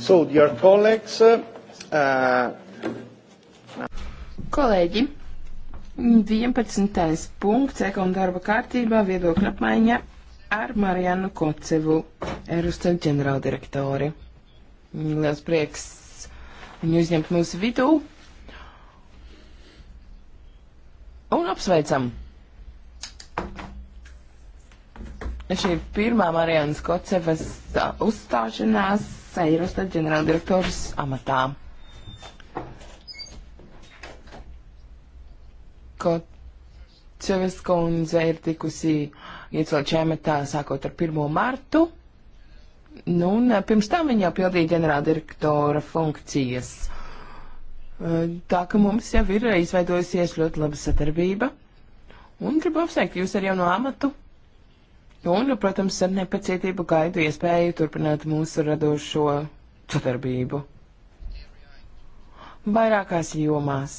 So, dear colleagues, uh, Kolēģi, 11. punkts ekonomiskā darba kārtībā viedokļa apmaiņa ar Marianu Kocevu, Erustev ģenerāldirektori. Liels prieks viņu uzņemt mūsu vidū un apsveicam. Šī ir pirmā Marianas Kocevas uh, uzstāšanās Eirostat ģenerāldirektors amatā. Kočevas kundze ir tikusi iecelt čemetā sākot ar 1. martu. Nu, un eh, pirms tam viņa jau pildīja ģenerāldirektora funkcijas. Eh, tā ka mums jau ir izveidojusies ļoti laba sadarbība. Un gribu apsveikt jūs ar jaunu amatu. Un, nu, protams, ar nepacietību gaidu iespēju turpināt mūsu radošo sadarbību. Vairākās jomās,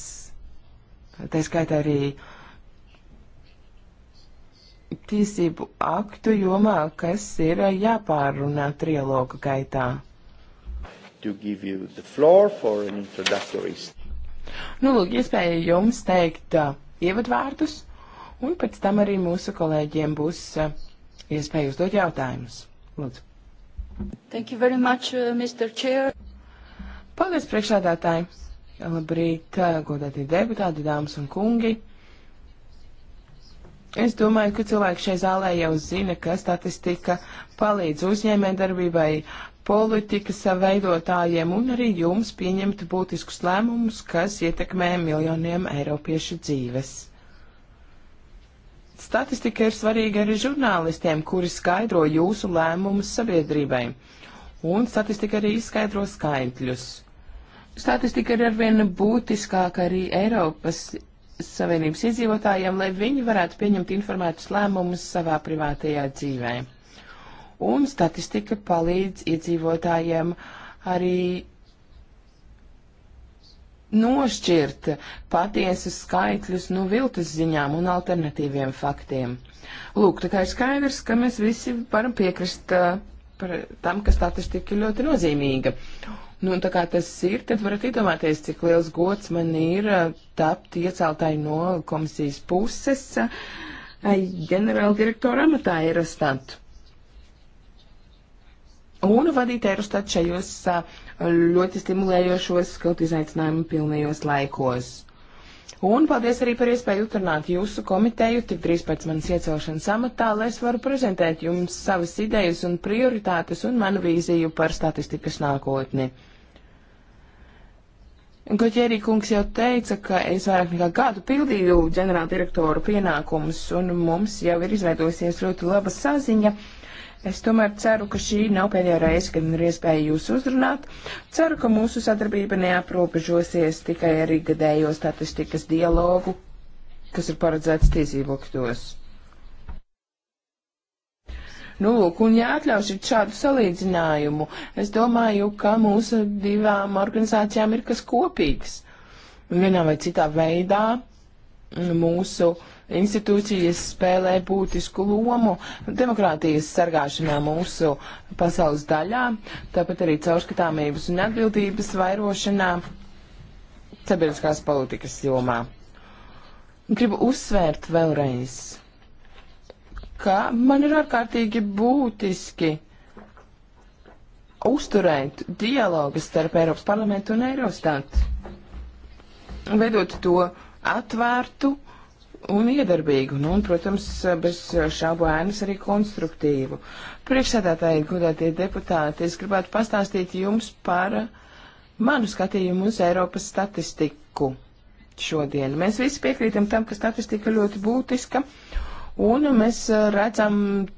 tā skaitā arī tiesību aktu jomā, kas ir jāpārunā trialoga gaitā. Nu, lūk, iespēja jums teikt uh, ievadvārdus, un pēc tam arī mūsu kolēģiem būs uh, iespēju uzdot jautājumus. Lūdzu. Thank you very much, uh, Mr. Chair. Paldies, priekšādātāji. Labrīt, uh, godātie deputāti, dāmas un kungi. Es domāju, ka cilvēki šai zālē jau zina, ka statistika palīdz uzņēmējdarbībai, politikas veidotājiem un arī jums pieņemt būtiskus lēmumus, kas ietekmē miljoniem eiropiešu dzīves. Statistika ir svarīga arī žurnālistiem, kuri skaidro jūsu lēmumus sabiedrībai. Un statistika arī izskaidro skaitļus. Statistika ir arvien būtiskāka arī Eiropas Savienības iedzīvotājiem, lai viņi varētu pieņemt informētus lēmumus savā privātajā dzīvē. Un statistika palīdz iedzīvotājiem arī nošķirt patiesus skaitļus no viltus ziņām un alternatīviem faktiem. Lūk, tā kā ir skaidrs, ka mēs visi varam piekrist uh, par tam, ka statistika ir ļoti nozīmīga. Nu, tā kā tas ir, tad varat iedomāties, cik liels gods man ir uh, tapt ieceltāji no komisijas puses uh, ģenerāldirektora amatā Eurostat. Un vadīt Eurostat šajos uh, ļoti stimulējošos, kaut izaicinājumu pilnajos laikos. Un paldies arī par iespēju utrunāt jūsu komiteju tik drīz pēc manas iecelšanas amatā, lai es varu prezentēt jums savas idejas un prioritātes un manu vīziju par statistikas nākotni. Goķerī kungs jau teica, ka es vairāk nekā gadu pildīju ģenerāldirektoru pienākumus, un mums jau ir izveidojusies ļoti laba saziņa. Uh, Es tomēr ceru, ka šī nav pēdējā reize, kad man ir iespēja jūs uzrunāt. Ceru, ka mūsu sadarbība neaprobežosies tikai ar ikgadējo statistikas dialogu, kas ir paredzēts tiesīboktos. Nu, lūk, un ja atļaušat šādu salīdzinājumu, es domāju, ka mūsu divām organizācijām ir kas kopīgs. Vienā vai citā veidā mūsu uh, institūcijas spēlē būtisku lomu demokrātijas sargāšanā mūsu pasaules daļā, tāpat arī caurskatāmības un atbildības vairošanā sabiedriskās politikas jomā. Gribu uzsvērt vēlreiz, ka man ir ārkārtīgi būtiski uzturēt dialogu starp Eiropas parlamentu un Eirostatu. Veidot to atvērtu, uh, un iedarbīgu, nu, un, protams, bez šābu ēnas arī konstruktīvu. Priekšsēdētāji, godātie deputāti, es gribētu pastāstīt jums par manu skatījumu uz Eiropas statistiku šodien. Mēs visi piekrītam tam, ka statistika ļoti būtiska, Un mēs uh, redzam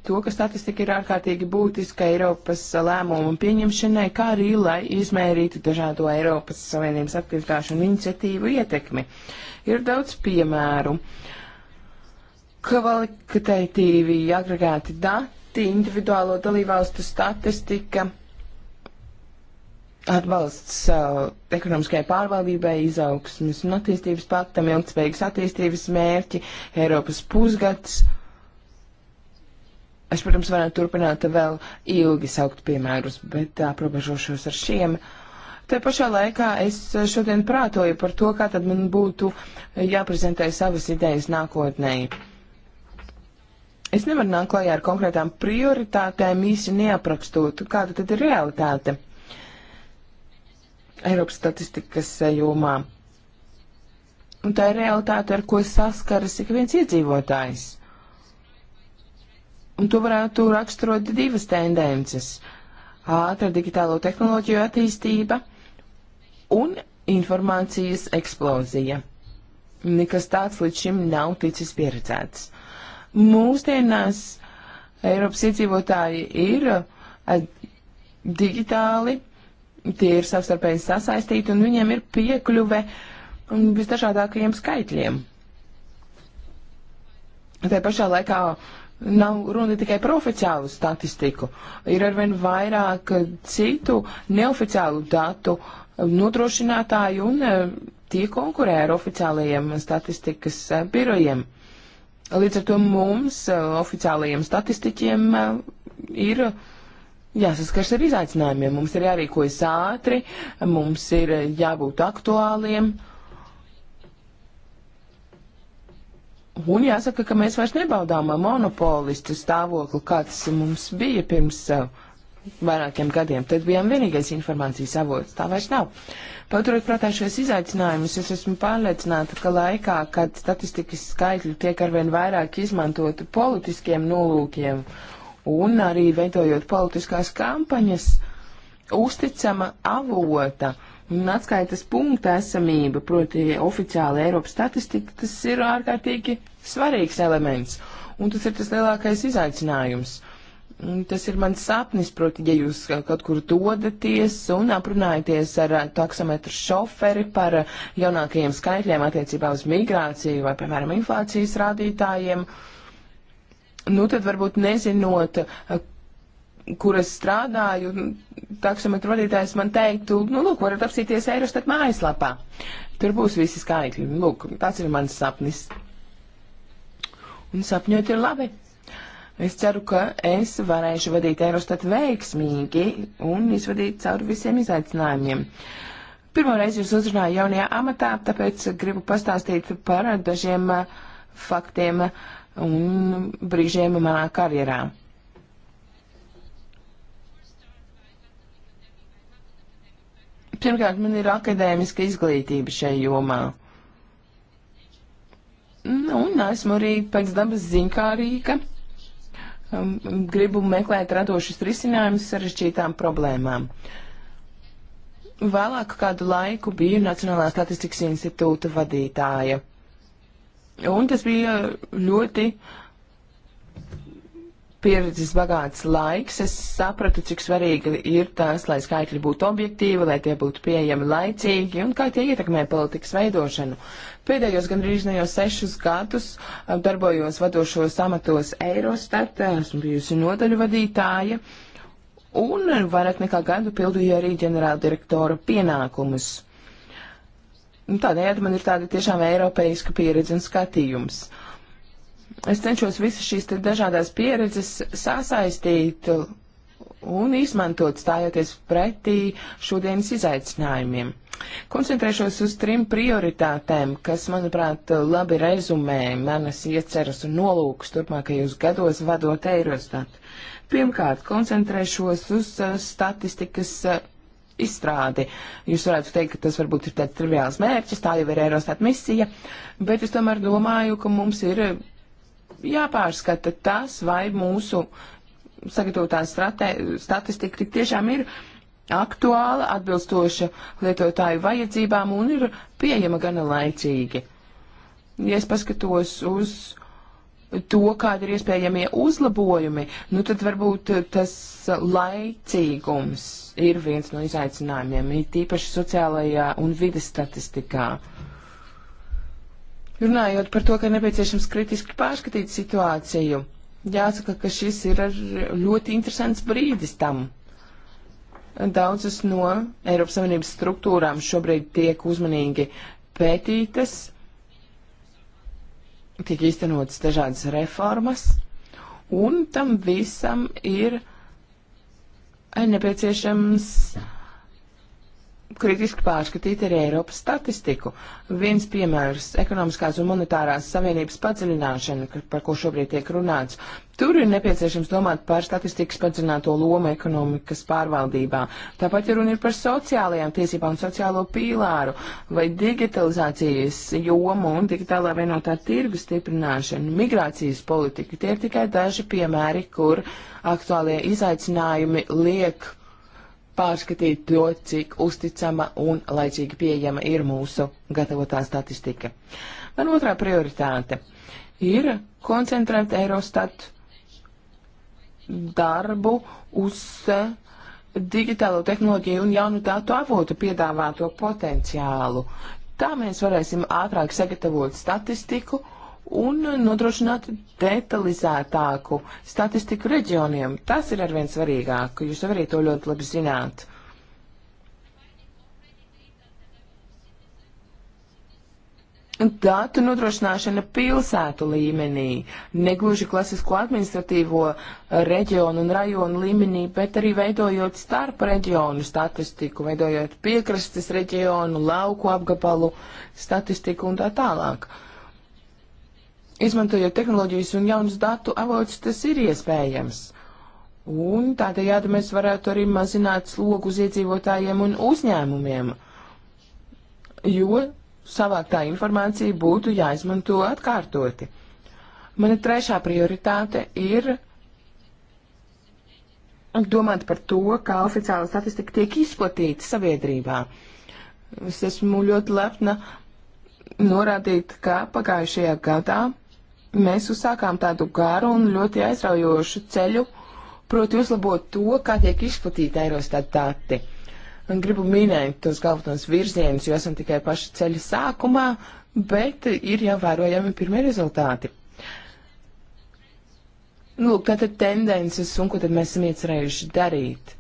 to, ka statistika ir ārkārtīgi būtiska Eiropas lēmumu pieņemšanai, kā arī, lai izmērītu dažādo Eiropas Savienības aktivitāšu un iniciatīvu ietekmi. Ir daudz piemēru. Kvalitatīvi agregēti dati, individuālo dalībvalstu statistika, atbalsts uh, ekonomiskajai pārvaldībai, izaugsmas un attīstības paktam, ilgspējīgas attīstības mērķi, Eiropas pusgads. Es, protams, varētu turpināt vēl ilgi saukt piemērus, bet aprobežošos ar šiem. Te pašā laikā es šodien prātoju par to, kā tad man būtu jāprezentē savas idejas nākotnēji. Es nevaru nākt klajā ar konkrētām prioritātēm, īsi neaprakstot, kāda tad ir realitāte. Eiropas statistikas jomā. Un tā ir realitāte, ar ko saskaras ik viens iedzīvotājs. Un to varētu raksturot divas tendences - ātra digitālo tehnoloģiju attīstība un informācijas eksplozija. Nekas tāds līdz šim nav ticis pieredzēts. Mūsdienās Eiropas iedzīvotāji ir eh, digitāli tie ir savstarpēji sasaistīti un viņiem ir piekļuve um, visdažādākajiem skaitļiem. Tā pašā laikā nav runa tikai par oficiālu statistiku. Ir arvien vairāk citu neoficiālu datu um, nodrošinātāju un um, tie konkurē ar oficiālajiem statistikas uh, birojiem. Līdz ar to mums, uh, oficiālajiem statistiķiem, uh, ir jāsaskars ar izaicinājumiem. Mums ir jārīkojas ātri, mums ir jābūt aktuāliem. Un jāsaka, ka mēs vairs nebaudām monopolistu stāvokli, kāds mums bija pirms uh, vairākiem gadiem. Tad bijām vienīgais informācijas avots. Tā vairs nav. Paturot prātā šos izaicinājumus, es esmu pārliecināta, ka laikā, kad statistikas skaitļi tiek arvien vairāk izmantoti politiskiem nolūkiem, uh, un arī veidojot politiskās kampaņas uzticama avota un atskaitas punkta esamība, proti oficiāla Eiropas statistika, tas ir ārkārtīgi svarīgs elements, un tas ir tas lielākais izaicinājums. Tas ir mans sapnis, proti, ja jūs kaut kur dodaties un aprunājaties ar eh, taksometru šoferi par eh, jaunākajiem skaitļiem attiecībā uz migrāciju vai, piemēram, inflācijas rādītājiem, uh, nu tad varbūt nezinot, eh, kur es strādāju, taksometru vadītājs man teiktu, nu, lūk, varat apsīties Eirostat mājaslapā. Tur būs visi skaitļi. Nu, lūk, tāds ir mans sapnis. Un sapņot ir labi. Es ceru, ka es varēšu vadīt Eirostat veiksmīgi un izvadīt cauri visiem izaicinājumiem. Pirmoreiz jūs uzrunāju jaunajā amatā, tāpēc gribu pastāstīt par dažiem eh, faktiem. Uh, un brīžiem manā karjerā. Pirmkārt, man ir akadēmiska izglītība šai jomā. Nu, un esmu arī pēc dabas ziņkārīga. Um, gribu meklēt radošus risinājumus sarežģītām problēmām. Vēlāk kādu laiku biju Nacionālā statistikas institūta vadītāja. Un tas bija ļoti pieredzes bagāts laiks. Es sapratu, cik svarīgi ir tas, lai skaitļi būtu objektīvi, lai tie būtu pieejami laicīgi un kā tie ietekmē politikas veidošanu. Pēdējos gandrīz no jau sešus gadus darbojos vadošos amatos Eirostat, esmu bijusi nodaļu vadītāja un vairāk nekā gadu pildīju arī ģenerāldirektora pienākumus. Nu, tādējādi man ir tāda tiešām eiropeiska pieredze un skatījums. Es cenšos visas šīs dažādās pieredzes sasaistīt un izmantot stājoties pretī šodienas izaicinājumiem. Koncentrēšos uz trim prioritātēm, kas, manuprāt, labi rezumē manas ieceras un nolūkus turpmākajos gados vadot Eirostatu. Pirmkārt, koncentrēšos uz uh, statistikas uh, izstrādi. Jūs varētu teikt, ka tas varbūt ir tāds triviāls mērķis, tā jau ir Eurostat misija, bet es tomēr domāju, ka mums ir jāpārskata tas, vai mūsu sagatavotā statistika tik tiešām ir aktuāla, atbilstoša lietotāju vajadzībām un ir pieejama gana laicīgi. Ja es paskatos uz to, kāda ir iespējamie uzlabojumi, nu tad varbūt eh, tas eh, laicīgums ir viens no izaicinājumiem, it īpaši sociālajā un vides statistikā. Runājot par to, ka ir nepieciešams kritiski pārskatīt situāciju, jāsaka, ka šis ir ļoti interesants brīdis tam. Daudzas no Eiropas Savienības struktūrām šobrīd tiek uzmanīgi pētītas, tiek īstenotas dažādas reformas, un tam visam ir nepieciešams kritiski pārskatīt arī Eiropas statistiku. Viens piemērs - ekonomiskās un monetārās savienības padziļināšana, par ko šobrīd tiek runāts. Tur ir nepieciešams domāt par statistikas padzināto lomu ekonomikas pārvaldībā. Tāpat, ja runa ir par sociālajām tiesībām, sociālo pīlāru vai digitalizācijas jomu un digitālā vienotā tirgu stiprināšanu, migrācijas politiku, tie ir tikai daži piemēri, kur aktuālie izaicinājumi liek pārskatīt to, cik uzticama un laicīgi pieejama ir mūsu gatavotā statistika. Man otrā prioritāte ir koncentrēt Eurostatu darbu uz eh, digitālo tehnoloģiju un jaunu datu avotu piedāvāto potenciālu. Tā mēs varēsim ātrāk sagatavot statistiku un nodrošināt detalizētāku statistiku reģioniem. Tas ir arvien svarīgāk, jūs arī to ļoti labi zināt. datu nodrošināšana pilsētu līmenī, negluži klasisko administratīvo eh, reģionu un rajonu līmenī, bet arī veidojot starp reģionu statistiku, veidojot piekrastes reģionu, lauku apgabalu statistiku un tā tālāk. Izmantojot tehnoloģijas un jaunus datu avotus, tas ir iespējams. Un tādējādi mēs varētu arī mazināt slogu uz iedzīvotājiem un uzņēmumiem, jo savāktā informācija būtu jāizmanto atkārtoti. Mana trešā prioritāte ir domāt par to, kā oficiāla statistika tiek izplatīta sabiedrībā. Es esmu ļoti lepna norādīt, ka pagājušajā gadā mēs uzsākām tādu garu un ļoti aizraujošu ceļu, proti uzlabot to, kā tiek izplatīta Eurostat dati. Un gribu minēt tos galvenos virzienus, jo esam tikai paša ceļa sākumā, bet ir jau vērojami pirmie rezultāti. Nu, lūk, tātad tendences un ko tad mēs esam iecerējuši darīt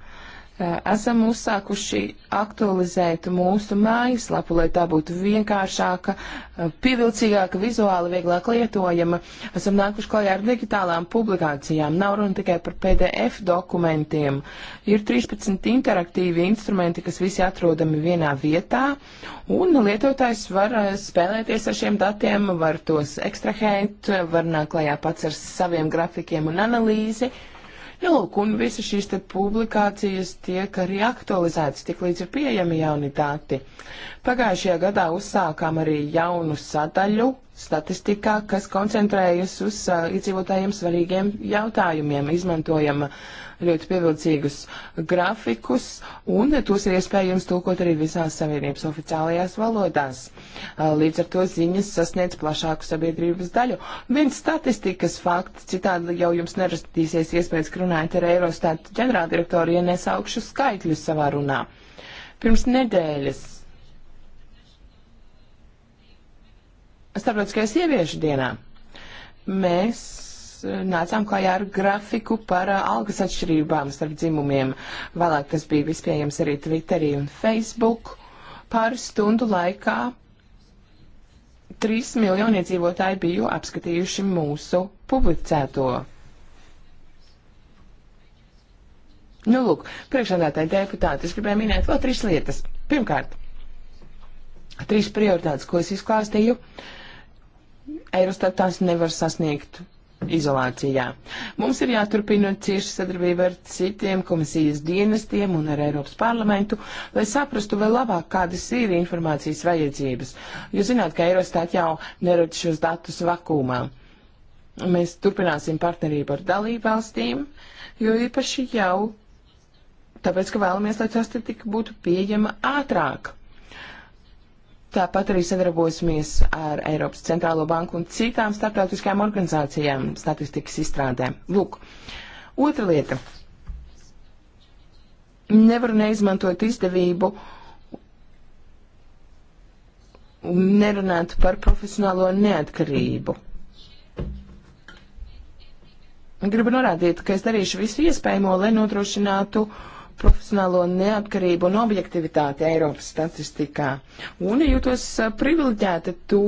esam uzsākuši aktualizēt mūsu mājaslapu, lai tā būtu vienkāršāka, pievilcīgāka, vizuāli vieglāk lietojama. Esam nākuši klajā ar digitālām publikācijām. Nav runa tikai par PDF dokumentiem. Ir 13 interaktīvi instrumenti, kas visi atrodami vienā vietā, un lietotājs var spēlēties ar šiem datiem, var tos ekstrahēt, var nākt klajā pats ar saviem grafikiem un analīzi. Nu, lūk, un visas šīs te publikācijas tiek arī aktualizētas, tik līdz ir pieejami jauni dati. Pagājušajā gadā uzsākām arī jaunu sadaļu statistikā, kas koncentrējas uz uh, iedzīvotājiem svarīgiem jautājumiem. Izmantojam ļoti pievilcīgus grafikus, un tos ir iespējams tulkot arī visās savienības oficiālajās valodās. Uh, līdz ar to ziņas sasniedz plašāku sabiedrības daļu. Viens statistikas fakts, citādi jau jums nerastīsies iespējas, ka runājat ar Eirostātu ģenerāldirektoru, ja nesaukšu skaitļus savā runā. Pirms nedēļas Starptautiskajā sieviešu dienā. Mēs eh, nācām klajā ar grafiku par eh, algas atšķirībām starp dzimumiem. Vēlāk tas bija vispieejams arī Twitterī un Facebook. Pāris stundu laikā 3 miljoni iedzīvotāji biju apskatījuši mūsu publicēto. Nu, lūk, priekšādātāji deputāti, es gribēju minēt vēl trīs lietas. Pirmkārt, trīs prioritātes, ko es izklāstīju. Uh, Eurostat tās nevar sasniegt izolācijā. Mums ir jāturpina cieši sadarbība ar citiem komisijas dienestiem un ar Eiropas parlamentu, lai saprastu vēl labāk, kādas ir informācijas vajadzības. Jūs zināt, ka Eurostat jau nerod šos datus vakumā. Mēs turpināsim partnerību ar dalību valstīm, jo īpaši jau tāpēc, ka vēlamies, lai tas tik būtu pieejama ātrāk. Tāpat arī sadarbosimies ar Eiropas Centrālo Banku un citām starptautiskajām organizācijām statistikas izstrādē. Lūk, otra lieta. Nevaru neizmantot izdevību un nerunāt par profesionālo neatkarību. Gribu norādīt, ka es darīšu visu iespējamo, lai nodrošinātu uh, profesionālo neatkarību un objektivitāti Eiropas statistikā. Un jūtos eh, privileģēta to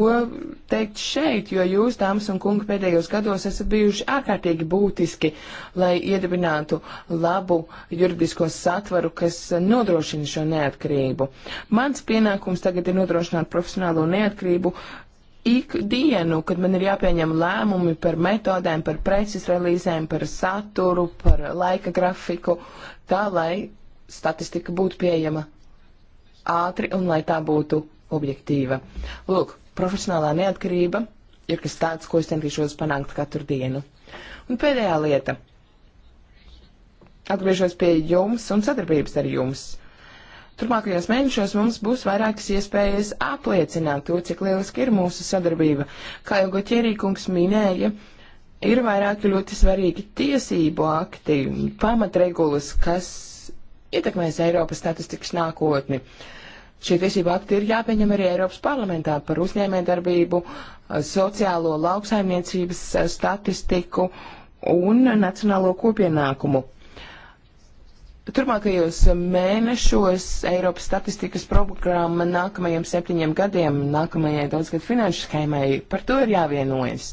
teikt šeit, jo jūs, dāmas un kungi, pēdējos gados esat bijuši ārkārtīgi būtiski, lai iedibinātu labu juridisko satvaru, kas nodrošina šo neatkarību. Mans pienākums tagad ir nodrošināt profesionālo neatkarību ikdienu, kad man ir jāpieņem lēmumi par metodēm, par preces relīzēm, par saturu, par laika grafiku, tā lai statistika būtu pieejama ātri un lai tā būtu objektīva. Lūk, profesionālā neatkarība ir kas tāds, ko es centīšos panākt katru dienu. Un pēdējā lieta. Atgriežos pie jums un sadarbības ar jums. Turpmākajos mēnešos mums būs vairākas iespējas apliecināt to, cik lieliski ir mūsu sadarbība. Kā jau Goķierīkungs minēja, uh, Ir vairāki ļoti svarīgi tiesību akti, pamatregulas, kas ietekmēs Eiropas statistikas nākotni. Šie tiesību akti ir jāpieņem arī Eiropas parlamentā par uzņēmējdarbību, sociālo lauksaimniecības statistiku un nacionālo kopienākumu. Turmākajos mēnešos Eiropas statistikas programma nākamajiem septiņiem gadiem, nākamajai daudzgad finanšu schēmai, par to ir jāvienojas.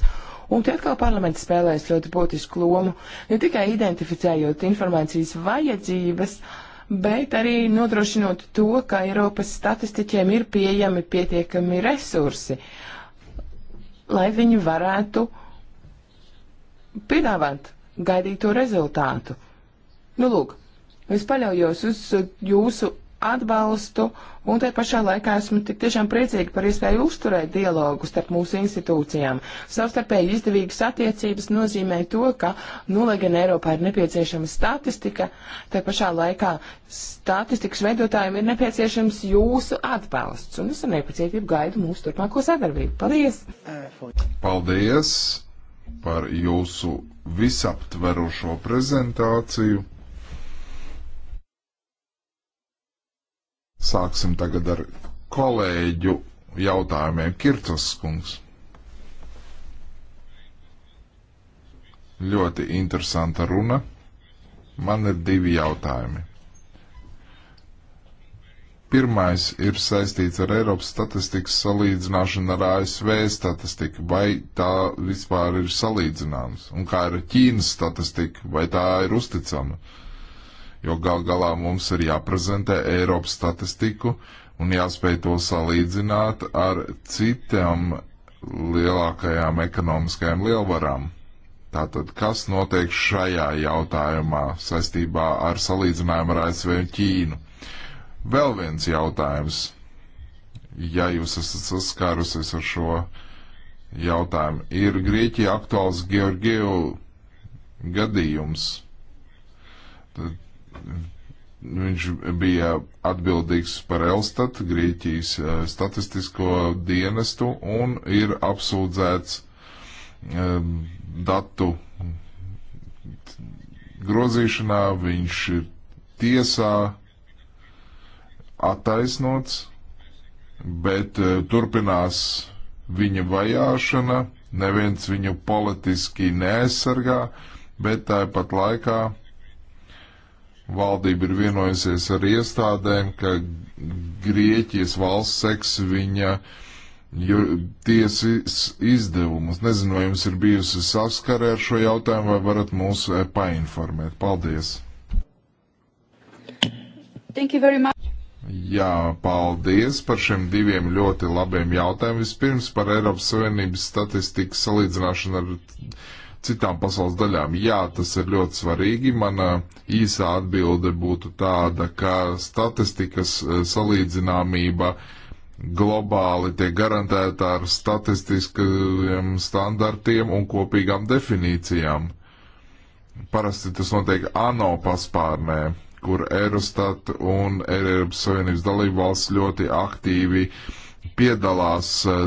Un te atkal parlaments spēlēs ļoti būtisku lomu, ne tikai identificējot informācijas vajadzības, bet arī nodrošinot to, ka Eiropas statistiķiem ir pieejami pietiekami resursi, lai viņi varētu piedāvāt gaidīto rezultātu. Nu, lūk, es paļaujos uz jūsu atbalstu, un te pašā laikā esmu tik tiešām priecīga par iespēju uzturēt dialogu starp mūsu institūcijām. Savstarpēji izdevīgas attiecības nozīmē to, ka, nu, lai gan Eiropā ir nepieciešama statistika, te pašā laikā statistikas veidotājiem ir nepieciešams jūsu atbalsts, un es ar nepacietību gaidu mūsu turpmāko sadarbību. Paldies! Paldies par jūsu visaptverošo prezentāciju. Sāksim tagad ar kolēģu jautājumiem. Kircas kungs. Ļoti interesanta runa. Man ir divi jautājumi. Pirmais ir saistīts ar Eiropas statistikas salīdzināšanu ar ASV statistiku. Vai tā vispār ir salīdzināms? Un kā ir Ķīnas statistika? Vai tā ir uzticama? Uh, jo gal galā mums ir jāprezentē Eiropas statistiku un jāspēj to salīdzināt ar citām lielākajām ekonomiskajām lielvarām. Tātad, kas notiek šajā jautājumā saistībā ar salīdzinājumu ar ASV un Ķīnu? Vēl viens jautājums. Ja jūs esat saskārusies ar šo jautājumu, ir Grieķija aktuāls Georgievu gadījums. Tad Viņš bija atbildīgs par Elstat, Grieķijas eh, statistisko dienestu, un ir apsūdzēts um, datu grozīšanā. Viņš ir tiesā attaisnots, bet uh, turpinās viņa vajāšana. Neviens viņu politiski neaizsargā, bet tāpat laikā Valdība ir vienojusies ar iestādēm, ka Grieķijas valsts seks viņa tiesas izdevumus. Nezinu, vai jums ir bijusi saskarē ar šo jautājumu, vai varat mūs eh, painformēt. Paldies! Thank you very much. Jā, paldies par šiem diviem ļoti labiem jautājumiem. Vispirms par Eiropas Savienības statistikas salīdzināšanu ar citām pasaules daļām. Jā, tas ir ļoti svarīgi. Mana īsā atbilde būtu tāda, ka statistikas eh, salīdzināmība globāli tiek garantēta ar statistiskiem standartiem un kopīgām definīcijām. Parasti tas notiek ANO paspārnē, kur Eurostat un Eiropas Savienības dalībvalsts ļoti aktīvi piedalās eh,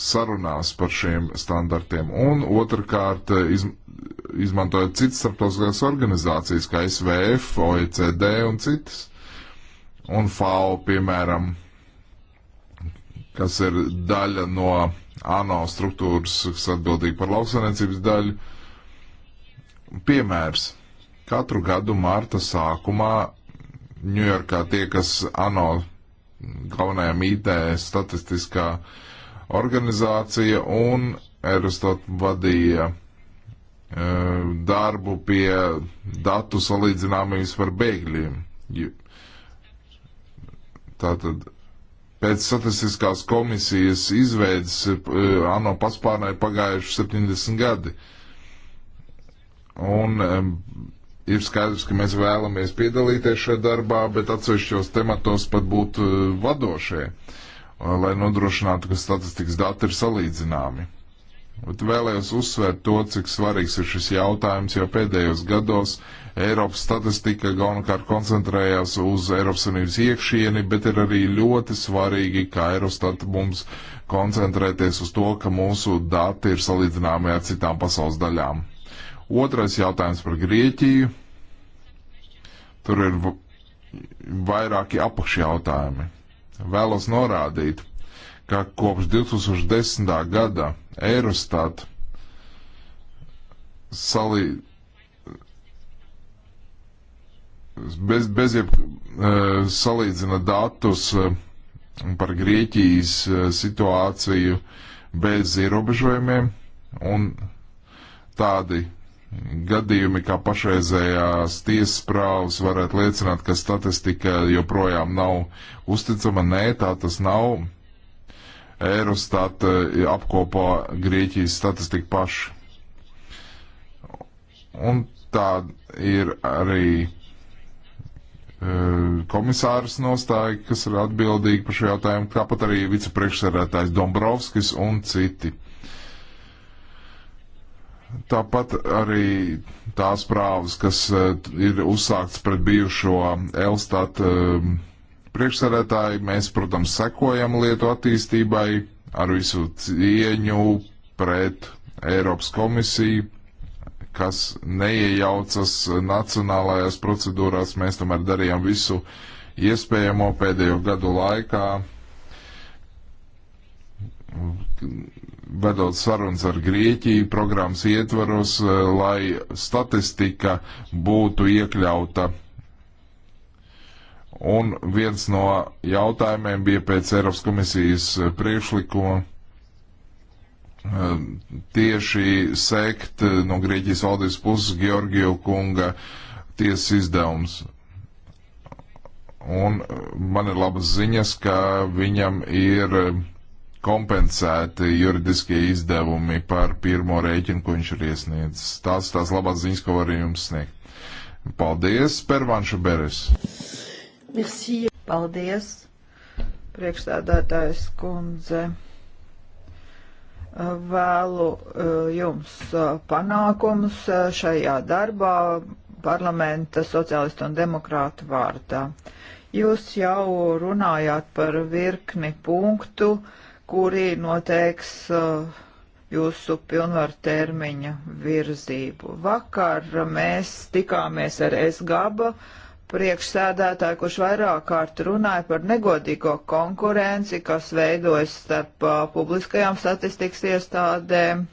sarunās par šiem standartiem, un otrkārt iz, izmantojot citas starptautiskās organizācijas, kā SVF, OECD un citas, un FAO, piemēram, kas ir daļa no ANO struktūras, kas atbildīga par lauksaimniecības daļu. Piemērs. Katru gadu marta sākumā Ņujorkā tie, kas ANO galvenajam IT statistiskā uh, organizācija un Erostot vadīja e, darbu pie datu salīdzināmības par bēgļiem. Tātad pēc statistiskās komisijas izveidas e, ANO paspārnē pagājuši 70 gadi. Un e, ir skaidrs, ka mēs vēlamies piedalīties šajā darbā, bet atsevišķos tematos pat būt vadošie. Uh, Eh, lai nodrošinātu, ka statistikas dati ir salīdzināmi. Bet vēlējos uzsvērt to, cik svarīgs ir šis jautājums, jo pēdējos gados Eiropas statistika galvenokārt koncentrējās uz Eiropas Savienības iekšieni, bet ir arī ļoti svarīgi, kā Eurostat mums koncentrēties uz to, ka mūsu dati ir salīdzināmi ar citām pasaules daļām. Otrais jautājums par Grieķiju. Tur ir vairāki apakšjautājumi vēlos norādīt, ka kopš 2010. gada Eurostat salī bez, bez jeb, e, salīdzina datus e, par Grieķijas e, situāciju bez ierobežojumiem un tādi gadījumi, kā pašreizējās tiesas prāvas, varētu liecināt, ka statistika joprojām nav uzticama. Nē, tā tas nav. Eurostat eh, apkopā Grieķijas statistiku paši. Un tā ir arī eh, komisārs nostāja, kas ir atbildīgi par šo jautājumu, tāpat arī vicepriekšsēdētājs Dombrovskis un citi. Tāpat arī tās prāvas, kas e, ir uzsākts pret bijušo Elstat e, priekšsarētāju, mēs, protams, sekojam lietu attīstībai ar visu cieņu pret Eiropas komisiju, kas neiejaucas nacionālajās procedūrās. Mēs tomēr darījām visu iespējamo pēdējo gadu laikā vedot sarunas ar Grieķiju programmas ietvaros, eh, lai statistika būtu iekļauta. Un viens no jautājumiem bija pēc Eiropas komisijas eh, priekšlikuma eh, tieši sekt no Grieķijas valdības puses Georgiju kunga tiesas izdevums. Un man ir labas ziņas, ka viņam ir kompensēti juridiskie izdevumi par pirmo rēķinu, ko viņš ir iesniedzis. Tās tās labās ziņas, ko varu jums sniegt. Paldies, Pervanša Beres. Merci. Paldies, priekšstādātājs kundze. Vēlu uh, jums uh, panākumus uh, šajā darbā parlamenta sociālistu un demokrātu vārdā. Jūs jau runājāt par virkni punktu, uh, kuri noteiks uh, jūsu pilnvaru termiņu virzību. Vakar mēs tikāmies ar SGABA priekšsēdētāju, kurš vairāk kārt runāja par negodīgo konkurenci, kas veidojas starp uh, publiskajām statistikas iestādēm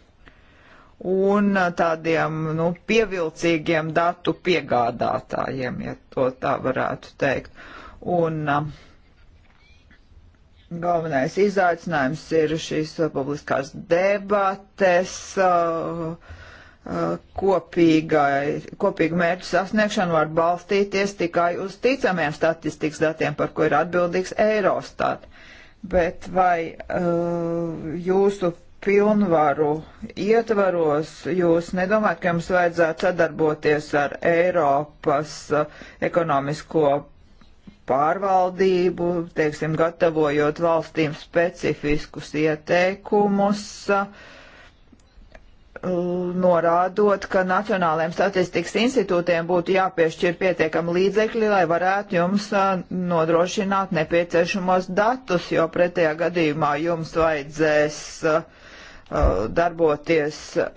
un tādiem nu, pievilcīgiem datu piegādātājiem, ja to tā varētu teikt. Un uh, Galvenais izaicinājums ir šīs uh, publiskās debates, uh, uh, kopīgai, kopīgu mērķu sasniegšanu var balstīties tikai uz ticamiem statistikas datiem, par ko ir atbildīgs Eirostat. Bet vai jūsu pilnvaru ietvaros jūs nedomājat, ka jums vajadzētu sadarboties ar Eiropas ekonomisko pārvaldību, teiksim, gatavojot valstīm specifiskus ieteikumus, norādot, ka Nacionālajiem statistikas institūtiem būtu jāpiešķir pietiekami līdzekļi, lai varētu jums nodrošināt nepieciešamos datus, jo pretējā gadījumā jums vajadzēs uh, Uh, darboties uh,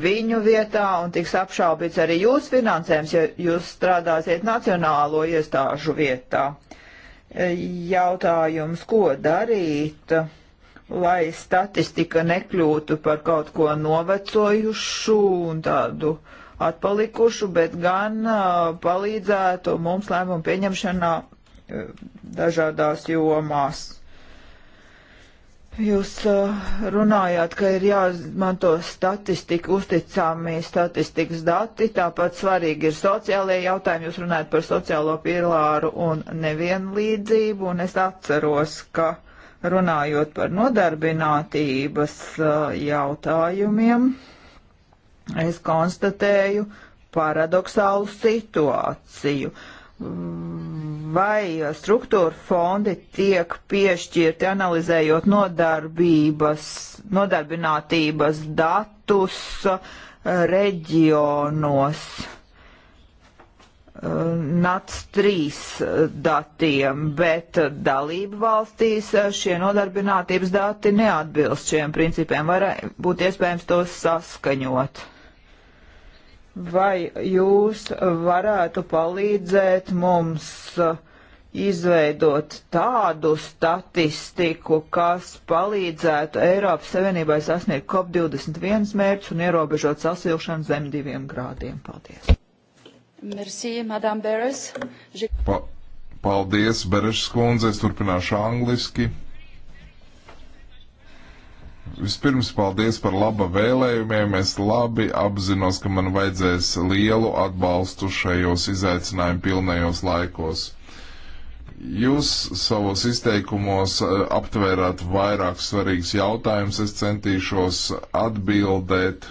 viņu vietā un tiks apšaubīts arī jūsu finansējums, ja jūs strādāsiet nacionālo iestāžu vietā. Jautājums, ko darīt, lai statistika nekļūtu par kaut ko novecojušu un tādu atpalikušu, bet gan uh, palīdzētu mums lēmumu pieņemšanā dažādās jomās Jūs uh, runājāt, ka ir jāizmanto statistika, uzticami statistikas dati, tāpat svarīgi ir sociālajie jautājumi. Jūs runājat par sociālo pilāru un nevienlīdzību, un es atceros, ka runājot par nodarbinātības uh, jautājumiem, es konstatēju paradoksālu situāciju. Uh, vai struktūra fondi tiek piešķirti analizējot nodarbības, nodarbinātības datus eh, reģionos eh, NAC 3 eh, datiem, bet dalību valstīs šie nodarbinātības dati neatbilst šiem principiem, var būt iespējams tos saskaņot vai jūs varētu palīdzēt mums uh, izveidot tādu statistiku, kas palīdzētu Eiropas Savienībai sasniegt COP21 mērķus un ierobežot sasilšanu zem diviem grādiem. Paldies! Merci, Madame Beres. Je... Pa paldies, Beres skundze, es turpināšu angliski. Vispirms paldies par laba vēlējumiem. Es labi apzinos, ka man vajadzēs lielu atbalstu šajos izaicinājumu pilnējos laikos. Jūs savos izteikumos uh, aptvērāt vairāk svarīgus jautājumus. Es centīšos atbildēt.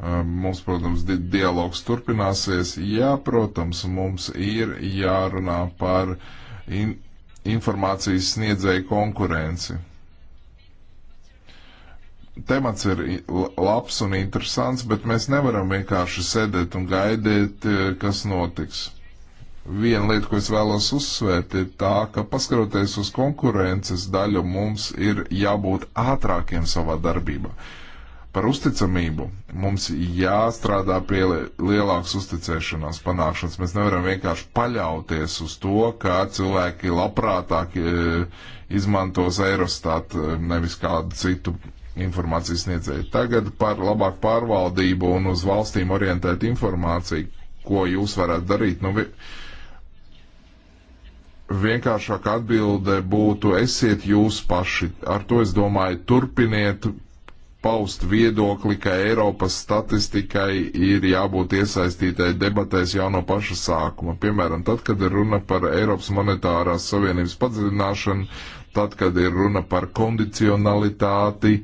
Um, mums, protams, di dialogs turpināsies. Jā, protams, mums ir jārunā par in informācijas sniedzēju konkurenci temats ir labs un interesants, bet mēs nevaram vienkārši sēdēt un gaidīt, e, kas notiks. Viena lieta, ko es vēlos uzsvērt, ir tā, ka paskaroties uz konkurences daļu, mums ir jābūt ātrākiem savā darbībā. Par uzticamību mums jāstrādā pie lielākas uzticēšanās panākšanas. Mēs nevaram vienkārši paļauties uz to, ka cilvēki labprātāk e, izmantos Eurostat e, nevis kādu citu informācijas sniedzēju. Tagad par labāku pārvaldību un uz valstīm orientētu informāciju, ko jūs varētu darīt. Nu, vienkāršāka atbilde būtu esiet jūs paši. Ar to es domāju, turpiniet paust viedokli, ka Eiropas statistikai ir jābūt iesaistītai debatēs jau no paša sākuma. Piemēram, tad, kad ir runa par Eiropas monetārās savienības padziļināšanu, tad, kad ir runa par kondicionalitāti,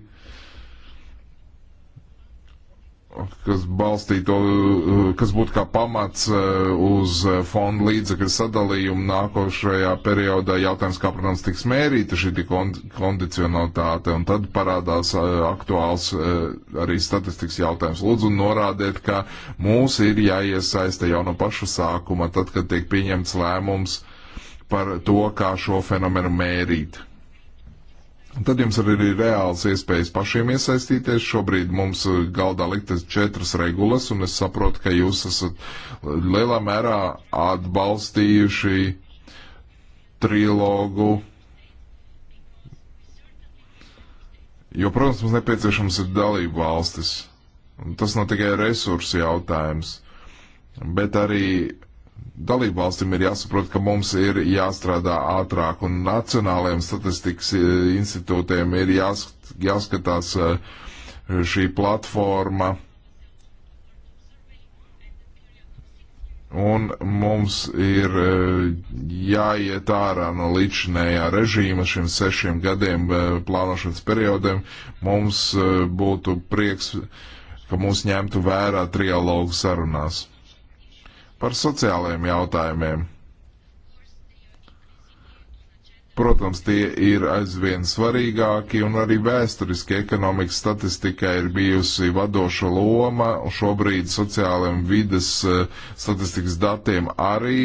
kas balstīto, eh, kas būtu kā pamats eh, uz eh, fonda līdzekļu sadalījumu nākošajā periodā. Jautājums, kā, protams, tiks mērīta šī kondicionalitāte, un tad parādās aktuāls arī statistikas jautājums. Lūdzu, norādiet, ka mūs ir jāiesaista jau no paša sākuma, tad, kad tiek pieņemts lēmums par to, kā šo fenomenu mērīt. Tad jums arī ir reāls iespējas pašiem iesaistīties. Šobrīd mums uh, galdā liktas četras regulas, un es saprotu, ka jūs esat uh, lielā mērā atbalstījuši trilogu. Jo, protams, mums nepieciešams ir dalību valstis. Un tas nav tikai resursu jautājums, bet arī dalībvalstīm ir jāsaprot, ka mums ir jāstrādā ātrāk un nacionālajiem statistikas e, institūtiem ir jāskat, jāskatās e, šī platforma. Un mums ir e, jāiet ārā no līdzinējā režīma šiem sešiem gadiem plānošanas periodiem. Mums būtu prieks, ka mūs ņemtu vērā trialogu sarunās par sociālajiem jautājumiem. Protams, tie ir aizvien svarīgāki, un arī vēsturiski ekonomikas statistika ir bijusi vadoša loma, un šobrīd sociālajiem vides eh, statistikas datiem arī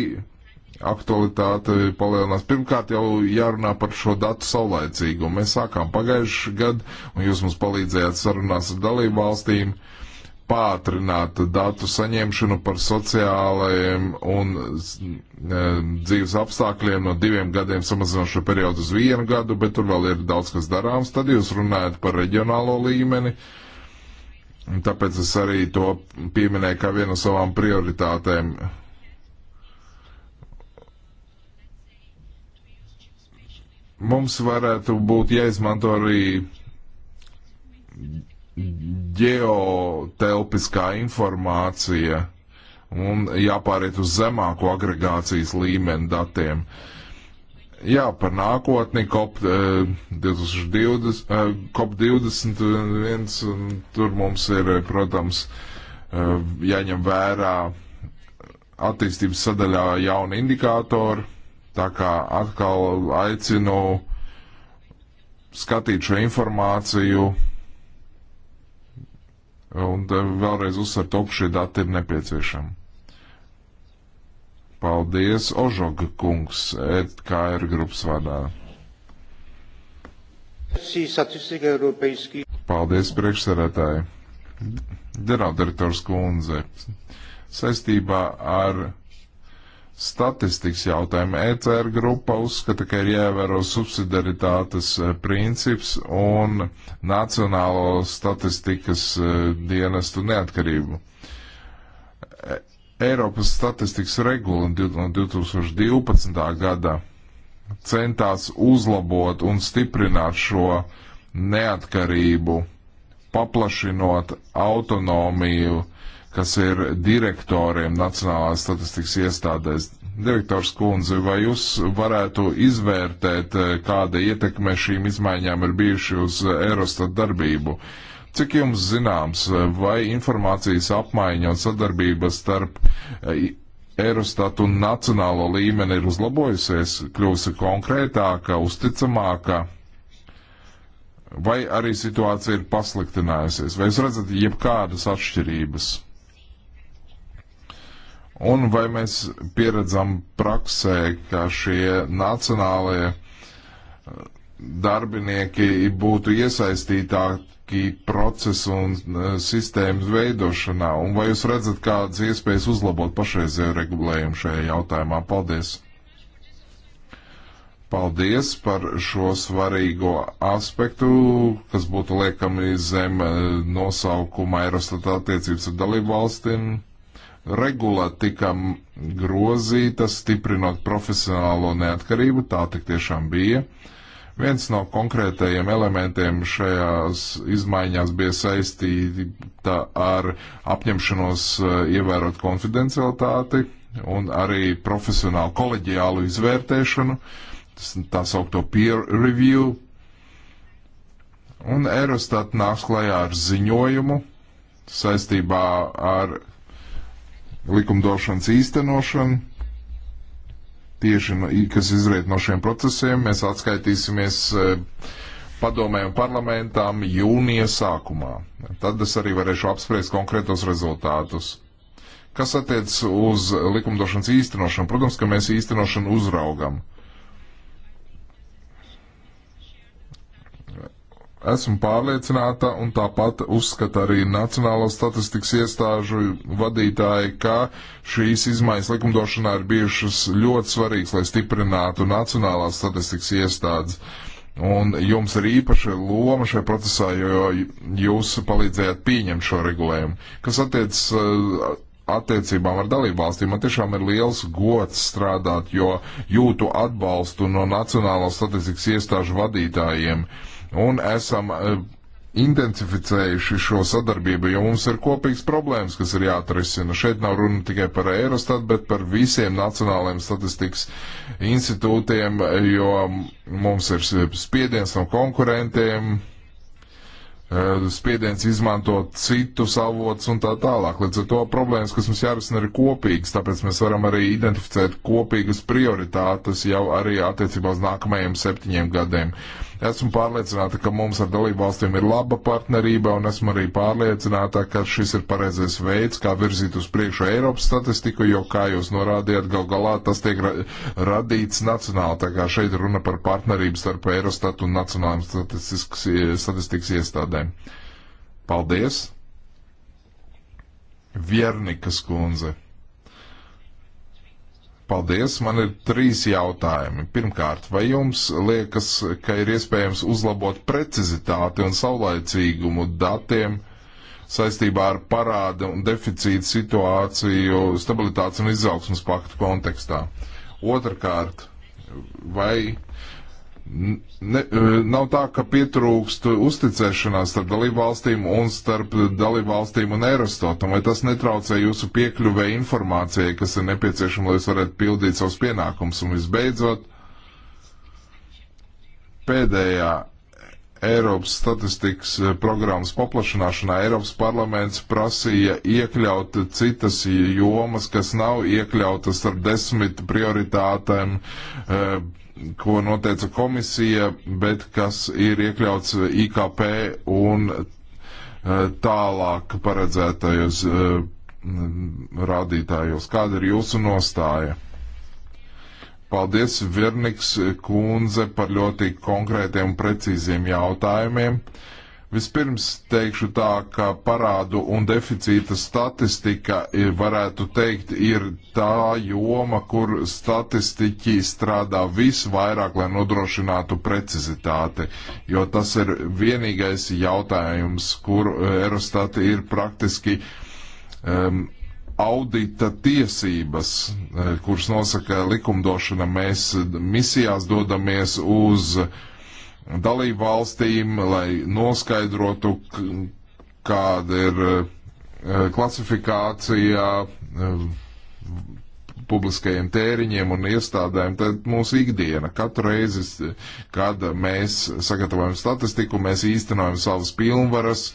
aktualitāte palielinās. Pirmkārt, jau jārunā par šo datu saulēcīgumu. Mēs sākām pagājušajā gadā, un jūs mums palīdzējāt sarunās ar dalību valstīm. Uh, pātrināt datu saņemšanu par sociālajiem un e, dzīves apstākļiem no diviem gadiem samazinot šo periodu uz vienu gadu, bet tur vēl ir daudz kas darāms. Tad jūs runājat par reģionālo līmeni. Un tāpēc es arī to pieminēju kā vienu no savām prioritātēm. Mums varētu būt jāizmanto arī ģeotelpiskā informācija un jāpāriet uz zemāko agregācijas līmeni datiem. Jā, par nākotni COP, eh, 2020, eh, COP 21, un tur mums ir, eh, protams, eh, jāņem vērā attīstības sadaļā jauni indikātori, tā kā atkal aicinu skatīt šo informāciju Un eh, vēlreiz uzsver to, ka šie dati ir nepieciešami. Paldies, Ožoga kungs, EKR grupas vadā. Paldies, priekšsarētāji. Ģenerāldirektors kundze, saistībā ar statistikas jautājumu. ECR grupa uzskata, ka ir jāievēro subsidiaritātes e, princips un Nacionālo statistikas e, dienestu neatkarību. E, Eiropas statistikas regula no 2012. gadā centās uzlabot un stiprināt šo neatkarību, paplašinot autonomiju kas ir direktoriem Nacionālās statistikas iestādēs. Direktors Kunze, vai jūs varētu izvērtēt, eh, kāda ietekme šīm izmaiņām ir bijuši uz eh, Eurostat darbību? Cik jums zināms, eh, vai informācijas apmaiņa un sadarbība starp Eurostat un nacionālo līmeni ir uzlabojusies, kļūsi konkrētāka, uzticamāka, vai arī situācija ir pasliktinājusies? Vai jūs redzat jebkādas atšķirības? Un vai mēs pieredzam praksē, ka šie nacionālie uh, darbinieki būtu iesaistītāki procesu un uh, sistēmas veidošanā, un vai jūs redzat kādas iespējas uzlabot pašreizēju regulējumu šajā jautājumā? Paldies! Paldies par šo svarīgo aspektu, kas būtu liekami zem uh, nosaukuma Eurostat attiecības ar dalību valstīm. Regulā tika grozīta, stiprinot profesionālo neatkarību, tā tik tiešām bija. Viens no konkrētajiem elementiem šajās izmaiņās bija saistīta ar apņemšanos uh, ievērot konfidencialitāti un arī profesionālu koleģiālu izvērtēšanu, tā saukto peer review. Un Eurostat nāks klajā ar ziņojumu saistībā ar likumdošanas īstenošanu, tieši no, kas izriet no šiem procesiem. Mēs atskaitīsimies e, padomēm parlamentām jūnija sākumā. Tad es arī varēšu apspriest konkrētos rezultātus. Kas attiec uz likumdošanas īstenošanu? Protams, ka mēs īstenošanu uzraugam. Esmu pārliecināta un tāpat uzskata arī Nacionālo statistikas iestāžu vadītāji, ka šīs izmaiņas likumdošanā ir bijušas ļoti svarīgas, lai stiprinātu Nacionālās statistikas iestādes. Un jums ir īpaša loma šajā procesā, jo jūs palīdzējāt pieņemt šo regulējumu. Kas attiecas uh, attiecībām ar dalību valstīm, man tiešām ir liels gods strādāt, jo jūtu atbalstu no Nacionālās statistikas iestāžu vadītājiem. Uh, un esam eh, intensificējuši šo sadarbību, jo mums ir kopīgs problēmas, kas ir jāatrisina. Šeit nav runa tikai par Eurostat, bet par visiem nacionālajiem statistikas institūtiem, jo mums ir spiediens no konkurentiem, Eh, spiediens izmantot citus avots un tā tālāk. Līdz ar to problēmas, kas mums jārisina, ir kopīgas, tāpēc mēs varam arī identificēt kopīgas prioritātes jau arī attiecībā uz nākamajiem septiņiem gadiem. Esmu pārliecināta, ka mums ar dalību valstīm ir laba partnerība, un esmu arī pārliecināta, ka šis ir pareizais veids, kā virzīt uz priekšu Eiropas statistiku, jo, kā jūs norādījāt, gal galā tas tiek ra radīts nacionāli, tā kā šeit runa par partnerību starp Eurostatu un Nacionālajām eh, statistikas iestādēm iestādēm. Paldies! Viernikas kundze. Paldies, man ir trīs jautājumi. Pirmkārt, vai jums liekas, ka ir iespējams uzlabot precizitāti un saulaicīgumu datiem saistībā ar parādu un deficītu situāciju stabilitātes un izaugsmas paktu kontekstā? Otrakārt, vai Ne, e, nav tā, ka pietrūkst uzticēšanās starp dalībvalstīm un starp dalībvalstīm un Eirostotam, vai tas netraucē jūsu piekļuvē informācijai, kas ir nepieciešama, lai jūs varētu pildīt savus pienākumus. Un visbeidzot, pēdējā Eiropas statistikas programmas paplašanāšanā Eiropas parlaments prasīja iekļaut citas jomas, kas nav iekļautas starp desmit prioritātēm. Uh, ko noteica komisija, bet kas ir iekļauts IKP un eh, tālāk paredzētajos eh, rādītājos. Kāda ir jūsu nostāja? Paldies, Virniks kundze, par ļoti konkrētiem un precīziem jautājumiem. Uh, Vispirms teikšu tā, ka parādu un deficīta statistika, ir, varētu teikt, ir tā joma, kur statistiķi strādā visvairāk, lai nodrošinātu precizitāti, jo tas ir vienīgais jautājums, kur e, Eurostati ir praktiski um, audita tiesības, e, kuras nosaka likumdošana. Mēs misijās dodamies uz uh, dalību valstīm, lai noskaidrotu, kāda ir eh, klasifikācija eh, publiskajiem tēriņiem un iestādēm, tad mūsu ikdiena, katru reizi, kad mēs sagatavojam statistiku, mēs īstenojam savas pilnvaras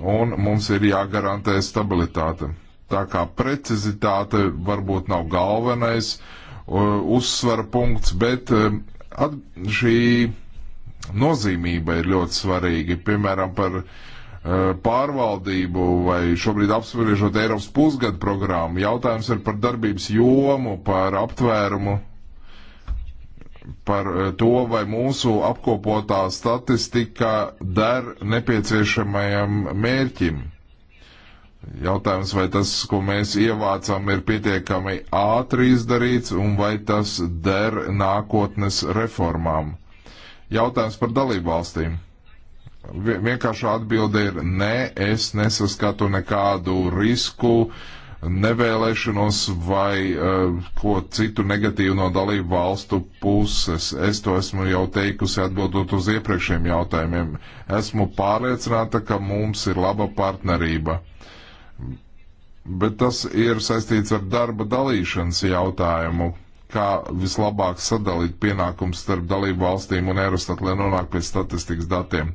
un mums ir jāgarantē stabilitāte. Tā kā precizitāte varbūt nav galvenais eh, uzsvara punkts, bet at, šī nozīmība ir ļoti svarīga. Piemēram, par uh, pārvaldību vai šobrīd apspriežot Eiropas pusgadu programmu. Jautājums ir par darbības jomu, par aptvērumu, par uh, to, vai mūsu apkopotā statistika der nepieciešamajam mērķim. Jautājums, vai tas, ko mēs ievācām, ir pietiekami ātri izdarīts un vai tas der nākotnes reformām. Jautājums par dalību valstīm. Vienkāršā atbilde ir nē, es nesaskatu nekādu risku, nevēlēšanos vai uh, ko citu negatīvu no dalību valstu puses. Es to esmu jau teikusi atbildot uz iepriekšējiem jautājumiem. Esmu pārliecināta, ka mums ir laba partnerība. Bet tas ir saistīts ar darba dalīšanas jautājumu, kā vislabāk sadalīt pienākumus starp dalību valstīm un Eurostat, lai nonāktu pie statistikas datiem.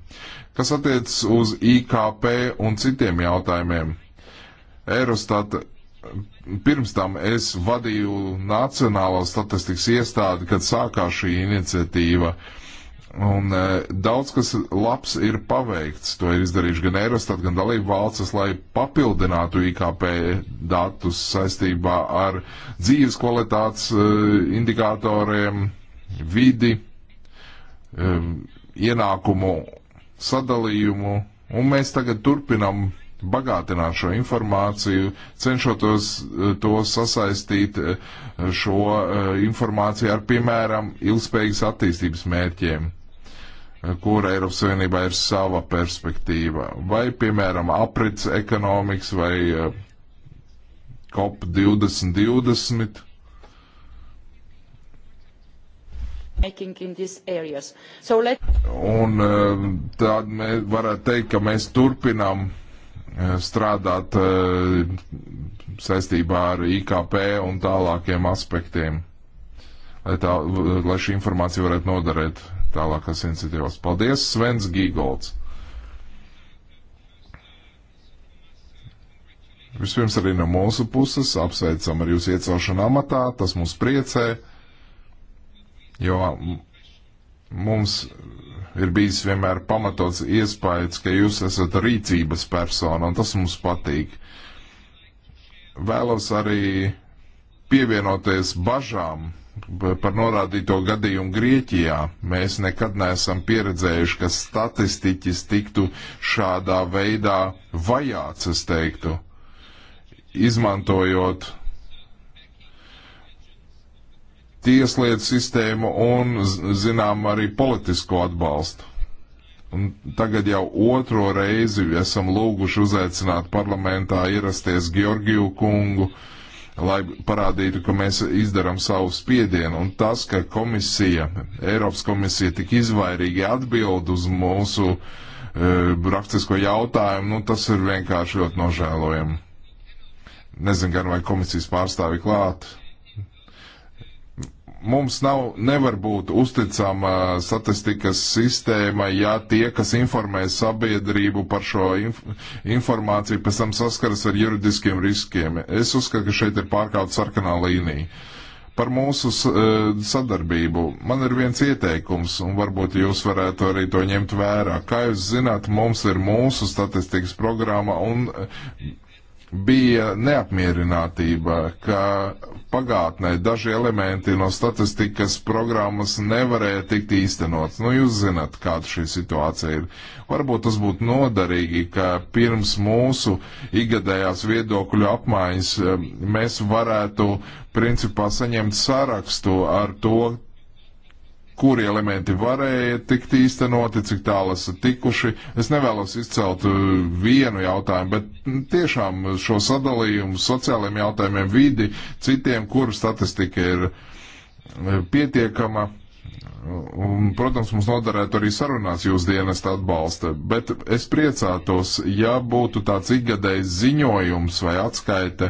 Kas attiecas uz IKP un citiem jautājumiem? Eurostat pirms tam es vadīju Nacionālo statistikas iestādi, kad sākās šī iniciatīva. Uh, Un e, daudz kas labs ir paveikts. To ir izdarījuši gan Eurostat, gan dalību valstis, lai papildinātu IKP datus saistībā ar dzīves kvalitātes e, indikatoriem, vidi, e, ienākumu sadalījumu. Un mēs tagad turpinam bagātināt šo informāciju, cenšoties e, to sasaistīt e, šo e, informāciju ar, piemēram, ilgspējīgas attīstības mērķiem kur Eiropas Savienībā ir sava perspektīva. Vai, piemēram, aprits ekonomikas vai COP eh, 2020 making in these areas. So let... Un eh, tad mēs varētu teikt, ka mēs turpinām eh, strādāt saistībā ar IKP un tālākiem aspektiem, lai, tā, lai šī informācija varētu noderēt tālākās iniciatīvās. Paldies, Svens Gīgolds! Vispirms arī no mūsu puses apsveicam ar jūsu iecelšanu amatā, tas mūs priecē, jo mums ir bijis vienmēr pamatots iespējas, ka jūs esat rīcības persona, un tas mums patīk. Vēlos arī pievienoties bažām par norādīto gadījumu Grieķijā. Mēs nekad neesam pieredzējuši, ka statistiķis tiktu šādā veidā vajāts, es teiktu, izmantojot tieslietu sistēmu un, zinām, arī politisko atbalstu. Un tagad jau otro reizi esam lūguši uzaicināt parlamentā ierasties Georgiju kungu, uh, lai parādītu, ka mēs izdarām savu spiedienu. Un tas, ka komisija, Eiropas komisija tik izvairīgi atbild uz mūsu e, rakstisko jautājumu, nu, tas ir vienkārši ļoti nožēlojami. Nezinu gan, vai komisijas pārstāvi klāt mums nav, nevar būt uzticama statistikas sistēma, ja tie, kas informē sabiedrību par šo inf informāciju, pēc tam saskaras ar juridiskiem riskiem. Es uzskatu, ka šeit ir pārkāpta sarkanā līnija. Par mūsu e, sadarbību man ir viens ieteikums, un varbūt jūs varētu arī to ņemt vērā. Kā jūs zināt, mums ir mūsu statistikas programma, un bija neapmierinātība, ka pagātnē daži elementi no statistikas programmas nevarēja tikt īstenots. Nu, jūs zināt, kāda šī situācija ir. Varbūt tas būtu noderīgi, ka pirms mūsu igadējās viedokļu apmaiņas eh, mēs varētu principā saņemt sarakstu ar to, kur elementi varēja tikt īstenoti, cik tālu esat tikuši. Es nevēlos izcelt uh, vienu jautājumu, bet mm, tiešām šo sadalījumu sociālajiem jautājumiem, vidi, citiem, kur statistika ir uh, pietiekama. Un, protams, mums noderētu arī sarunās jūsu dienesta atbalsta, bet es priecātos, ja būtu tāds ikgadējs ziņojums vai atskaite,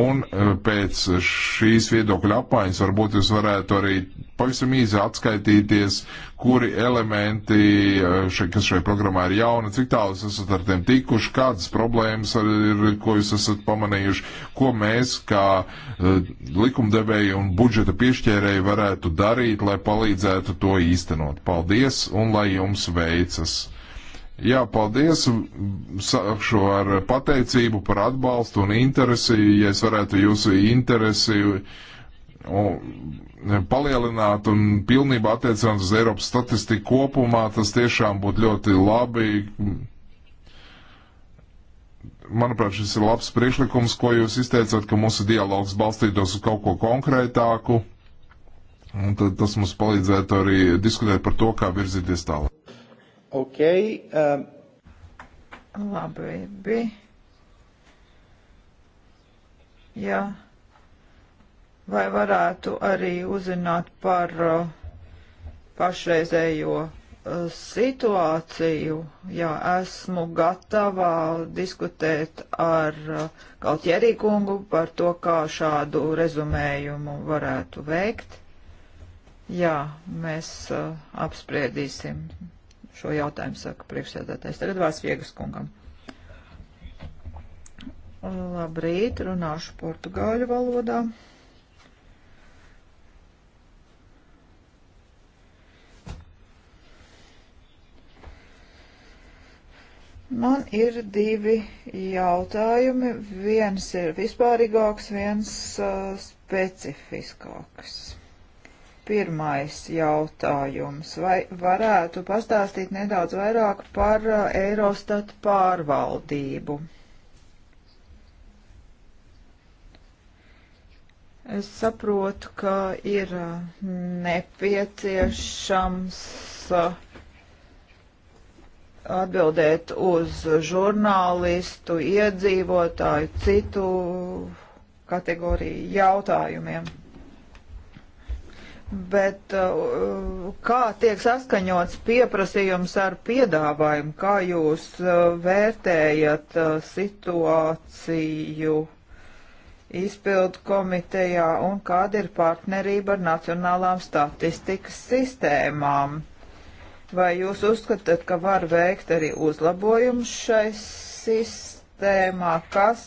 un eh, pēc šīs viedokļa apmaiņas varbūt jūs varētu arī pavisam īsi atskaitīties, kuri elementi, eh, še, kas šai programmā ir jauni, cik tālu jūs esat ar tiem tikuši, kādas problēmas ir, ko jūs esat pamanījuši, ko mēs kā uh, likumdevēji un budžeta piešķērēji varētu darīt, lai palīdzētu to īstenot. Paldies un lai jums veicas! Jā, paldies. Sākšu ar pateicību par atbalstu un interesi. Ja es varētu jūsu interesi un palielināt un pilnībā attiecināt uz Eiropas statistiku kopumā, tas tiešām būtu ļoti labi. Manuprāt, šis ir labs priekšlikums, ko jūs izteicat, ka mūsu dialogs balstītos uz kaut ko konkrētāku. Un tad tas mums palīdzētu arī diskutēt par to, kā virzīties tālāk. Ok. Um... Labi. Bi. Jā. Vai varētu arī uzzināt par uh, pašreizējo uh, situāciju, ja esmu gatava diskutēt ar uh, Galtjerī kungu par to, kā šādu rezumējumu varētu veikt. Jā, mēs uh, apspriedīsim šo jautājumu, saka priekšsēdētājs. Tagad vārds Viegas kungam. Labrīt, runāšu portugāļu valodā. Man ir divi jautājumi. Viens ir vispārīgāks, viens uh, specifiskāks. Pirmais jautājums. Vai varētu pastāstīt nedaudz vairāk par uh, Eurostat pārvaldību? Es saprotu, ka ir uh, nepieciešams uh, atbildēt uz žurnālistu, iedzīvotāju, citu kategoriju jautājumiem. Bet uh, kā tiek saskaņots pieprasījums ar piedāvājumu? Kā jūs uh, vērtējat uh, situāciju izpildu komitejā un kāda ir partnerība ar nacionālām statistikas sistēmām? Vai jūs uzskatāt, ka var veikt arī uzlabojumus šai sistēmā, kas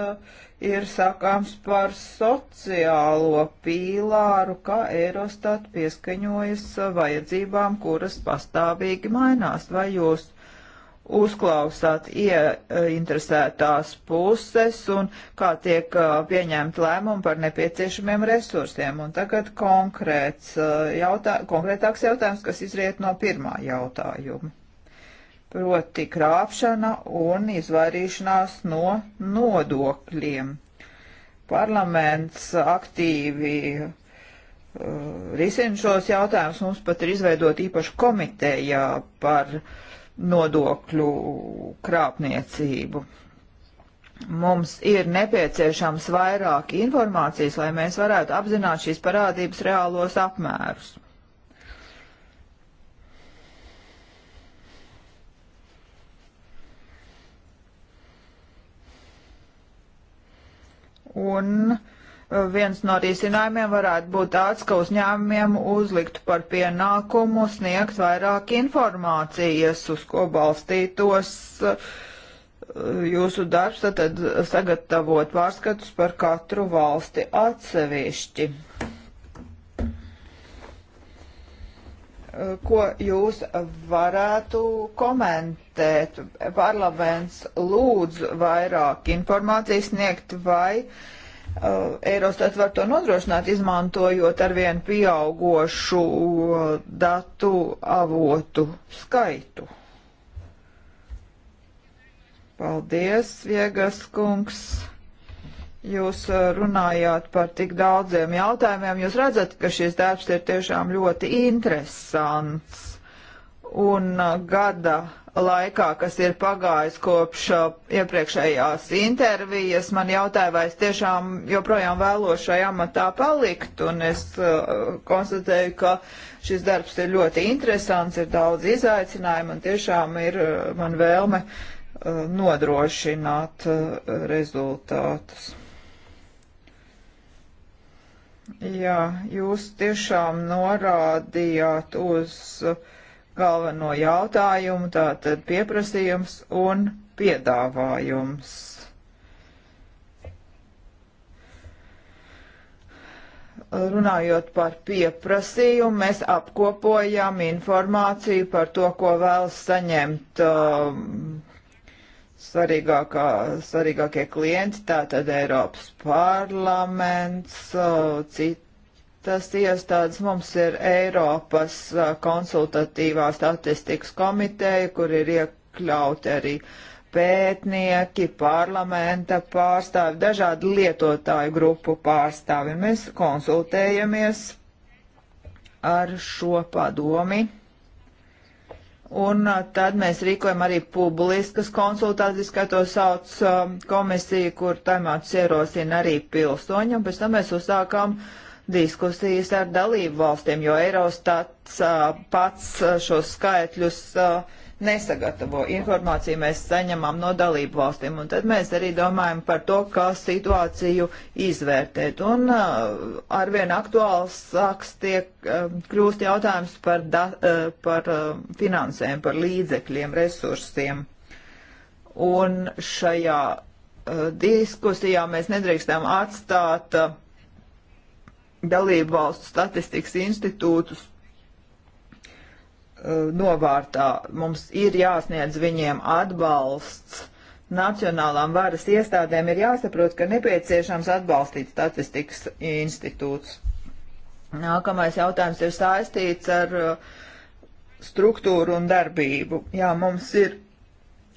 uh, ir sakāms par sociālo pīlāru, kā Eirostat pieskaņojas vajadzībām, kuras pastāvīgi mainās? Vai jūs uzklausāt ieinteresētās puses un kā tiek uh, pieņemt lēmumu par nepieciešamiem resursiem. Un tagad konkrēts uh, jautā, konkrētāks jautājums, kas izriet no pirmā jautājuma. Proti krāpšana un izvairīšanās no nodokļiem. Parlaments aktīvi uh, risina šos jautājumus. Mums pat ir izveidot īpašu komiteju par uh, nodokļu krāpniecību. Mums ir nepieciešams vairāk informācijas, lai mēs varētu apzināt šīs parādības reālos apmērus. Un viens no risinājumiem varētu būt tāds, ka uzņēmumiem uzliktu par pienākumu sniegt vairāk informācijas, uz ko balstītos uh, jūsu darbs, tad sagatavot pārskatus par katru valsti atsevišķi. Uh, ko jūs varētu komentēt? Parlaments lūdz vairāk informācijas sniegt vai uh, Eirostats eh, var to nodrošināt, izmantojot arvien pieaugošu eh, datu avotu skaitu. Paldies, Viegas kungs! Jūs eh, runājāt par tik daudziem jautājumiem. Jūs redzat, ka šis darbs ir tiešām ļoti interesants. Un gada laikā, kas ir pagājis kopš uh, iepriekšējās intervijas, man jautāja, vai es tiešām joprojām vēlos šajā amatā palikt, un es uh, konstatēju, ka šis darbs ir ļoti interesants, ir daudz izaicinājumu, un tiešām ir uh, man vēlme uh, nodrošināt uh, rezultātus. Jā, jūs tiešām norādījāt uz uh, galveno jautājumu, tātad pieprasījums un piedāvājums. Runājot par pieprasījumu, mēs apkopojam informāciju par to, ko vēlas saņemt um, svarīgākā, svarīgākie klienti, tātad Eiropas parlaments, uh, citi Tas iestādes mums ir Eiropas konsultatīvā statistikas komiteja, kur ir iekļauti arī pētnieki, parlamenta pārstāvi, dažādi lietotāju grupu pārstāvi. Mēs konsultējamies ar šo padomi. Un tad mēs rīkojam arī publiskas konsultācijas, kā to sauc um, komisija, kur taimāts ierosina arī pilsoņu, un pēc tam mēs uzsākām uh, diskusijas ar dalību valstiem, jo Eurostats pats šos skaitļus nesagatavo. Informāciju mēs saņemam no dalību valstīm, un tad mēs arī domājam par to, kā situāciju izvērtēt. Un arvien aktuāls sāks tiek kļūst jautājums par, da, par finansēm, par līdzekļiem, resursiem. Un šajā diskusijā mēs nedrīkstam atstāt uh, dalību valstu statistikas institūtus uh, novārtā. Mums ir jāsniedz viņiem atbalsts. Nacionālām varas iestādēm ir jāsaprot, ka nepieciešams atbalstīt statistikas institūts. Nākamais jautājums ir saistīts ar uh, struktūru un darbību. Jā, mums ir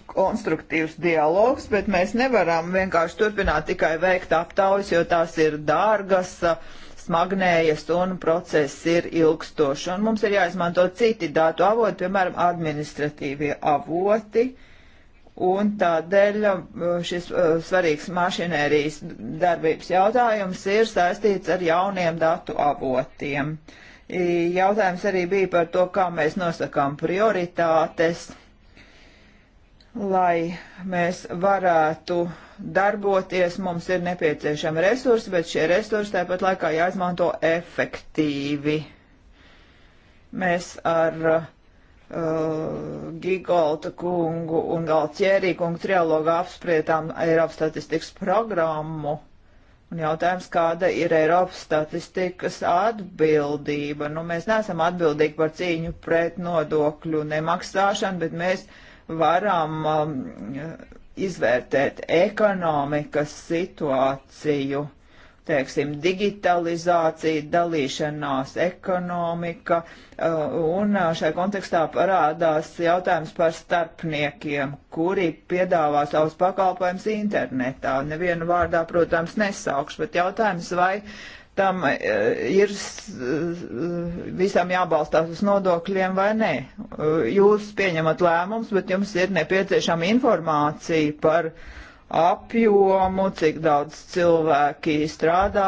konstruktīvs dialogs, bet mēs nevaram vienkārši turpināt tikai veikt aptaujas, jo tās ir dārgas, uh, smagnējas un process ir ilgstošs. Un mums ir jāizmanto citi datu avoti, piemēram, administratīvie avoti. Un tādēļ uh, šis uh, svarīgs mašinērijas darbības jautājums ir saistīts ar jauniem datu avotiem. Jautājums arī bija par to, kā mēs nosakām prioritātes, lai mēs varētu uh, darboties, mums ir nepieciešami resursi, bet šie resursi tāpat laikā jāizmanto efektīvi. Mēs ar uh, Gigolta kungu un Galtjērī kungu trialogā apspriedām Eiropas statistikas programmu. Un jautājums, kāda ir Eiropas statistikas atbildība? Nu, mēs neesam atbildīgi par cīņu pret nodokļu nemaksāšanu, bet mēs varam um, izvērtēt ekonomikas situāciju, teiksim, digitalizācija, dalīšanās ekonomika, uh, un uh, šai kontekstā parādās jautājums par starpniekiem, kuri piedāvā savus pakalpojumus internetā. Nevienu vārdā, protams, nesaukšu, bet jautājums, vai tam e, ir e, visam jābalstās uz nodokļiem vai nē. E, jūs pieņemat lēmums, bet jums ir nepieciešama informācija par apjomu, cik daudz cilvēki strādā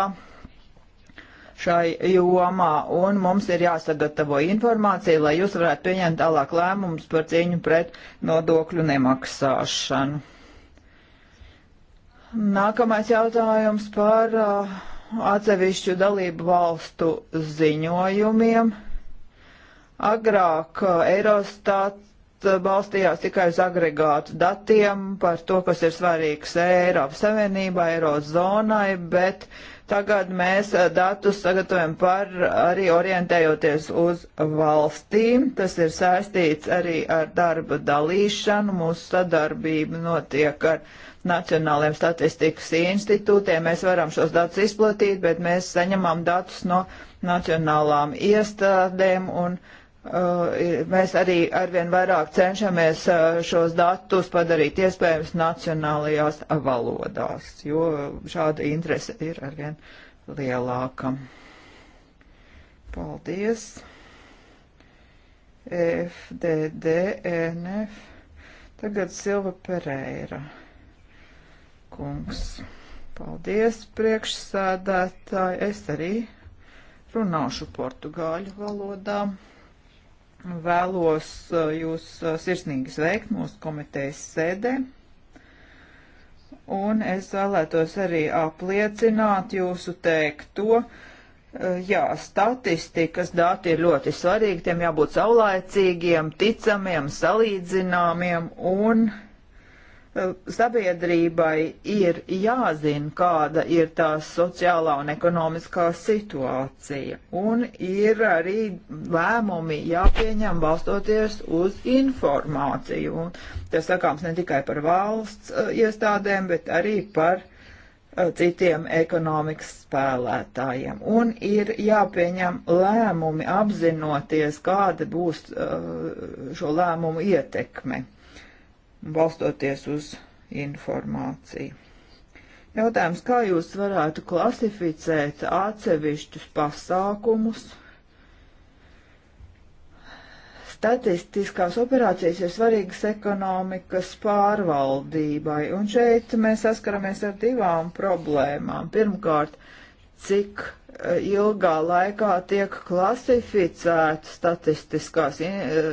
šai jomā, un mums ir jāsagatavo informācija, lai jūs varētu pieņemt tālāk lēmumus par cīņu pret nodokļu nemaksāšanu. Nākamais jautājums par uh, atsevišķu dalību valstu ziņojumiem. Agrāk Eirostat eh, eh, balstījās tikai uz agregātu datiem par to, kas ir svarīgs Eiropas Savienībā, Eirozonai, bet uh, Tagad mēs eh, datus sagatavojam par arī orientējoties uz valstīm. Tas ir saistīts arī ar darba dalīšanu. Mūsu sadarbība notiek ar Nacionāliem statistikas institūtiem. Mēs varam šos datus izplatīt, bet mēs saņemam datus no nacionālām iestādēm un iestādēm Uh, mēs arī arvien vairāk cenšamies uh, šos datus padarīt iespējams nacionālajās valodās, jo šāda interese ir arvien lielāka. Paldies! FDD, e NF. Tagad Silva Pereira. Kungs. Paldies, priekšsēdētāji. Es arī runāšu portugāļu valodā. Nu, vēlos uh, jūs uh, sirsnīgi sveikt mūsu komitejas sēdē. Un es vēlētos arī apliecināt jūsu teikto. Uh, jā, statistikas dati ir ļoti svarīgi, tiem jābūt saulaicīgiem, ticamiem, salīdzināmiem un uh, sabiedrībai ir jāzina, kāda ir tā sociālā un ekonomiskā situācija, un ir arī lēmumi jāpieņem balstoties uz informāciju. Un tas sakāms ne tikai par valsts uh, iestādēm, bet arī par uh, citiem ekonomikas spēlētājiem. Un ir jāpieņem lēmumi apzinoties, kāda būs uh, šo lēmumu ietekme balstoties uz informāciju. Jautājums, kā jūs varētu klasificēt atsevišķus pasākumus? Statistiskās operācijas ir svarīgas ekonomikas pārvaldībai, un šeit mēs saskaramies ar divām problēmām. Pirmkārt, cik eh, ilgā laikā tiek klasificēta statistiskās eh,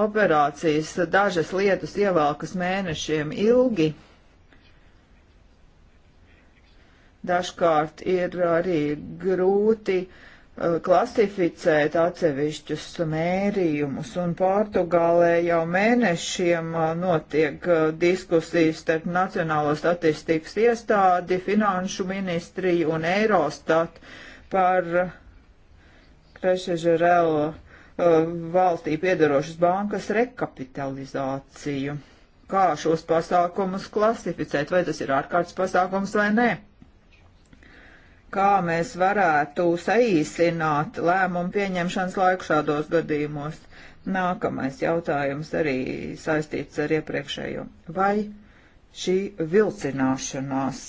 operācijas, dažas lietas ievelkas mēnešiem ilgi. Dažkārt ir arī grūti uh, klasificēt atsevišķus mērījumus, un Portugālē jau mēnešiem uh, notiek uh, diskusijas starp Nacionālo statistikas iestādi, Finanšu ministriju un Eirostat par Krešežerelu Uh, valstī piedarošas bankas rekapitalizāciju. Kā šos pasākumus klasificēt, vai tas ir ārkārtas pasākums vai nē? Kā mēs varētu saīsināt lēmumu pieņemšanas laiku šādos gadījumos? Nākamais jautājums arī saistīts ar iepriekšējo. Vai šī vilcināšanās?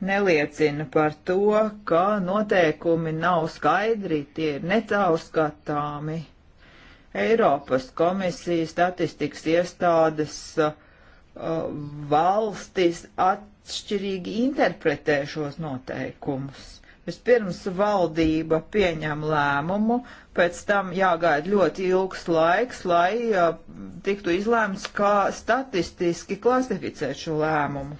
neliecina par to, ka noteikumi nav skaidri, tie ir necaurskatāmi. Eiropas komisijas statistikas iestādes uh, valstis atšķirīgi interpretē šos noteikumus. Vispirms valdība pieņem lēmumu, pēc tam jāgaida ļoti ilgs laiks, lai uh, tiktu izlēmts, kā statistiski klasificēt šo lēmumu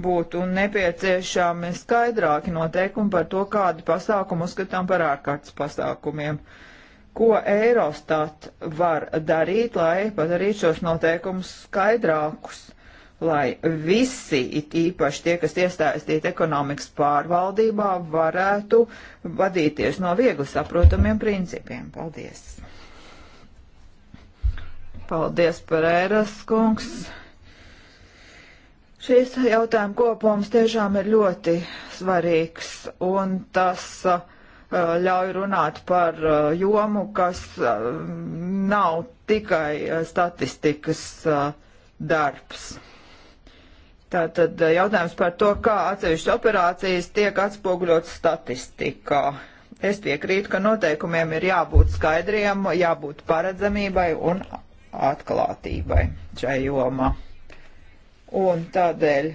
būtu nepieciešami skaidrāki noteikumi par to, kādi pasākumi uzskatām par ārkārtas pasākumiem. Ko Eirostat var darīt, lai padarītu šos noteikumus skaidrākus, lai visi, it īpaši tie, kas iesaistīti ekonomikas pārvaldībā, varētu vadīties no viegli saprotamiem principiem. Paldies! Paldies par ēras kungs! Šīs jautājuma kopums tiešām ir ļoti svarīgs, un tas uh, ļauj runāt par uh, jomu, kas uh, nav tikai statistikas darbs. Tātad jautājums par to, kā atsevišķas operācijas tiek atspoguļot statistikā. Es piekrītu, ka noteikumiem ir jābūt skaidriem, jābūt paredzamībai un atklātībai šai jomā. Un tādēļ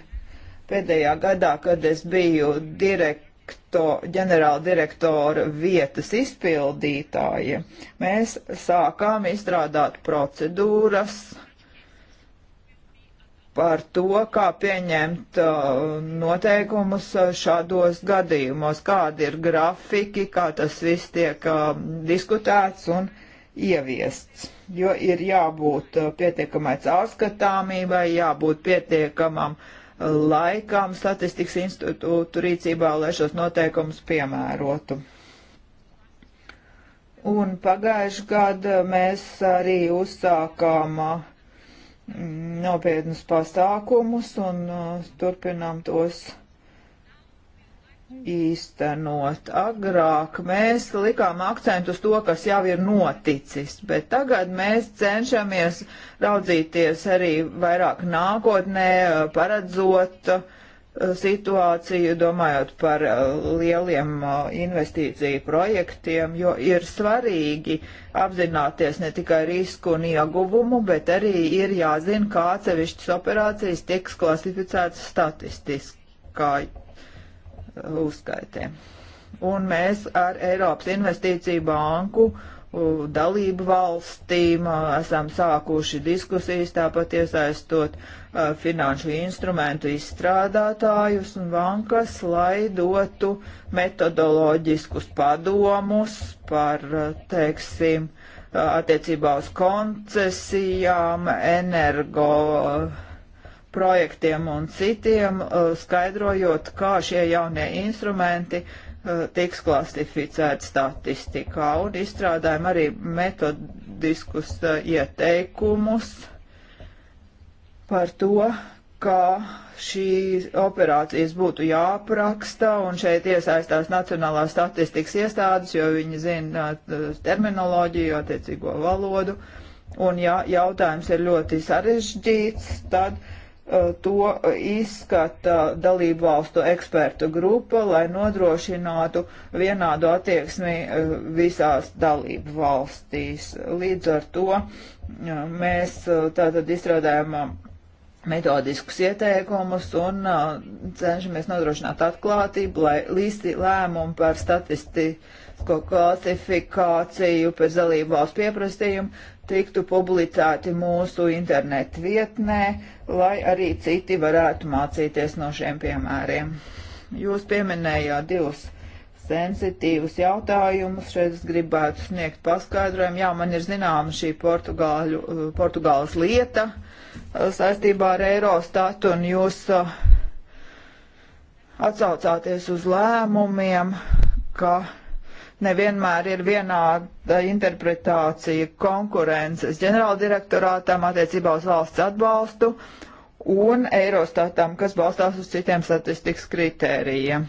pēdējā gadā, kad es biju direkto, ģenerāla direktora vietas izpildītāja, mēs sākām izstrādāt procedūras par to, kā pieņemt uh, noteikumus uh, šādos gadījumos, kādi ir grafiki, kā tas viss tiek uh, diskutēts un izstrādāts ieviests, jo ir jābūt uh, pietiekamai caurskatāmībai, jābūt pietiekamam uh, laikam statistikas institūtu rīcībā, lai šos noteikumus piemērotu. Un pagājuši gadu mēs arī uzsākām uh, nopietnus pasākumus un turpinām tos īstenot. Agrāk mēs likām akcentu uz to, kas jau ir noticis, bet tagad mēs cenšamies raudzīties arī vairāk nākotnē, paredzot uh, situāciju, domājot par uh, lieliem uh, investīciju projektiem, jo ir svarīgi apzināties ne tikai risku un ieguvumu, bet arī ir jāzina, kā atsevišķas operācijas tiks klasificētas statistiskā uzskaitē. Un mēs ar Eiropas investīciju banku dalību valstīm esam sākuši diskusijas, tāpat iesaistot finanšu instrumentu izstrādātājus un bankas, lai dotu metodoloģiskus padomus par, teiksim, attiecībā uz koncesijām, energo projektiem un citiem, uh, skaidrojot, kā šie jaunie instrumenti uh, tiks klasificēti statistikā un izstrādājam arī metodiskus uh, ieteikumus par to, kā šīs operācijas būtu jāapraksta, un šeit iesaistās Nacionālās statistikas iestādes, jo viņi zina terminoloģiju, attiecīgo valodu, un ja jautājums ir ļoti sarežģīts, tad uh, Eh, to izskata dalību valstu ekspertu grupa, lai nodrošinātu vienādu attieksmi eh, visās dalību valstīs. Līdz ar to eh, mēs tātad izstrādājam metodiskus ieteikumus un cenšamies nodrošināt atklātību, lai līsti lēmumi par statistiku ko klasifikāciju pēc dalību valsts pieprastījumu tiktu publicēti mūsu internetu vietnē, lai arī citi varētu mācīties no šiem piemēriem. Jūs pieminējāt divus sensitīvus jautājumus. Šeit es gribētu sniegt paskaidrojumu. Jā, man ir zināma šī Portugāļu, eh, Portugāles lieta eh, saistībā ar Eirostatu, un jūs eh, atsaucāties uz lēmumiem, ka nevienmēr ir vienāda interpretācija konkurences ģenerāldirektorātām attiecībā uz valsts atbalstu un Eirostatām, kas balstās uz citiem statistikas kritērijiem.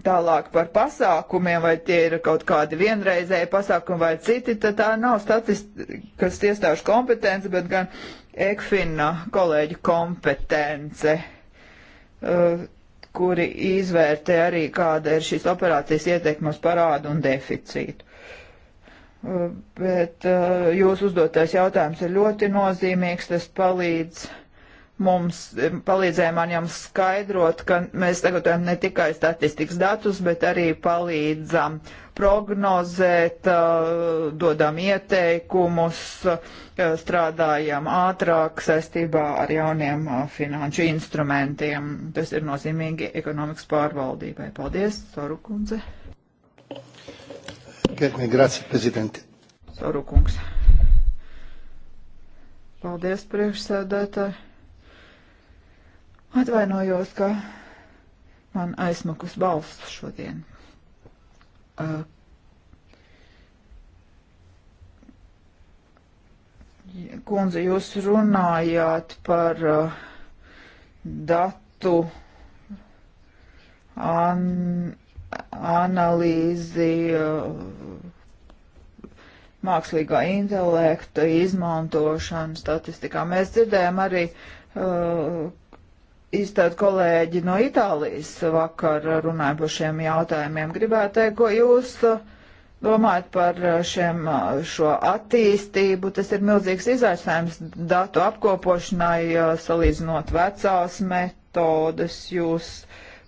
Tālāk par pasākumiem, vai tie ir kaut kādi vienreizēji pasākumi vai citi, tad tā nav statistikas iestāžu kompetence, bet gan ECFIN kolēģu kompetence. Uh, kuri izvērtē arī, kāda ir šīs operācijas ietekme uz parādu un deficītu. Uh, bet uh, jūsu uzdotais jautājums ir ļoti nozīmīgs, tas palīdz mums e, palīdzēja man jums skaidrot, ka mēs sagatavojam ne tikai statistikas datus, bet arī palīdzam prognozēt, e, dodam ieteikumus, e, strādājam ātrāk saistībā ar jauniem finanšu instrumentiem. Tas ir nozīmīgi ekonomikas pārvaldībai. Paldies, Soru kundze. Grazie, prezidenti. Soru kungs. Paldies, priekšsēdētāji. Atvainojos, ka man aizmakus balsts šodien. Uh, Kundze, jūs runājāt par uh, datu an analīzi, uh, mākslīgā intelekta izmantošanu statistikā. Mēs dzirdējam arī uh, izteikt kolēģi no Itālijas vakar runāja par šiem jautājumiem. Gribētu teikt, ko jūs uh, domājat par uh, šiem, uh, šo attīstību. Tas ir milzīgs izaicinājums datu apkopošanai, salīdzinot vecās metodas. Jūs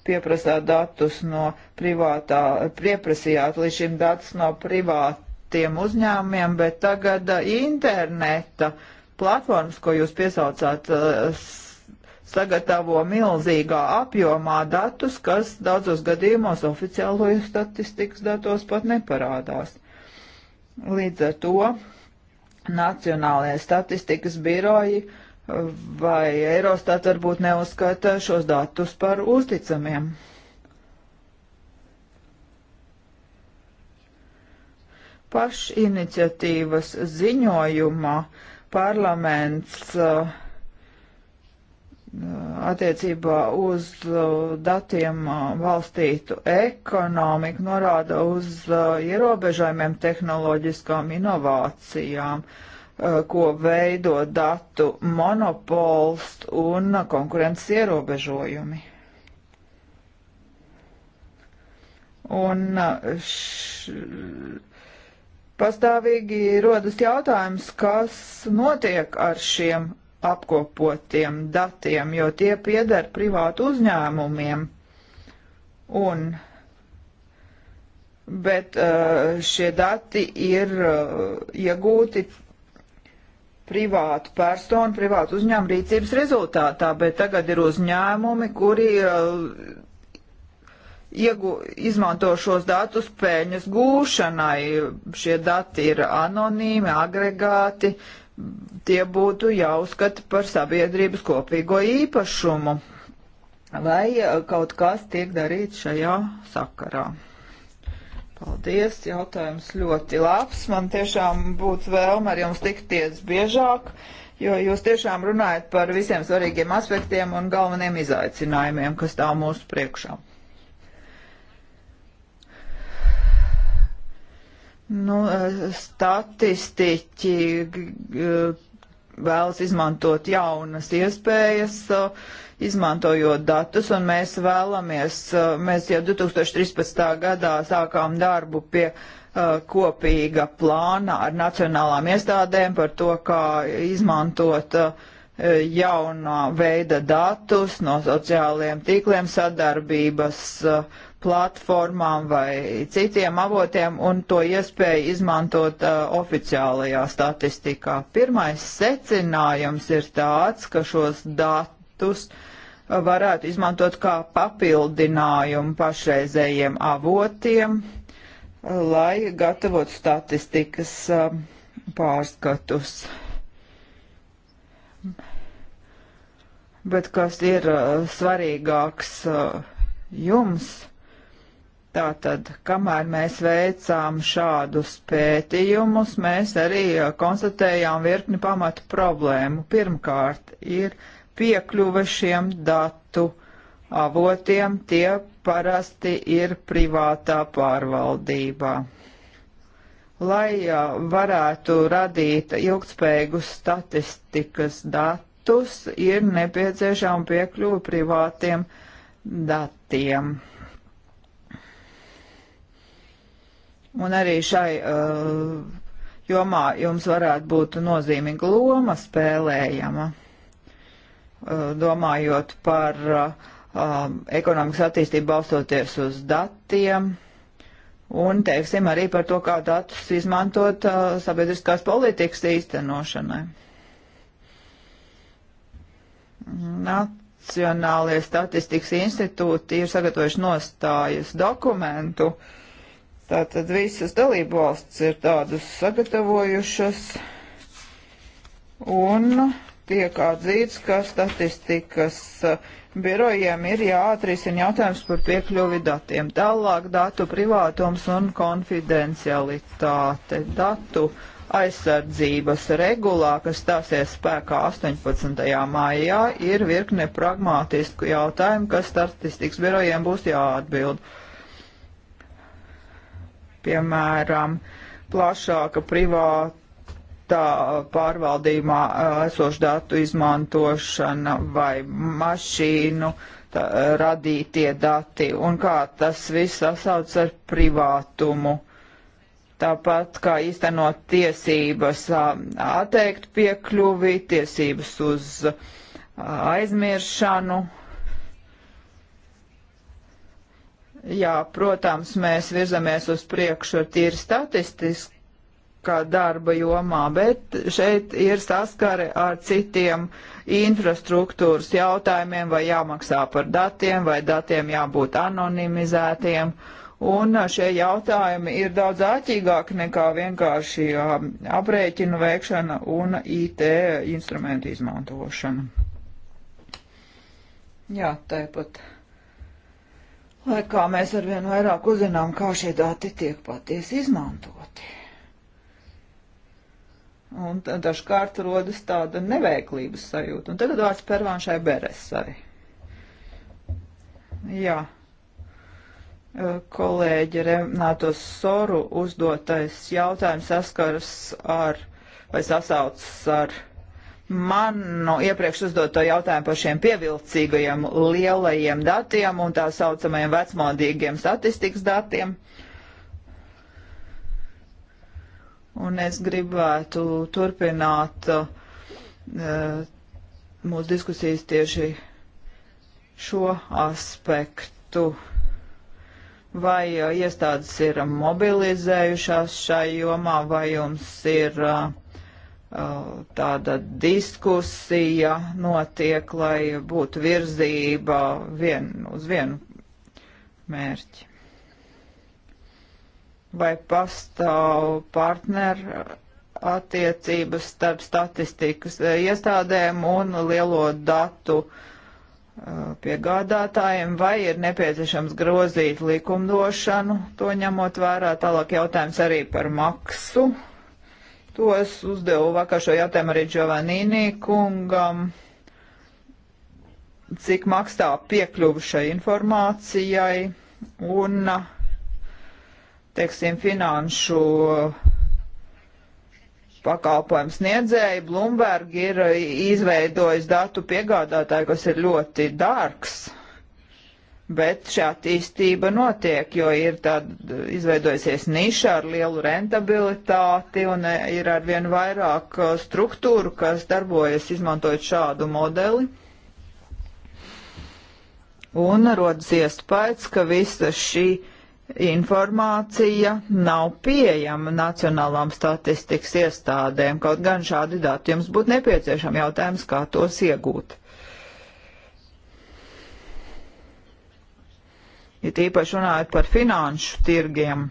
pieprasāt datus no privātā, pieprasījāt līdz šim datus no privātiem uzņēmumiem, bet tagad interneta platformas, ko jūs piesaucāt, sagatavo milzīgā apjomā datus, kas daudzos gadījumos oficiāloju statistikas datos pat neparādās. Līdz ar to Nacionālajie statistikas biroji vai Eurostat varbūt neuzskata šos datus par uzticamiem. Pašiniciatīvas ziņojumā parlaments uh, attiecībā uz uh, datiem uh, valstītu ekonomiku norāda uz uh, ierobežojumiem tehnoloģiskām inovācijām, ko veido datu monopols un konkurences ierobežojumi. Un š, pastāvīgi rodas jautājums, kas notiek ar šiem apkopotiem datiem, jo tie pieder privātu uzņēmumiem. Un, bet eh, šie dati ir eh, iegūti privātu personu, privātu uzņēmumu rīcības rezultātā, bet tagad ir uzņēmumi, kuri eh, iegu, izmanto šos datus peļņas gūšanai. Šie dati ir anonīmi, agregāti, uh, tie būtu jāuzskata par sabiedrības kopīgo īpašumu. Vai e, kaut kas tiek darīts šajā sakarā? Paldies, jautājums ļoti labs. Man tiešām būtu vēlme ar jums tikties biežāk, jo jūs tiešām runājat par visiem svarīgiem aspektiem un galveniem izaicinājumiem, kas tā mūsu priekšā. Nu, e, statistiķi vēlas izmantot jaunas iespējas, e, izmantojot datus, un mēs vēlamies, e, mēs jau 2013. gadā sākām darbu pie kopīga plāna ar nacionālām iestādēm par to, kā izmantot jaunā veida datus no sociālajiem tīkliem sadarbības platformām vai citiem avotiem un to iespēju izmantot uh, oficiālajā statistikā. Pirmais secinājums ir tāds, ka šos datus uh, varētu izmantot kā papildinājumu pašreizējiem avotiem, lai gatavot statistikas uh, pārskatus. Bet kas ir uh, svarīgāks uh, jums? Tātad, kamēr mēs veicām šādus pētījumus, mēs arī uh, konstatējām virkni pamatu problēmu. Pirmkārt, ir piekļuve šiem datu avotiem, tie parasti ir privātā pārvaldībā. Lai uh, varētu radīt ilgspējīgus statistikas datus, ir nepieciešama piekļuve privātiem datiem Un arī šai uh, jomā jums varētu būt nozīmīga loma spēlējama, uh, domājot par uh, um, ekonomikas attīstību balstoties uz datiem. Un teiksim arī par to, kā datus izmantot uh, sabiedriskās politikas īstenošanai. Nacionālajie statistikas institūti ir sagatavojuši nostājus dokumentu uh, Tātad visas dalību valsts ir tādus sagatavojušas un tiek atzīts, ka statistikas eh, birojiem ir jāatrisina jautājums par piekļuvi datiem. Tālāk datu privātums un konfidencialitāte. Datu aizsardzības regulā, kas stāsies spēkā 18. maijā, ir virkne pragmātisku jautājumu, kas statistikas birojiem būs jāatbild. Uh, piemēram, plašāka privātā pārvaldījumā eh, esošu datu izmantošana vai mašīnu tā, eh, radītie dati un kā tas viss sasauc ar privātumu. Tāpat kā īstenot tiesības eh, atteikt piekļuvi, tiesības uz aizmiršanu, Jā, protams, mēs virzamies uz priekšu ar tīri statistiskā darba jomā, bet šeit ir saskare ar citiem infrastruktūras jautājumiem, vai jāmaksā par datiem, vai datiem jābūt anonimizētiem. Un šie jautājumi ir daudz āķīgāki nekā vienkārši aprēķinu veikšana un IT instrumentu izmantošana. Jā, tāpat laikā mēs arvien vairāk uzzinām, kā šie dati tiek patiesi izmantoti. Un dažkārt rodas tāda neveiklības sajūta. Un tagad vārds pervāņšai Beresai. Jā. Kolēģi Renātos Soru uzdotais jautājums saskars ar vai sasaucas ar manu iepriekš uzdoto jautājumu par šiem pievilcīgajiem lielajiem datiem un tā saucamajiem vecmodīgiem statistikas datiem. Un es gribētu turpināt uh, mūsu diskusijas tieši šo aspektu. Vai eh, iestādes ir mobilizējušās šai jomā, vai jums ir uh, tāda diskusija notiek, lai būtu virzība vien, uz vienu mērķi. Vai pastāv partneru attiecības starp statistikas iestādēm un lielo datu uh, piegādātājiem, vai ir nepieciešams grozīt likumdošanu, to ņemot vērā tālāk jautājums arī par maksu. To es uzdevu vakar šo jautājumu arī Giovannīnī kungam. Cik maksā piekļuvu šai informācijai un, teiksim, finanšu pakalpojums sniedzēji. Bloomberg ir izveidojis datu piegādātāju, kas ir ļoti dārgs Bet šī attīstība notiek, jo ir tāda izveidojusies niša ar lielu rentabilitāti un e, ir arvien vairāk e, struktūru, kas darbojas izmantojot šādu modeli. Un rodas iespējas, ka visa šī informācija nav pieejama nacionālām statistikas iestādēm, kaut gan šādi dati jums būtu nepieciešami jautājums, kā tos iegūt. ja tīpaši runājot par finanšu tirgiem.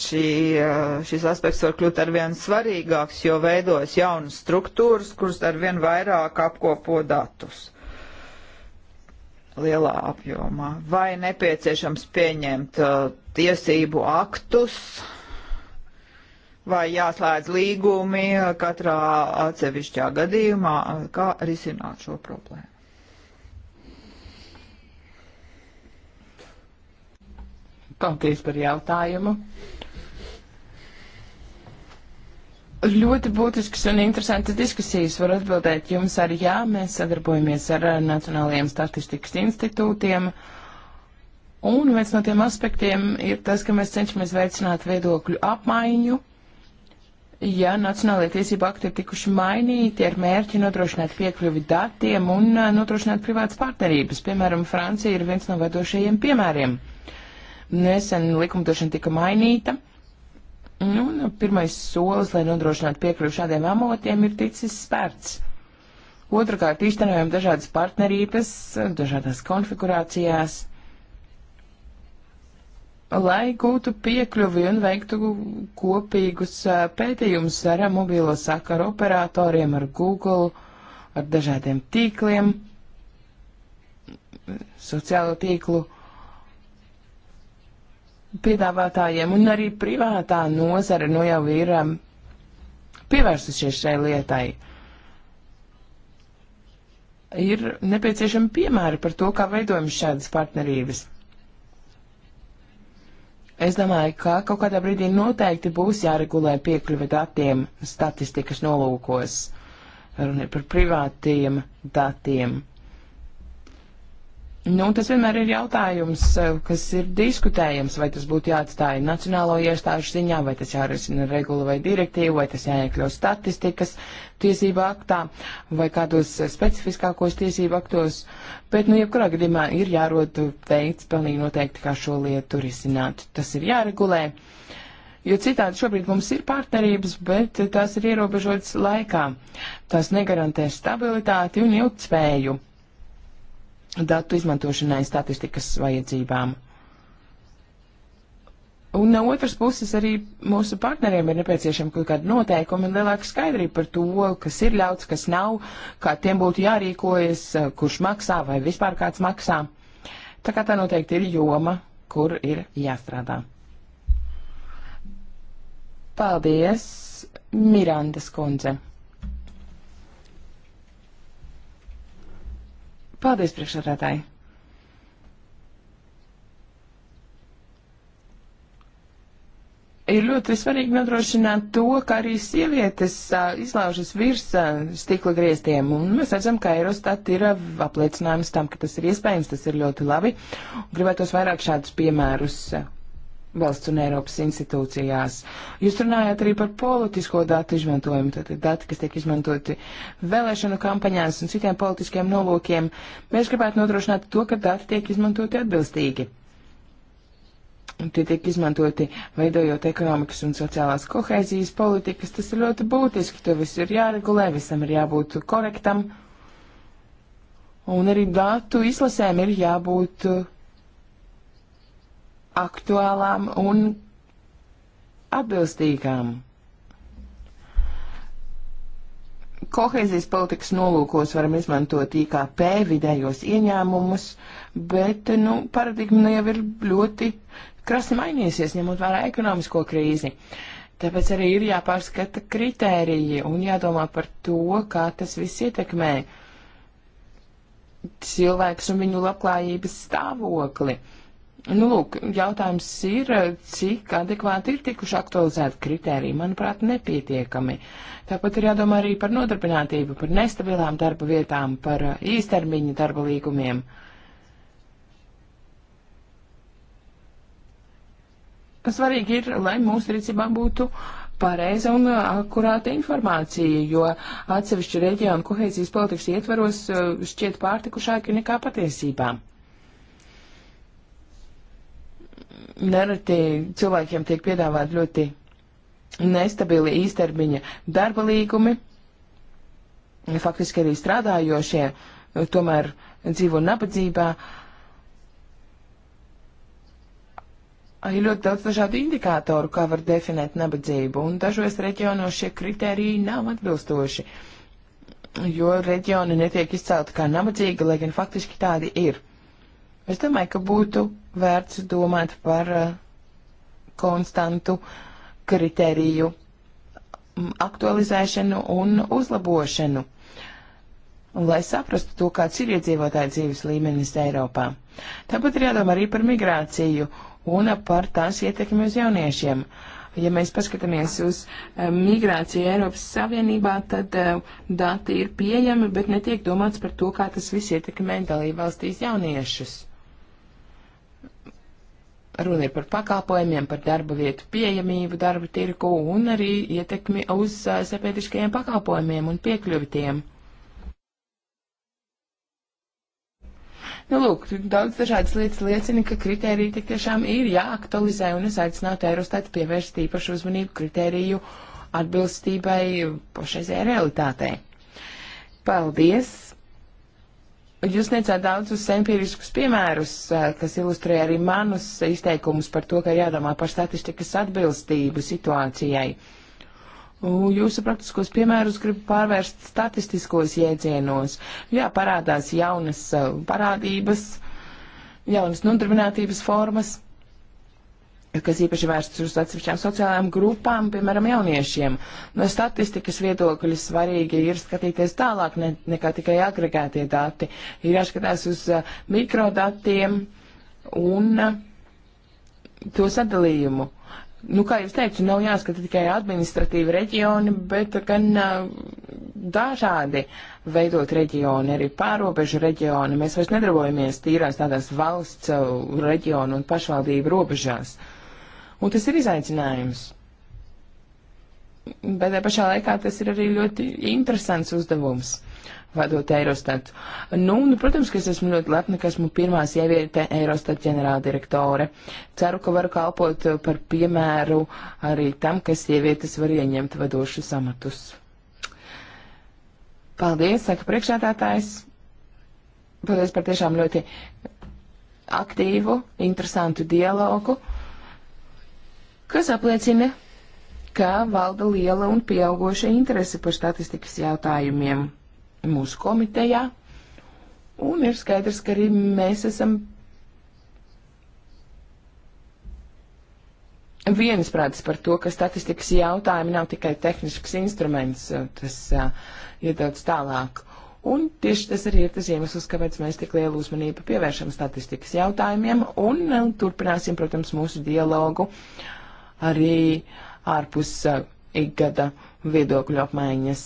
Šī, eh, šis aspekts var kļūt arvien svarīgāks, jo veidojas jaunas struktūras, kuras arvien vairāk apkopo datus lielā apjomā. Vai nepieciešams pieņemt uh, tiesību aktus, vai jāslēdz līgumi katrā atsevišķā gadījumā, kā risināt šo problēmu? Paldies par jautājumu. Ļoti būtiskas un interesantas diskusijas var atbildēt jums arī jā. Mēs sadarbojamies ar Nacionālajiem statistikas institūtiem. Un viens no tiem aspektiem ir tas, ka mēs cenšamies veicināt viedokļu apmaiņu. Ja nacionālajie tiesība akti ir tikuši mainīti ar mērķi nodrošināt piekļuvi datiem un uh, nodrošināt privātas partnerības, piemēram, Francija ir viens no vadošajiem piemēriem. Nesen likumdošana tika mainīta. Nu, nu, pirmais solis, lai nodrošinātu piekļuvi šādiem avotiem, ir ticis spērts. Otrakārt, īstenojam dažādas partnerības, dažādās konfigurācijās, lai gūtu piekļuvi un veiktu kopīgus pētījumus ar mobilo sakaru operatoriem, ar Google, ar dažādiem tīkliem, sociālo tīklu piedāvātājiem, un arī privātā nozara nu jau ir um, pievērsusies šai lietai. Ir nepieciešami piemēri par to, kā veidojam šādas partnerības. Es domāju, ka kaut kādā brīdī noteikti būs jāregulē piekļuve datiem statistikas nolūkos. Runa ir par privātiem datiem. Nu, tas vienmēr ir jautājums, eh, kas ir diskutējams, vai tas būtu jāatstāja nacionālo iestāžu ziņā, vai tas jārisina regula vai direktīva, vai tas jāiekļaut statistikas tiesību aktā, vai kādos specifiskākos tiesību aktos. Bet, nu, jebkurā gadījumā ir jārod veids pilnīgi noteikti, kā šo lietu risināt. Tas ir jāregulē, jo citādi šobrīd mums ir partnerības, bet tās ir ierobežotas laikā. Tās negarantē stabilitāti un ilgtspēju datu izmantošanai statistikas vajadzībām. Un no otras puses arī mūsu partneriem ir nepieciešama kaut kāda noteikuma un lielāka skaidrība par to, kas ir ļauts, kas nav, kā tiem būtu jārīkojas, eh, kurš maksā vai vispār kāds maksā. Tā kā tā noteikti ir joma, kur ir jāstrādā. Paldies, Mirandas kundze! Paldies, priekšsādātāji! ir ļoti svarīgi nodrošināt to, ka arī sievietes uh, izlaužas virs uh, stikla grieztiem. Un mēs redzam, ka Eurostat ir uh, apliecinājums tam, ka tas ir iespējams, tas ir ļoti labi. Un gribētos vairāk šādus piemērus uh, valsts un Eiropas institūcijās. Jūs runājāt arī par politisko datu izmantojumu, tātad dati, kas tiek izmantoti vēlēšanu kampaņās un citiem politiskiem nolūkiem. Mēs gribētu nodrošināt to, ka dati tiek izmantoti atbilstīgi. Un tie tiek izmantoti veidojot ekonomikas un sociālās kohēzijas politikas. Tas ir ļoti būtiski, to viss ir jāregulē, visam ir jābūt korektam. Un arī datu izlasēm ir jābūt uh, aktuālām un atbilstīgām. Kohēzijas politikas nolūkos varam izmantot IKP vidējos ieņēmumus, bet nu, paradigma nu jau ir ļoti krasi mainījusies, ņemot vērā ekonomisko krīzi. Tāpēc arī ir jāpārskata kritēriji un jādomā par to, kā tas viss ietekmē cilvēks un viņu labklājības stāvokli. Uh, Nu, lūk, jautājums ir, cik adekvāti ir tikuši aktualizēti kritēriji, manuprāt, nepietiekami. Tāpat ir jādomā arī par nodarbinātību, par nestabilām darba vietām, par uh, īstermiņa darba līgumiem. Svarīgi ir, lai mūsu rīcībā būtu pareiza un uh, akurāta informācija, jo atsevišķi reģionu kohēzijas politikas ietvaros uh, šķiet pārtikušāki nekā patiesībām. nereti cilvēkiem tiek piedāvāt ļoti nestabili īstermiņa darba līgumi. Faktiski arī strādājošie tomēr dzīvo nabadzībā. Ir ļoti daudz dažādu indikātoru, kā var definēt nabadzību, un dažos reģionos šie kriteriji nav atbilstoši, jo reģioni netiek izcelti kā nabadzīgi, lai gan faktiski tādi ir. Es domāju, ka būtu vērts domāt par uh, konstantu kritēriju mm, aktualizēšanu un uzlabošanu, lai saprastu to, kāds ir iedzīvotāju dzīves līmenis Eiropā. Tāpat ir jādomā arī par migrāciju un par tās ietekmi uz jauniešiem. Ja mēs paskatāmies uz eh, migrāciju Eiropas Savienībā, tad eh, dati ir pieejami, bet netiek domāts par to, kā tas viss ietekmē dalībvalstīs jauniešus. Runa ir par pakalpojumiem, par darba vietu pieejamību darba tirku un arī ietekmi uz uh, sabiedriskajiem pakalpojumiem un piekļuvitiem. Nu, lūk, daudz dažādas lietas liecina, ka kritērija tik tiešām ir jāaktualizē, un es aicinātu Eurostatu pievērst īpašu uzmanību kritēriju atbilstībai pašreizējai realitātei. Paldies! Jūs sniedzāt daudzus empiriskus piemērus, kas ilustrē arī manus izteikumus par to, ka jādomā par statistikas atbilstību situācijai. Jūsu praktiskos piemērus gribu pārvērst statistiskos jēdzienos. Jā, parādās jaunas parādības, jaunas nodarbinātības formas kas īpaši vērsts uz atsevišķām sociālajām grupām, piemēram, jauniešiem. No statistikas viedokļa svarīgi ir skatīties tālāk ne, nekā tikai agregētie dati. Ir jāskatās uz uh, mikrodatiem un uh, to sadalījumu. Nu, kā jūs teicu, nav jāskata tikai administratīvi reģioni, bet gan uh, dažādi veidot reģioni, arī pārobežu reģioni. Mēs vairs nedarbojamies tīrās tādās valsts uh, reģionu un pašvaldību robežās. Uh, Un tas ir izaicinājums. Bet tajā pašā laikā tas ir arī ļoti interesants uzdevums vadot Eirostatu. Nu, nu, protams, ka es esmu ļoti lepna, ka esmu pirmā sieviete Eirostat ģenerāldirektore. Ceru, ka varu kalpot par piemēru arī tam, ka sievietes var ieņemt vadošus amatus. Paldies, saka priekšādātājs. Paldies par tiešām ļoti aktīvu, interesantu dialogu kas apliecina, ka valda liela un pieaugoša interese par statistikas jautājumiem mūsu komitejā. Un ir skaidrs, ka arī mēs esam viensprātis par to, ka statistikas jautājumi nav tikai tehnisks instruments, tas uh, ir daudz tālāk. Un tieši tas arī ir tas iemesls, kāpēc mēs tik lielu uzmanību pievēršam statistikas jautājumiem un uh, turpināsim, protams, mūsu dialogu uh, arī ārpus uh, ikgada viedokļu apmaiņas.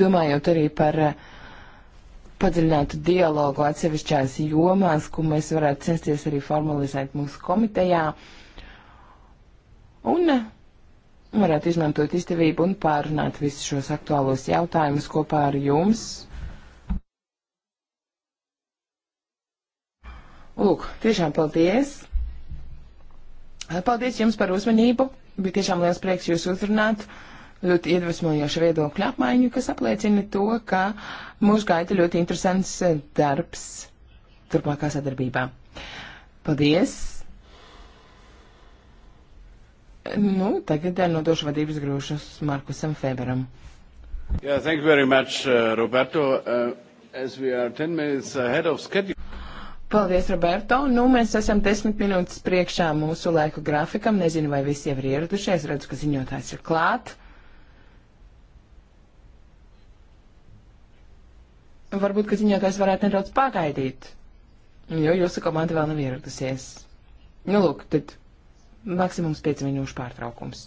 Domājot arī par uh, padziļinātu dialogu atsevišķās jomās, ko mēs varētu censties arī formalizēt mūsu komitejā, un uh, varētu izmantot izdevību un pārunāt visus šos aktuālos jautājumus kopā ar jums Lūk, tiešām paldies. Paldies jums par uzmanību. Bija tiešām liels prieks jūs uzrunāt. Ļoti iedvesmojoša viedokļa apmaiņu, kas apliecina to, ka mūs gaida ļoti interesants eh, darbs turpmākā sadarbībā. Paldies! Nu, tagad eh, nodošu vadības grūšus Markusam Feberam. Yeah, thank you very much, uh, Roberto. Uh, as we are 10 minutes ahead of schedule. Paldies, Roberto. Nu, mēs esam desmit minūtes priekšā mūsu laiku grafikam. Nezinu, vai visi jau ir ieradušies. Redzu, ka ziņotājs ir klāt. Varbūt, ka ziņotājs varētu nedaudz pagaidīt, jo jūsu komanda vēl nav ieradusies. Nu, lūk, tad maksimums 5 minūšu pārtraukums.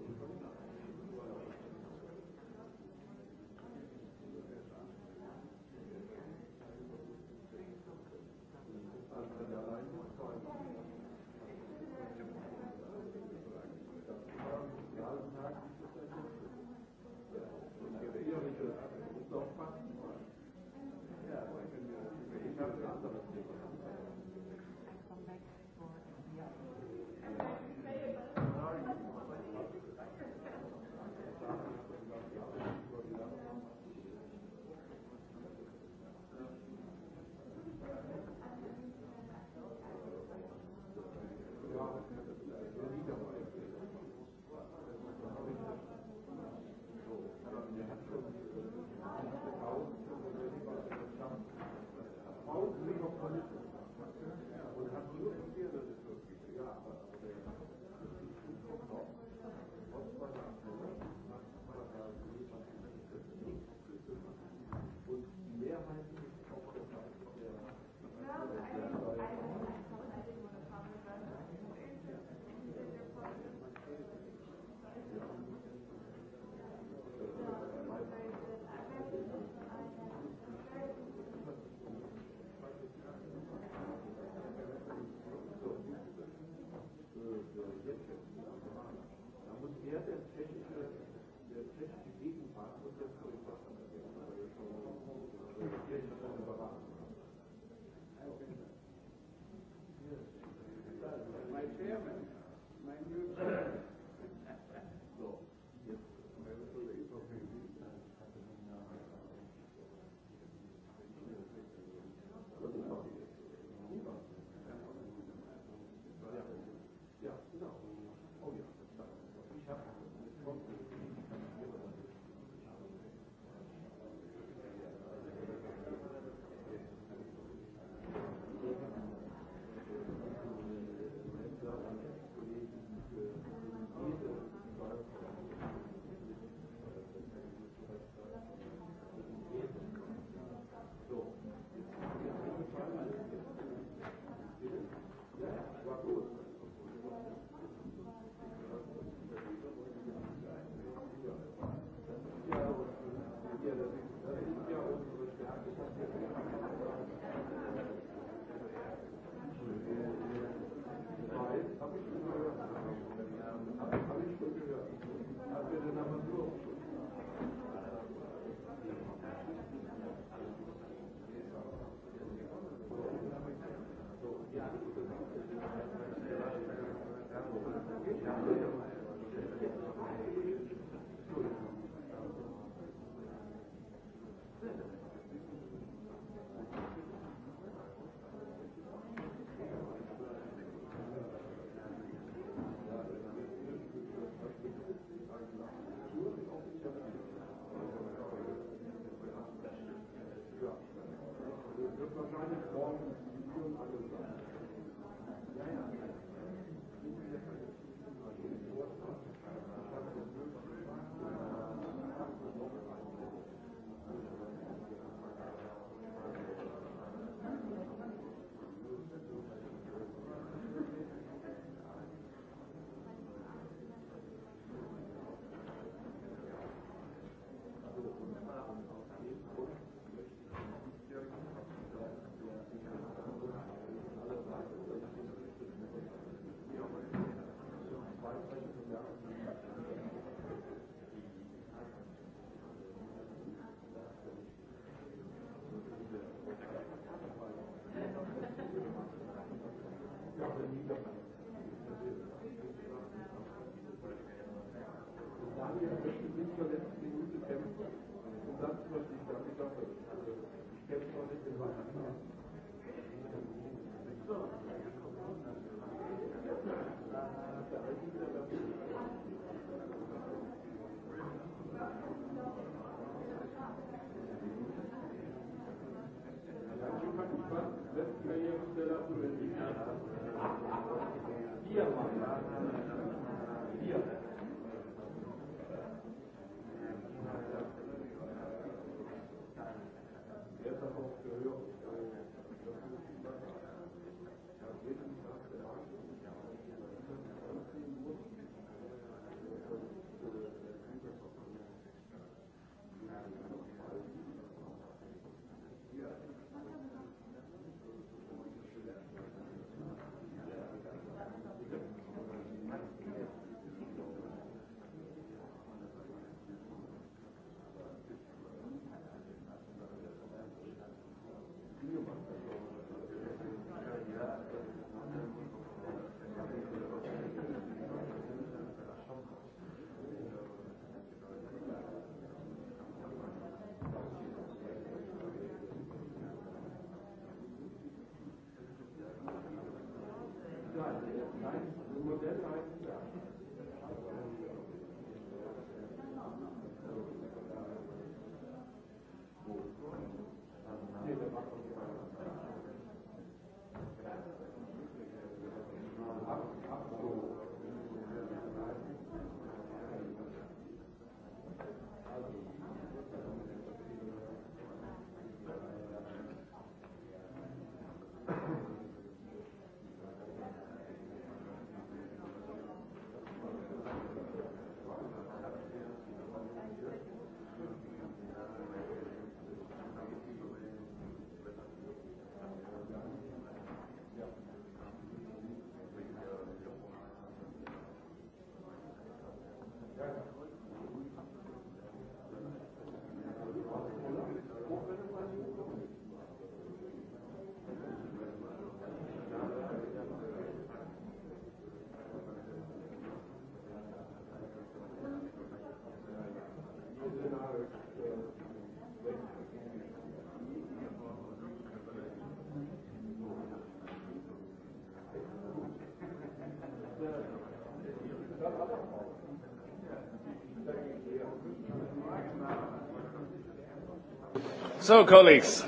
So, colleagues,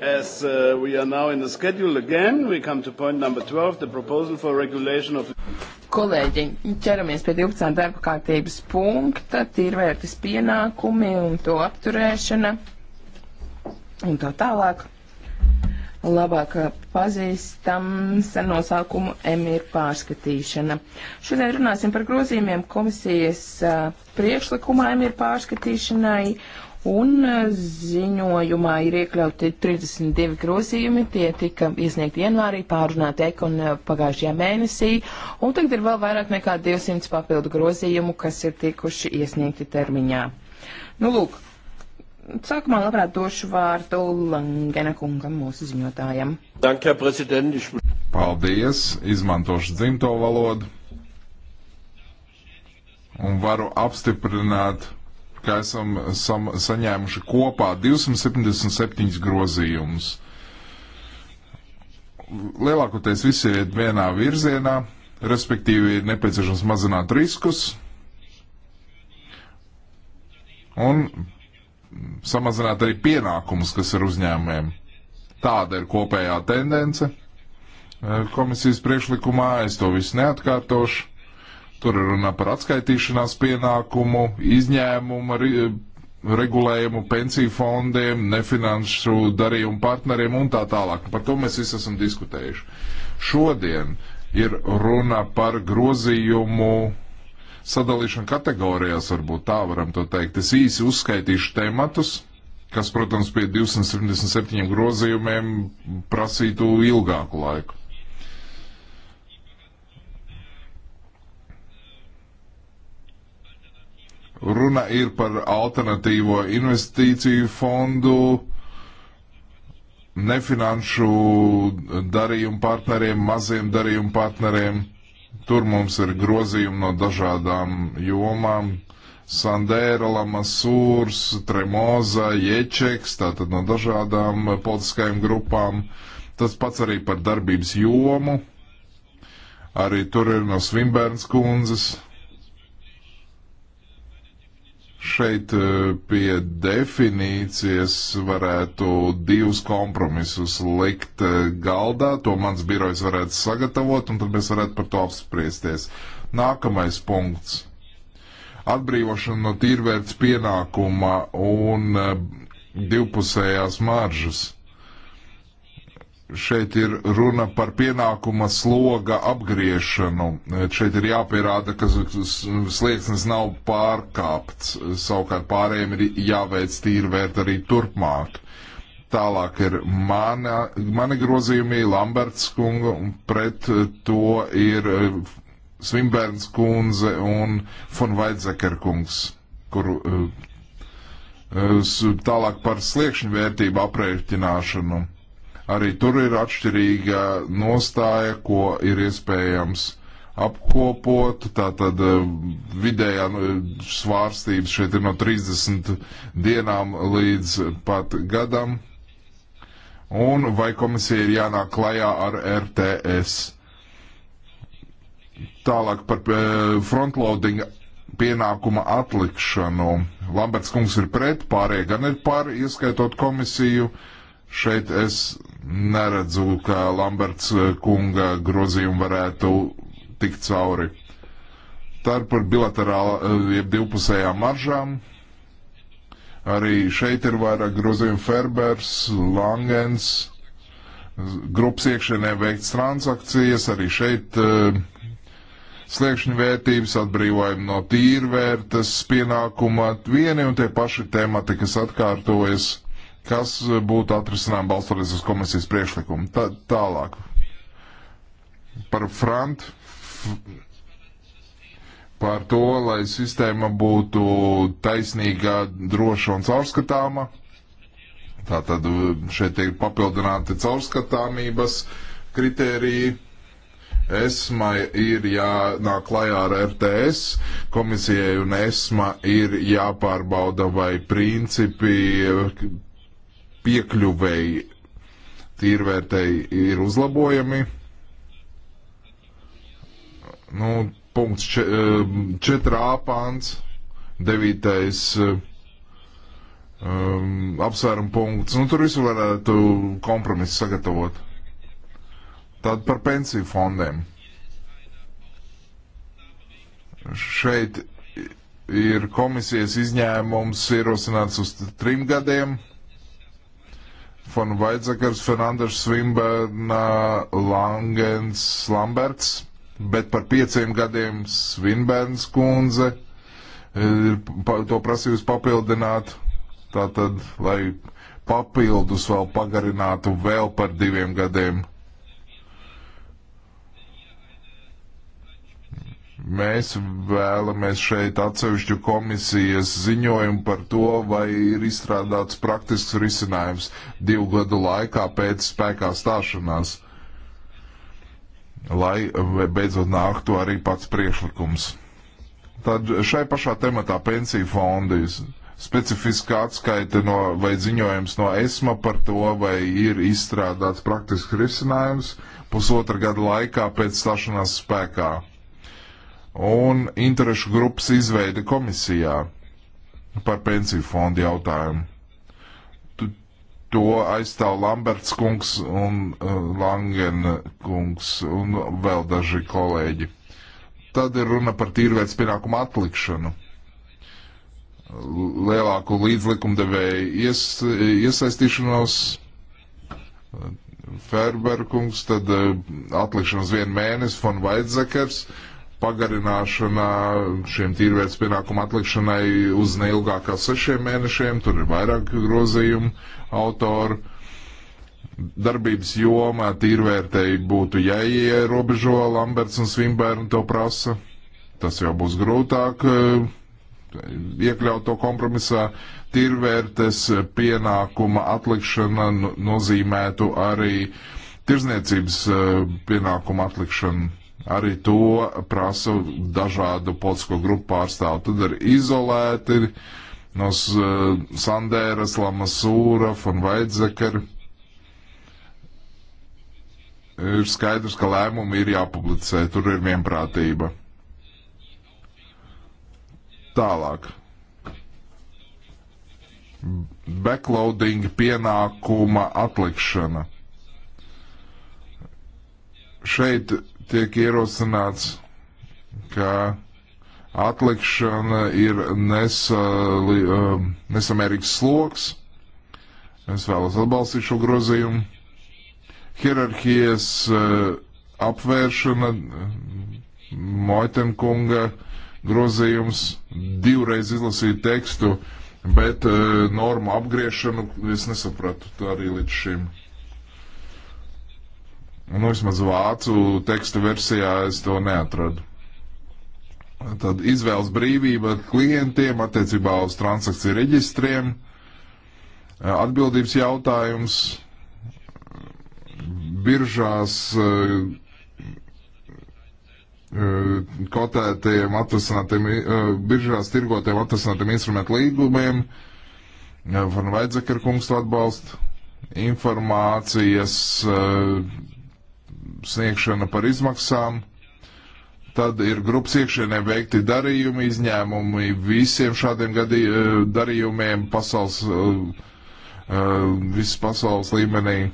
as uh, we are now in the schedule again, we come to point number 12, the proposal for regulation of. Kolēģi, ķeramies pie 12. darba kārtības punkta, tīrvērtis pienākumi un to apturēšana un tā tālāk. Labāk uh, pazīstams ar nosaukumu M ir pārskatīšana. Šodien runāsim par grozījumiem komisijas uh, priekšlikumā M ir pārskatīšanai Un eh, ziņojumā ir iekļauti 32 grozījumi, tie tika iesniegti janvārī, pārunāti ekon eh, pagājušajā mēnesī, un tagad ir vēl vairāk nekā 200 papildu grozījumu, kas ir tikuši iesniegti termiņā. Nu, lūk, sākumā labprāt došu vārdu Langena kungam, mūsu ziņotājam. Paldies, izmantošu dzimto valodu un varu apstiprināt ka esam sam, saņēmuši kopā 277 grozījumus. Lielākoties visi iet vienā virzienā, respektīvi ir nepieciešams mazināt riskus un samazināt arī pienākumus, kas ir uzņēmējiem. Tāda ir kopējā tendence eh, komisijas priekšlikumā, es to visu neatkārtošu. Tur ir runa par atskaitīšanās pienākumu, izņēmumu, regulējumu pensiju fondiem, nefinanšu darījumu partneriem un tā tālāk. Par to mēs visi esam diskutējuši. Šodien ir runa par grozījumu sadalīšanu kategorijās, varbūt tā varam to teikt. Es īsi uzskaitīšu tematus, kas, protams, pie 277 grozījumiem prasītu ilgāku laiku. Runa ir par alternatīvo investīciju fondu, nefinanšu darījumu partneriem, maziem darījumu partneriem. Tur mums ir grozījumi no dažādām jomām. Sandēra, Lamasūrs, Tremoza, Ječeks, tātad no dažādām politiskajām grupām. Tas pats arī par darbības jomu. Arī tur ir no Svimbērns kundzes Šeit e, pie definīcijas varētu divus kompromisus likt e, galdā, to mans birojs varētu sagatavot, un tad mēs varētu par to apspriesties. Nākamais punkts - atbrīvošana no tīrvērts pienākuma un e, divpusējās maržas šeit ir runa par pienākuma sloga apgriešanu. Šeit ir jāpierāda, ka slieksnis nav pārkāpts, savukārt pārējiem ir jāveic tīrvērt arī turpmāk. Tālāk ir mana, mani grozījumi Lamberts kunga, un pret to ir eh, Svimbērns kundze un Fon Vaidzeker kungs, kuru eh, eh, tālāk par sliekšņu vērtību aprēķināšanu Arī tur ir atšķirīga nostāja, ko ir iespējams apkopot. Tātad eh, vidējā nu, svārstības šeit ir no 30 dienām līdz pat gadam. Un vai komisija ir jānāk klajā ar RTS? Tālāk par eh, frontloading pienākuma atlikšanu. Lamberts kungs ir pret, pārējie gan ir par, ieskaitot komisiju. Uh, Šeit es neredzu, ka Lamberts eh, kunga grozījumi varētu tikt cauri. Tā ir par bilaterālu, eh, jeb divpusējām maržām. Arī šeit ir vairāk grozījumu Ferbers, Langens, grupas iekšienē veikts transakcijas, arī šeit eh, sliekšņu vērtības atbrīvojumi no tīrvērtas pienākuma, vieni un tie paši temati, kas atkārtojas kas būtu atrisinām balstoties uz komisijas priekšlikumu. Tā, tālāk. Par front, par to, lai sistēma būtu taisnīga, droša un caurskatāma. Tātad uh, šeit ir papildināti caurskatāmības kritēriji. ESMA ir jānāk klajā ar RTS, komisijai un ESMA ir jāpārbauda, vai principi piekļuvēji tīrvērtēji ir uzlabojami. Nu, punkts 4a pāns, 9. Um, apsvērumu punkts. Nu, tur visu varētu kompromisu sagatavot. Tad par pensiju fondiem. Šeit ir komisijas izņēmums ierosināts uz trim gadiem Fon Vaidzakars, Fernandes, Svinbērna, Langens, Lamberts, bet par pieciem gadiem Svinbērns kundze ir eh, to prasījusi papildināt. Tātad, lai papildus vēl pagarinātu vēl par diviem gadiem. Mēs vēlamies šeit atsevišķu komisijas ziņojumu par to, vai ir izstrādāts praktisks risinājums divu gadu laikā pēc spēkā stāšanās, lai beidzot nāktu arī pats priekšlikums. Tad šai pašā tematā pensiju fondi specifiska atskaite no, vai ziņojums no ESMA par to, vai ir izstrādāts praktisks risinājums pusotra gada laikā pēc stašanās spēkā un interešu grupas izveidi komisijā par pensiju fondu jautājumu. Tu, to aizstāv Lamberts kungs un uh, Langen kungs un vēl daži kolēģi. Tad ir runa par tīrvērts pienākumu atlikšanu lielāku līdzlikumdevēju ies, iesaistīšanos. Uh, Ferberkungs, tad uh, atlikšanas vienu mēnesi, von Vaidzekers, uh, pagarināšanā, šiem tīrvērts pienākumu atlikšanai uz neilgāk kā sešiem mēnešiem, tur ir vairāk grozījumu autoru. Darbības jomā tīrvērtēji būtu jāierobežo, Lamberts un Svimbērni to prasa. Tas jau būs grūtāk eh, iekļaut to kompromisā. Tīrvērtes pienākuma atlikšana nozīmētu arī tirzniecības eh, pienākuma atlikšanu Arī to prasa dažādu politisko grupu pārstāvu. Tad ir izolēti no eh, Sandēras, Lamasūra, Fonvaidzekara. Ir skaidrs, ka lēmumi ir jāpublicē, tur ir vienprātība. Tālāk. Backloading pienākuma atlikšana. Šeit tiek ierosināts, ka atlikšana ir nesa, um, nesamērīgs sloks. Es vēlos atbalstīt šo grozījumu. Hierarhijas uh, apvēršana, Moitenkunga grozījums, divreiz izlasīt tekstu, bet uh, normu apgriešanu es nesapratu tā arī līdz šim. Nu, vismaz vācu tekstu versijā es to neatradu. Tad izvēles brīvība klientiem attiecībā uz transakciju reģistriem, atbildības jautājums, biržās eh, eh, kotētiem, atrasinātiem, eh, biržās tirgotiem atrasinātiem instrumentu līgumiem, Van Vaidzekarkungs to atbalst, informācijas sniegšana par izmaksām. Tad ir grupas iekšienē veikti darījumi, izņēmumi visiem šādiem gadī, eh, darījumiem pasaules, eh, eh, visas pasaules līmenī.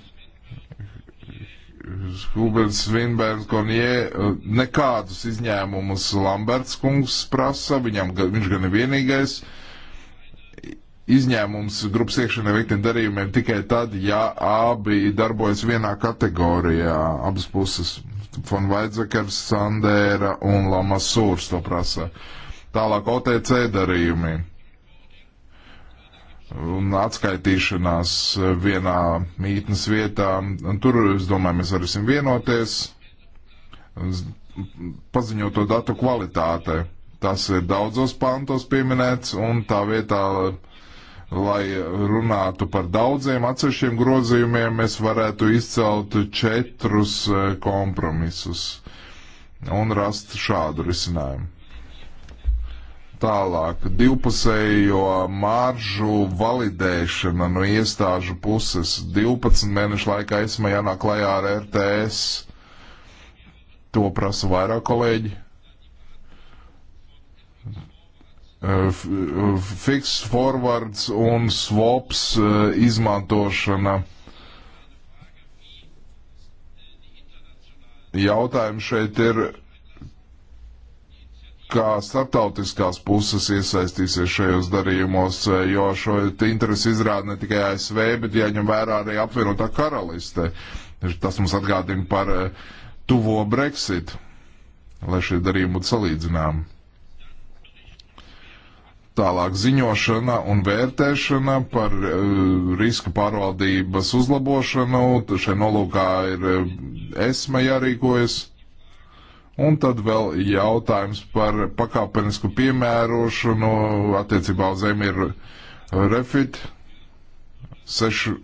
Hubers Vinbergs, Konjē, nekādus izņēmumus Lamberts kungs prasa, viņam, viņš gan ir vienīgais, uh, izņēmums grupas iekšienē veiktiem darījumiem tikai tad, ja abi darbojas vienā kategorijā, abas puses. Fon Vaidzekers, Sandēra un Lamas Sūrs to prasa. Tālāk OTC darījumi un atskaitīšanās vienā mītnes vietā. Un tur, es domāju, mēs varēsim vienoties, paziņot to datu kvalitātei. Tas ir daudzos pantos pieminēts, un tā vietā lai runātu par daudziem atsevišķiem grozījumiem, mēs varētu izcelt četrus e, kompromisus un rast šādu risinājumu. Tālāk, divpusējo maržu validēšana no iestāžu puses 12 mēnešu laikā esmu jānāk klajā ar RTS. To prasa vairāk kolēģi. fiks forwards un swaps eh, izmantošana. Jautājums šeit ir, kā starptautiskās puses iesaistīsies šajos darījumos, eh, jo šo interesi izrāda ne tikai ASV, bet jāņem vērā arī apvienotā karaliste. Tas mums atgādina par eh, tuvo Brexit, lai šie darījumi būtu salīdzināmi. Tālāk ziņošana un vērtēšana par uh, riska pārvaldības uzlabošanu. Šai nolūkā ir uh, esma jārīkojas. Un tad vēl jautājums par pakāpenisku piemērošanu attiecībā uz emīru refit. Sešu,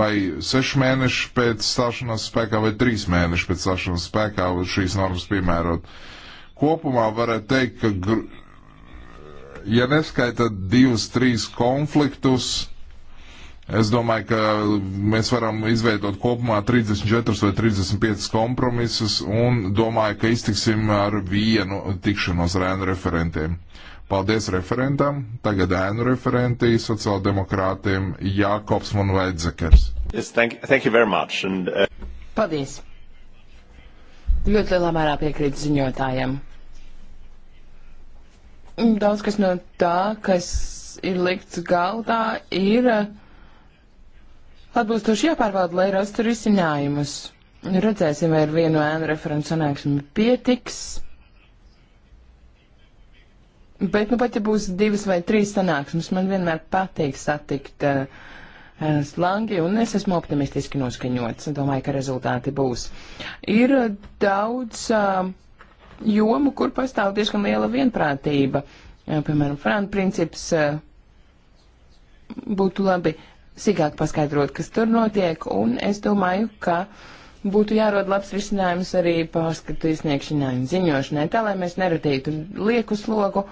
vai sešu mēnešu pēc stāšanās spēkā vai trīs mēnešu pēc stāšanās spēkā šīs normas piemērot. Kopumā varētu teikt, ka ja neskaita divus, trīs konfliktus, es domāju, ka mēs varam izveidot kopumā 34 vai 35 kompromisus un domāju, ka iztiksim ar vienu tikšanos ar ēnu referentiem. Paldies referentam, tagad ēnu referentī sociāldemokrātiem Jākops un Vaidzekers. Yes, thank, thank you very much. And, uh... Paldies. Ļoti lielā mērā piekrīt ziņotājiem. Daudz kas no tā, kas ir likts galdā, ir eh, atbilstoši jāpārbauda, lai rastu risinājumus. Redzēsim, vai ar vienu ēnu referentu sanāksmi pietiks. Bet, nu, pat ja būs divas vai trīs sanāksmes, man vienmēr patīk satikt uh, slangi, un es esmu optimistiski noskaņots. Domāju, ka rezultāti būs. Ir daudz. Uh, jomu, kur pastāv diezgan liela vienprātība. Piemēram, Frāna princips eh, būtu labi sīkāk paskaidrot, kas tur notiek, un es domāju, ka būtu jārod labs risinājums arī pārskatu izsniegšanai un ziņošanai, tā lai mēs neradītu lieku slogu,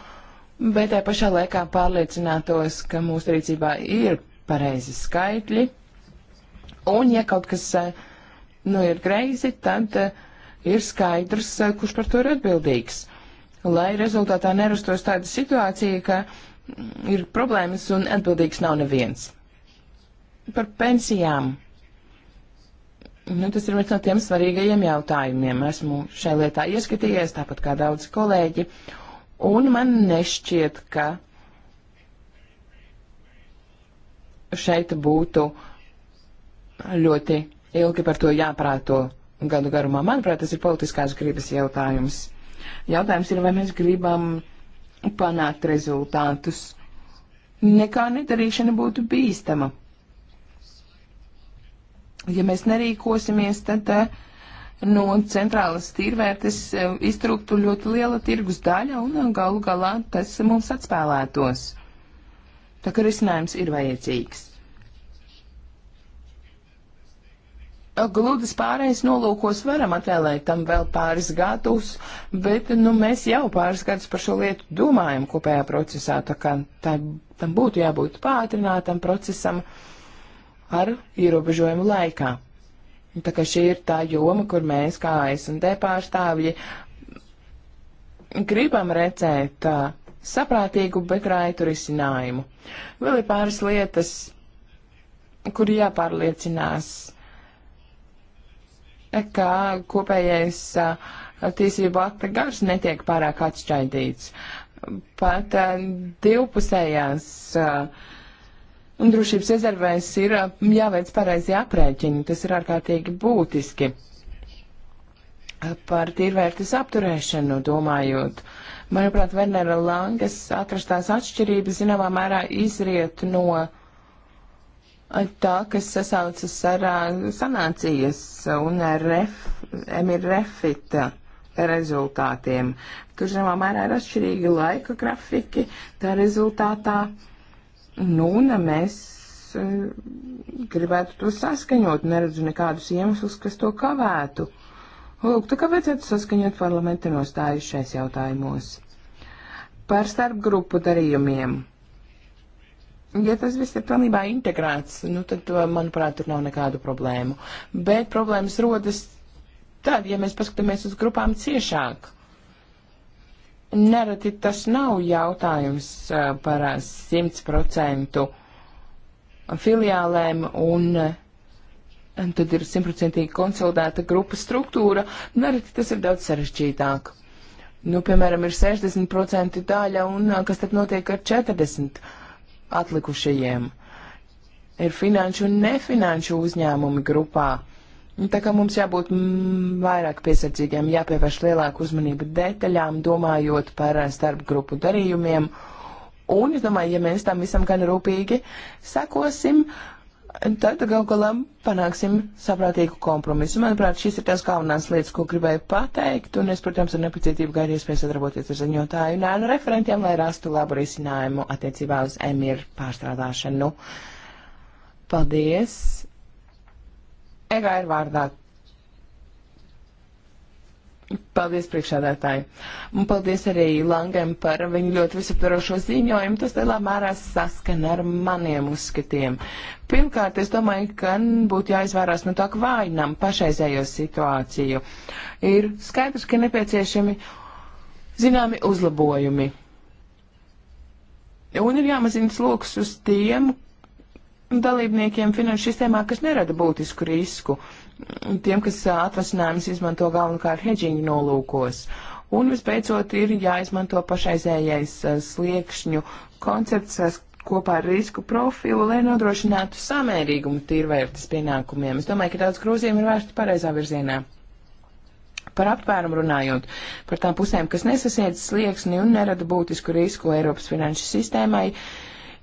bet tai pašā laikā pārliecinātos, ka mūsu rīcībā ir pareizi skaitļi, un ja kaut kas eh, nu, ir greizi, tad uh, ir skaidrs, eh, kurš par to ir atbildīgs. Lai rezultātā nerastos tāda situācija, ka mm, ir problēmas un atbildīgs nav neviens. Par pensijām. Nu, tas ir viens no tiem svarīgajiem jautājumiem. Esmu šai lietā ieskatījies, tāpat kā daudzi kolēģi, un man nešķiet, ka šeit būtu ļoti ilgi par to jāprāto gadu garumā. Manuprāt, tas ir politiskās gribas jautājums. Jautājums ir, vai mēs gribam panākt rezultātus. Nekā nedarīšana būtu bīstama. Ja mēs nerīkosimies, tad no centrālas tīrvērtes eh, iztrūktu ļoti liela tirgus daļa un eh, galu galā tas mums atspēlētos. Tā kā risinājums ir vajadzīgs. Gludas pārējais nolūkos varam atēlēt tam vēl pāris gadus, bet nu, mēs jau pāris gadus par šo lietu domājam kopējā procesā, tā kā tā, tam būtu jābūt pātrinātam procesam ar ierobežojumu laikā. Tā kā šī ir tā joma, kur mēs kā S&D pārstāvji gribam redzēt saprātīgu, bet raitu risinājumu. Vēl ir pāris lietas, kur jāpārliecinās ka kopējais tiesību akta gars netiek pārāk atšķaidīts. Pat divpusējās un drošības rezervēs ir jāveic pareizi aprēķini, tas ir ārkārtīgi būtiski. Par tīrvērtas apturēšanu domājot, manuprāt, Vernera Langas atrastās atšķirības zināmā mērā izriet no uh, tā, kas sasaucas ar sanācijas un ref, emir refita rezultātiem. Tur zināmā mērā ir atšķirīgi laika grafiki, tā rezultātā, nu, un mēs gribētu to saskaņot, neredzu nekādus iemeslus, kas to kavētu. Lūk, tā kā vajadzētu saskaņot parlamenta nostāju šais jautājumos. Par starpgrupu darījumiem. Ja tas viss ir pilnībā integrēts, nu, tad, uh, manuprāt, tur nav nekādu problēmu. Bet problēmas rodas tad, ja mēs paskatāmies uz grupām ciešāk. Nereti tas nav jautājums uh, par 100% uh, filiālēm un, un tad ir 100% konsolidēta grupa struktūra. Nereti tas ir daudz sarežģītāk. Nu, piemēram, ir 60% daļa un kas tad notiek ar 40%? atlikušajiem. Ir finanšu un nefinanšu uzņēmumi grupā. Nu, tā kā mums jābūt mm, vairāk piesardzīgiem, jāpievērš lielāku uzmanību detaļām, domājot par eh, starpgrupu darījumiem. Un, es domāju, ja mēs tam visam gan rūpīgi sekosim, uh, tad gal galā panāksim saprātīgu kompromisu. Manuprāt, šis ir tās galvenās lietas, ko gribēju pateikt, un es, protams, ar nepacietību gaidu iespēju sadarboties ar ziņotāju un ēnu referentiem, lai rastu labu risinājumu attiecībā uz emīru pārstrādāšanu. Paldies! Ega ir vārdā Paldies priekšādātāji. Un paldies arī Langam par viņu ļoti visaptvarošo ziņojumu. Tas lielā mērā saskana ar maniem uzskatiem. Pirmkārt, es domāju, ka būtu jāizvērās no tā, ka vājinām pašreizējo situāciju. Ir skaidrs, ka nepieciešami zināmi uzlabojumi. Un ir jāmazina sloks uz tiem dalībniekiem finanšu sistēmā, kas nerada būtisku risku. Uh, tiem, kas atvasinājumus izmanto galvenokārt hedžinga nolūkos. Un visbeidzot ir jāizmanto pašaizējais sliekšņu koncepts kopā ar risku profilu, lai nodrošinātu samērīgumu tīrvērtas pienākumiem. Es domāju, ka daudz grūzījumu ir vērsti pareizā virzienā. Par aptvērumu runājot, par tām pusēm, kas nesasiedz slieksni un nerada būtisku risku Eiropas finanšu sistēmai,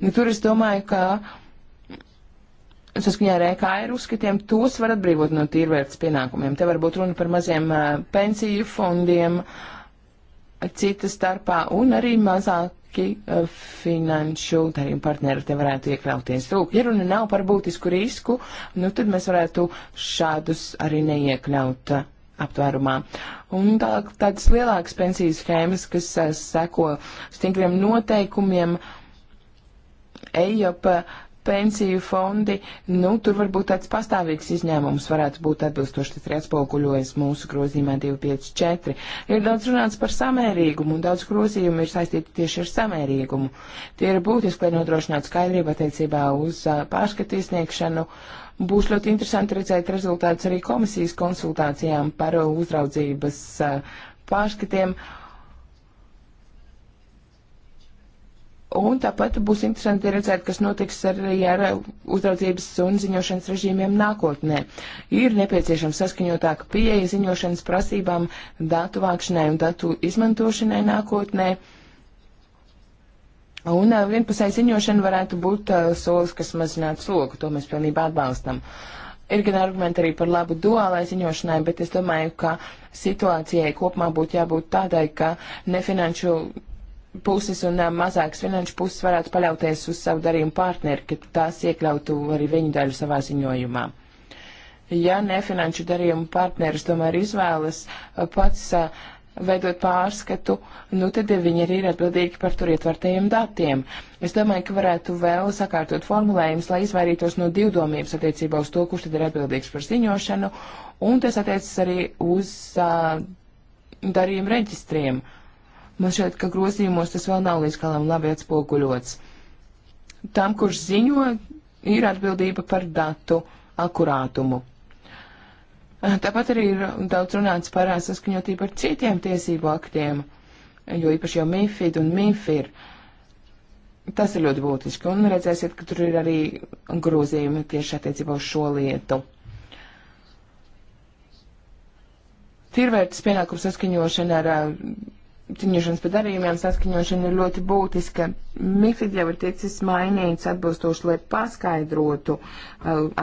nu, tur es domāju, ka uh, saskaņā ar EKR uzskatiem, tos var atbrīvot no tīrvērts pienākumiem. Te var būt runa par maziem uh, pensiju fondiem, cita starpā, un arī mazāki uh, finanšu darījumu partneri te varētu iekļauties. Lūk, ja runa nav par būtisku risku, nu tad mēs varētu šādus arī neiekļaut uh, aptvērumā. Un tā, tādas lielākas pensijas schēmas, kas seko stingriem noteikumiem, EIOP pensiju fondi, nu, tur varbūt tāds pastāvīgs izņēmums varētu būt atbilstoši, tas arī atspoguļojas mūsu grozīmē 254. Ir daudz runāts par samērīgumu, un daudz grozījumu ir saistīti tieši ar samērīgumu. Tie ir būtiski, lai nodrošinātu skaidrību attiecībā uz pārskatu izsniegšanu. Būs ļoti interesanti redzēt rezultātus arī komisijas konsultācijām par uzraudzības pārskatiem. Uh, Un tāpat būs interesanti redzēt, kas notiks arī ar uzraudzības un ziņošanas režīmiem nākotnē. Ir nepieciešama saskaņotāka pieeja ziņošanas prasībām, datu vākšanai un datu izmantošanai nākotnē. Un uh, vienpusēji ziņošana varētu būt uh, solis, kas mazinātu sloku, to mēs pilnībā atbalstam. Ir gan argumenti arī par labu duālai ziņošanai, bet es domāju, ka situācijai kopumā būtu jābūt tādai, ka nefinanšu puses un mazākas finanšu puses varētu paļauties uz savu darījumu partneri, ka tās iekļautu arī viņu daļu savā ziņojumā. Ja nefinanšu darījumu partneris tomēr izvēlas pats veidot pārskatu, nu tad viņi arī ir atbildīgi par tur ietvertajiem datiem. Es domāju, ka varētu vēl sakārtot formulējumus, lai izvairītos no divdomības attiecībā uz to, kurš tad ir atbildīgs par ziņošanu, un tas attiecas arī uz uh, darījumu reģistriem. Uh, Man šķiet, ka grozījumos tas vēl nav līdz galam labi atspoguļots. Tam, kurš ziņo, ir atbildība par datu akurātumu. Tāpat arī ir daudz runāts par saskaņotību ar citiem tiesību aktiem, jo īpaši jau MIFID un MIFIR. Tas ir ļoti būtiski, un redzēsiet, ka tur ir arī grozījumi tieši attiecībā uz šo lietu. Tirvērtas pienākumu saskaņošana ar ciņošanas par darījumiem saskaņošana ir ļoti būtiska. Mifid jau ir ticis mainīts atbilstoši, lai paskaidrotu uh,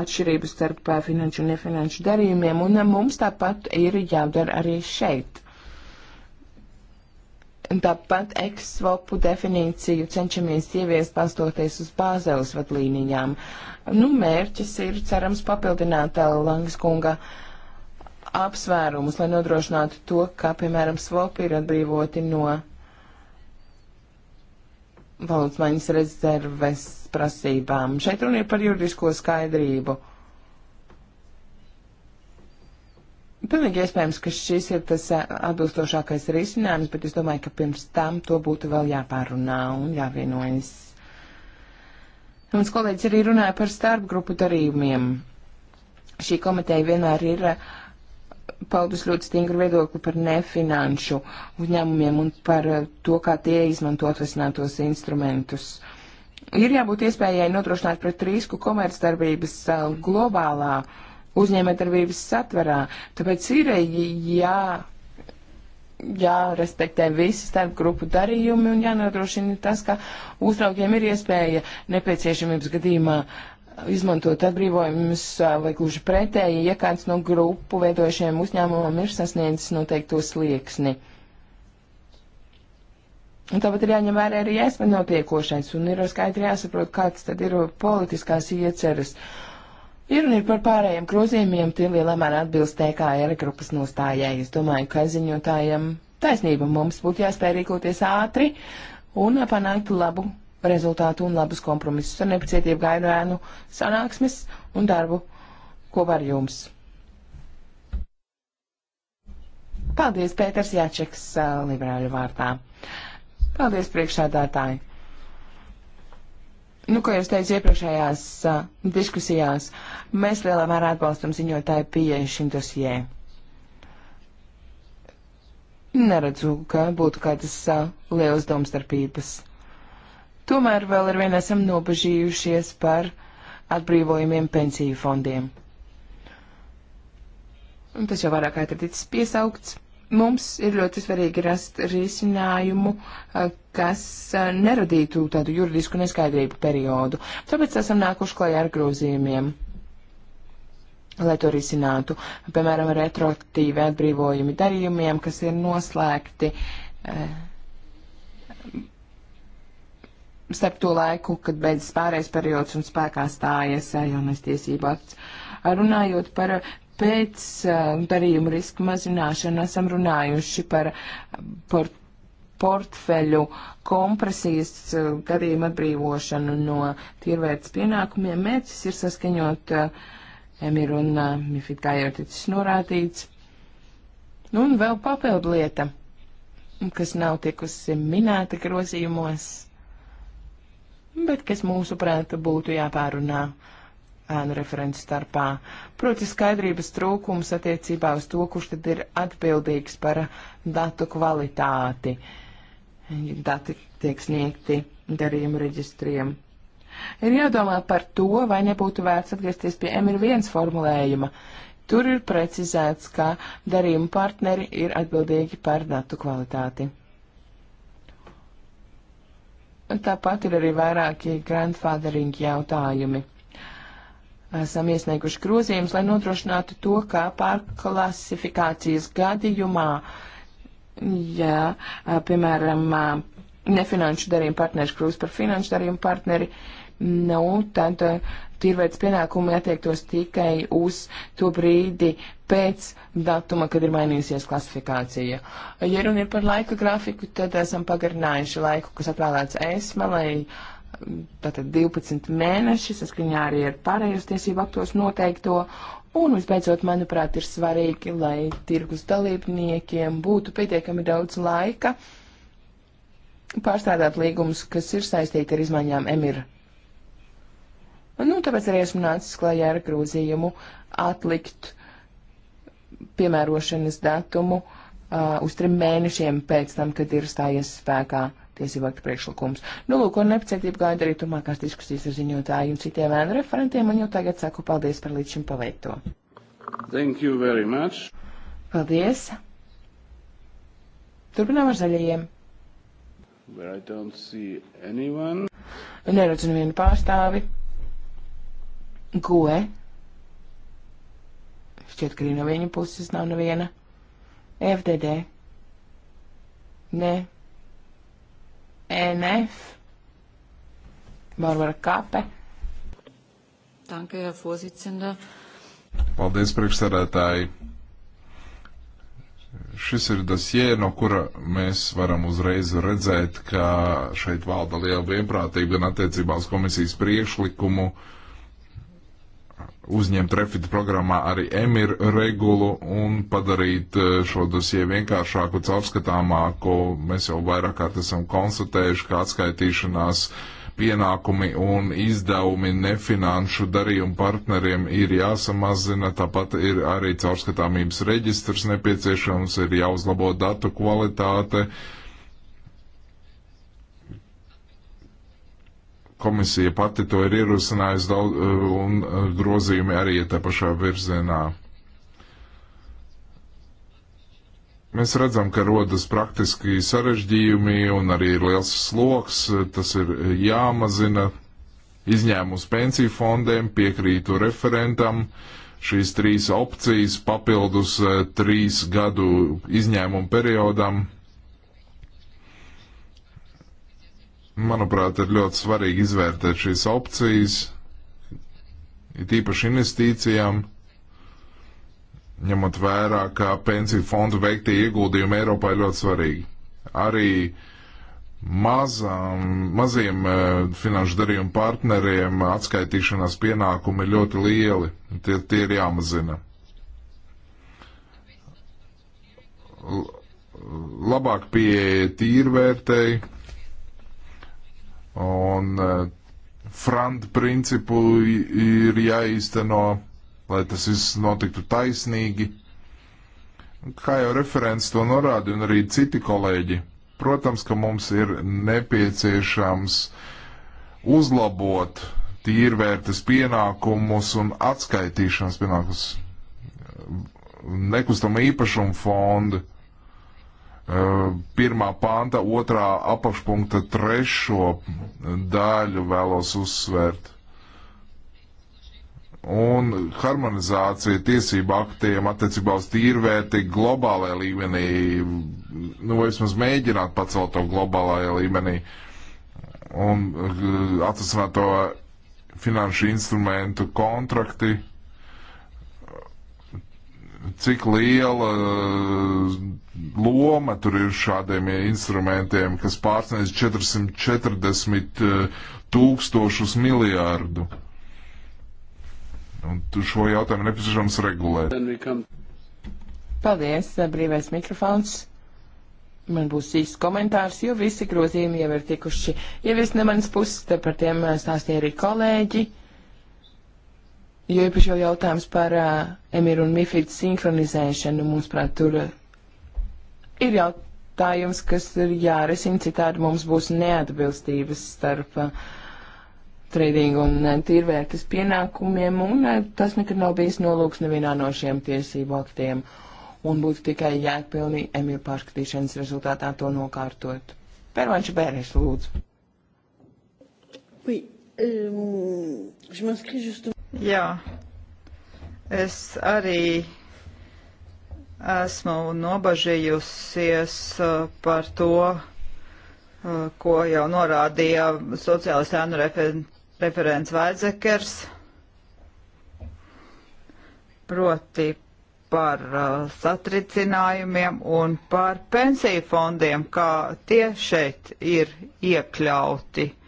atšķirības starp uh, finanšu un nefinanšu darījumiem, un uh, mums tāpat ir jādara arī šeit. Tāpat eksvopu definīciju cenšamies ieviest balstoties uz bāzeles vadlīnijām. Nu, mērķis ir cerams papildināt Langas kunga uh, apsvērumus, lai nodrošinātu to, ka, piemēram, svopi ir atbrīvoti no valūtas maiņas rezerves prasībām. Šeit runa ir par juridisko skaidrību. Pilnīgi iespējams, ka šis ir tas eh, atbilstošākais risinājums, bet es domāju, ka pirms tam to būtu vēl jāpārunā un jāvienojas. Mans kolēģis arī runāja par starpgrupu darījumiem. Šī komiteja vienmēr ir uh, paudus ļoti stingru viedokli par nefinanšu uzņēmumiem un par eh, to, kā tie izmanto atvesinātos instrumentus. Ir jābūt iespējai nodrošināt pret risku komercdarbības eh, globālā uzņēmētarbības satverā, tāpēc ir eh, jā jārespektē visi starp grupu darījumi un jānodrošina tas, ka uzraugiem ir iespēja nepieciešamības gadījumā izmantot atbrīvojumus, vai gluži pretēji, ja kāds no grupu veidojušiem uzņēmumam ir sasniedzis noteikto slieksni. Un tāpat ir jāņem vērā arī esmu notiekošais, un ir skaidri jāsaprot, kāds tad ir politiskās ieceras. Ir un ir par pārējiem grozījumiem, tie lielā mērā atbilst TKR e grupas nostājai. Es domāju, ka ziņotājiem taisnība mums būtu jāspēj rīkoties ātri un panākt labu rezultātu un labus kompromisus. Ar nepacietību gaidu ēnu sanāksmes un darbu kopā ar jums. Paldies, Pēters Jāčeks, uh, liberāļu vārtā. Paldies, priekšādātāji. Nu, ko jūs teicu iepriekšējās uh, diskusijās, mēs lielā mērā atbalstam ziņotāju pieeju šim dosijē. Neredzu, ka būtu kādas uh, lielas domstarpības. Tomēr vēl ar vienu esam nobežījušies par atbrīvojumiem pensiju fondiem. Un tas jau vairāk kā ir ticis piesaukts. Mums ir ļoti svarīgi rast risinājumu, kas neradītu tādu juridisku neskaidrību periodu. Tāpēc esam nākuši klajā ar grozījumiem, lai to risinātu. Piemēram, retroaktīvi atbrīvojumi darījumiem, kas ir noslēgti starp to laiku, kad beidzas pārējais periods un spēkā stājies eh, jaunais tiesību akts. Runājot par eh, pēc eh, darījumu risku mazināšanu, esam runājuši par port portfeļu kompresijas darījumu atbrīvošanu no tirvērts pienākumiem. Mērķis ir saskaņot Emir un Mifid, kā jau ticis norādīts. Un vēl papildu lieta, kas nav tikusi minēta grozījumos bet kas mūsuprāt būtu jāpārunā ēnu referents starpā. Proti skaidrības trūkums attiecībā uz to, kurš tad ir atbildīgs par datu kvalitāti. Dati tiek sniegti darījumu reģistriem. Ir jādomā par to, vai nebūtu vērts atgriezties pie MR1 formulējuma. Tur ir precizēts, ka darījuma partneri ir atbildīgi par datu kvalitāti. Tāpat ir arī vairāki grandfathering jautājumi. Esam iesnieguši grozījumus, lai nodrošinātu to, ka pārklasifikācijas gadījumā, ja, piemēram, nefinanšu darījumu partneri kļūst par finanšu darījumu partneri, nu, tad tīrvērts pienākumi attiektos tikai uz to brīdi, pēc datuma, kad ir mainījusies klasifikācija. Ja runa ir par laika grafiku, tad esam pagarinājuši laiku, kas atvēlēts ESMA, lai mm, tātad 12 mēneši saskaņā arī ar pārējos tiesību aktos noteikto. Un, visbeidzot, manuprāt, ir svarīgi, lai tirgus dalībniekiem būtu pietiekami daudz laika pārstrādāt līgumus, kas ir saistīti ar izmaiņām emira. Nu, tāpēc arī esmu nācis klajā ar grozījumu atlikt piemērošanas datumu uh, uz trim mēnešiem pēc tam, kad ir stājies spēkā tiesību aktu priekšlikums. Nu, lūk, un nepacietību gaida arī turpmākās diskusijas ar ziņotāju un citiem ēnu referentiem, un jau tagad saku paldies par līdz šim paveikto. Thank you very much. Paldies. Turpinām ar zaļajiem. Where I don't see anyone. Neredzu nevienu pārstāvi. Goe Šķiet, ka arī no viņa puses nav neviena. FDD. Nē. NF. Barbara Kape. Danke, Herr Vorsitzender. Paldies, priekšsēdētāji. Šis ir dosie, no kura mēs varam uzreiz redzēt, ka šeit valda liela vienprātība gan attiecībā uz komisijas priekšlikumu, uh, uzņemt refit programmā arī emir regulu un padarīt eh, šo dosie vienkāršāku, caurskatāmāku. Mēs jau vairāk kārt esam konstatējuši, ka atskaitīšanās pienākumi un izdevumi nefinanšu darījumu partneriem ir jāsamazina, tāpat ir arī caurskatāmības reģistrs nepieciešams, ir jāuzlabo datu kvalitāte. Uh, Komisija pati to ir ierosinājusi daudz, eh, un eh, grozījumi arī ir tā pašā virzienā. Mēs redzam, ka rodas praktiski sarežģījumi un arī ir liels sloks, tas ir jāmazina. Izņēmums pensiju fondiem piekrītu referentam. Šīs trīs opcijas papildus eh, trīs gadu izņēmumu periodam Manuprāt, ir ļoti svarīgi izvērtēt šīs opcijas, it īpaši investīcijām, ņemot vērā, ka pensiju fondu veiktie ieguldījumi Eiropā ir ļoti svarīgi. Arī mazām, maziem eh, finanšu darījumu partneriem atskaitīšanās pienākumi ir ļoti lieli, tie, tie ir jāmazina. Labāk pieeja tīrvērtēji Un eh, franta principu ir jāīsteno, lai tas viss notiktu taisnīgi. Kā jau referents to norāda un arī citi kolēģi, protams, ka mums ir nepieciešams uzlabot tīrvērtas pienākumus un atskaitīšanas pienākumus nekustama īpašuma fonda eh, pirmā panta, otrā apakšpunkta, trešo daļu vēlos uzsvērt. Un harmonizācija tiesību aktiem attiecībā uz tīrvērtību globālajā līmenī, nu vismaz mēģināt pacelt to globālajā līmenī un uh, atrasināt to finanšu instrumentu kontrakti. Uh, cik liela eh, loma tur ir šādiem instrumentiem, kas pārsniedz 440 eh, tūkstošus miljārdu. Un šo jautājumu nepieciešams regulēt. Paldies, eh, brīvais mikrofons. Man būs īsts komentārs, jo visi grozījumi jau ir tikuši. Ja viss ne manas puses, te par tiem stāstīja arī kolēģi. Jo īpaši jau jautājums par uh, Emiru un Mifidu sinhronizēšanu, mūsuprāt, tur ir jautājums, kas ir jārisina, citādi mums būs neatbilstības starp uh, tradingu un uh, tīrvērtas pienākumiem, un uh, tas nekad nav bijis nolūks nevienā no šiem tiesību aktiem, un būtu tikai jēgpilni Emiru pārskatīšanas rezultātā to nokārtot. Pērvanš Bērēs, lūdzu. Oui, euh, je m'inscris justement. Jā, es arī esmu nobažījusies uh, par to, uh, ko jau norādīja sociālistu ēnu refer referents Vaidzekers, proti par uh, satricinājumiem un par pensiju fondiem, kā tie šeit ir iekļauti. Uh,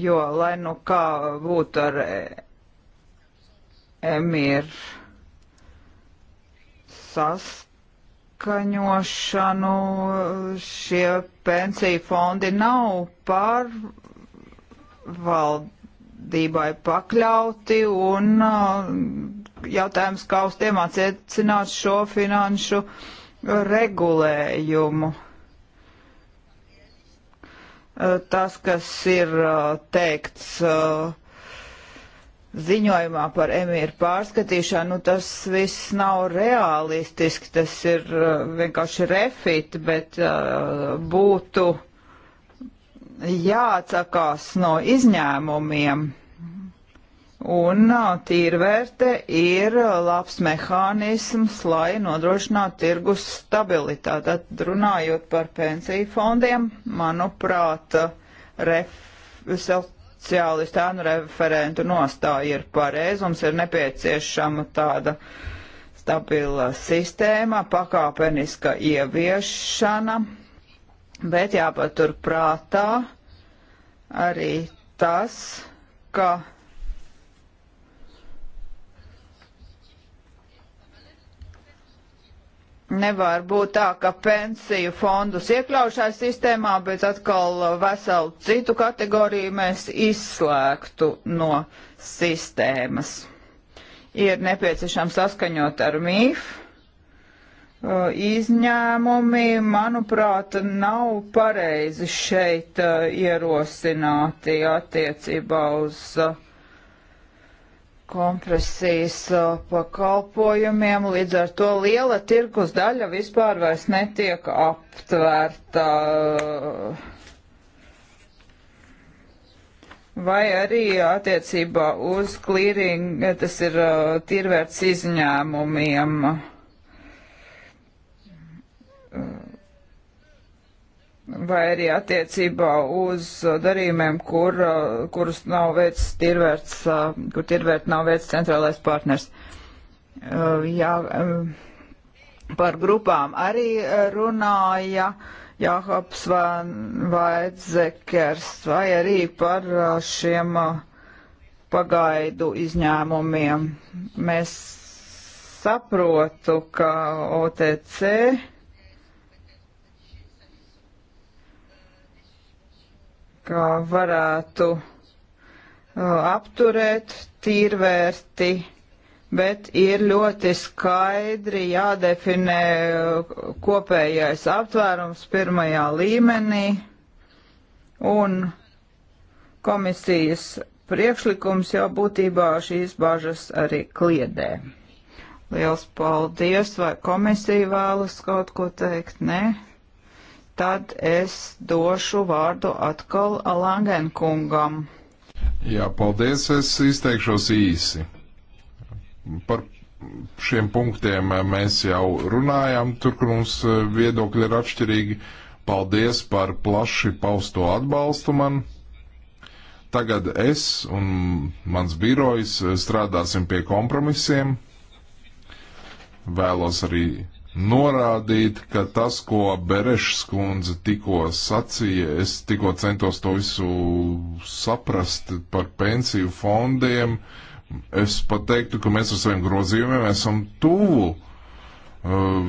Jo, lai nu kā būtu ar e, emīru saskaņošanu, šie pensiju fondi nav pārvaldībai pakļauti un e, jautājums, kā uz tiem attiecināt šo finanšu regulējumu. Eh, tas, kas ir eh, teikts eh, ziņojumā par emīru pārskatīšanu, nu, tas viss nav realistiski, tas ir vienkārši refit, bet būtu jāatsakās no izņēmumiem Un tīrvērte ir labs mehānisms, lai nodrošinātu tirgus stabilitāti. Tad runājot par pensiju fondiem, manuprāt, ref, sociālistu ēnu referentu nostāja ir pareiz. Mums ir nepieciešama tāda stabila sistēma, pakāpeniska ieviešana, bet jāpatur prātā arī tas, ka Nevar būt tā, ka pensiju fondus iekļaušai sistēmā, bet atkal veselu citu kategoriju mēs izslēgtu no sistēmas. Ir nepieciešams saskaņot ar MIF. Uh, izņēmumi, manuprāt, nav pareizi šeit uh, ierosināti attiecībā uz uh, kompresijas uh, pakalpojumiem, līdz ar to liela tirkus daļa vispār vairs netiek aptvērta. Vai arī attiecībā uz klīringu, tas ir uh, tirvērts izņēmumiem. Uh, vai arī attiecībā uz darījumiem, kur, kurus nav veids tirvērts, kur tirvērt nav veids centrālais partners. Uh, jā, uh, par grupām arī runāja Jāhaps vai Zekers, vai arī par uh, šiem pagaidu izņēmumiem. Mēs saprotu, ka OTC kā varētu uh, apturēt tīrvērti, bet ir ļoti skaidri jādefinē uh, kopējais aptvērums pirmajā līmenī un komisijas priekšlikums jau būtībā šīs bažas arī kliedē. Liels paldies, vai komisija vēlas kaut ko teikt? Nē tad es došu vārdu atkal Langenkungam. Jā, paldies, es izteikšos īsi. Par šiem punktiem eh, mēs jau runājām, tur, kur mums eh, viedokļi ir atšķirīgi. Paldies par plaši pausto atbalstu man. Tagad es un mans birojs eh, strādāsim pie kompromisiem. Vēlos arī norādīt, ka tas, ko Berešs kundze tikko sacīja, es tikko centos to visu saprast par pensiju fondiem, es pateiktu, ka mēs ar saviem grozījumiem esam tuvu uh,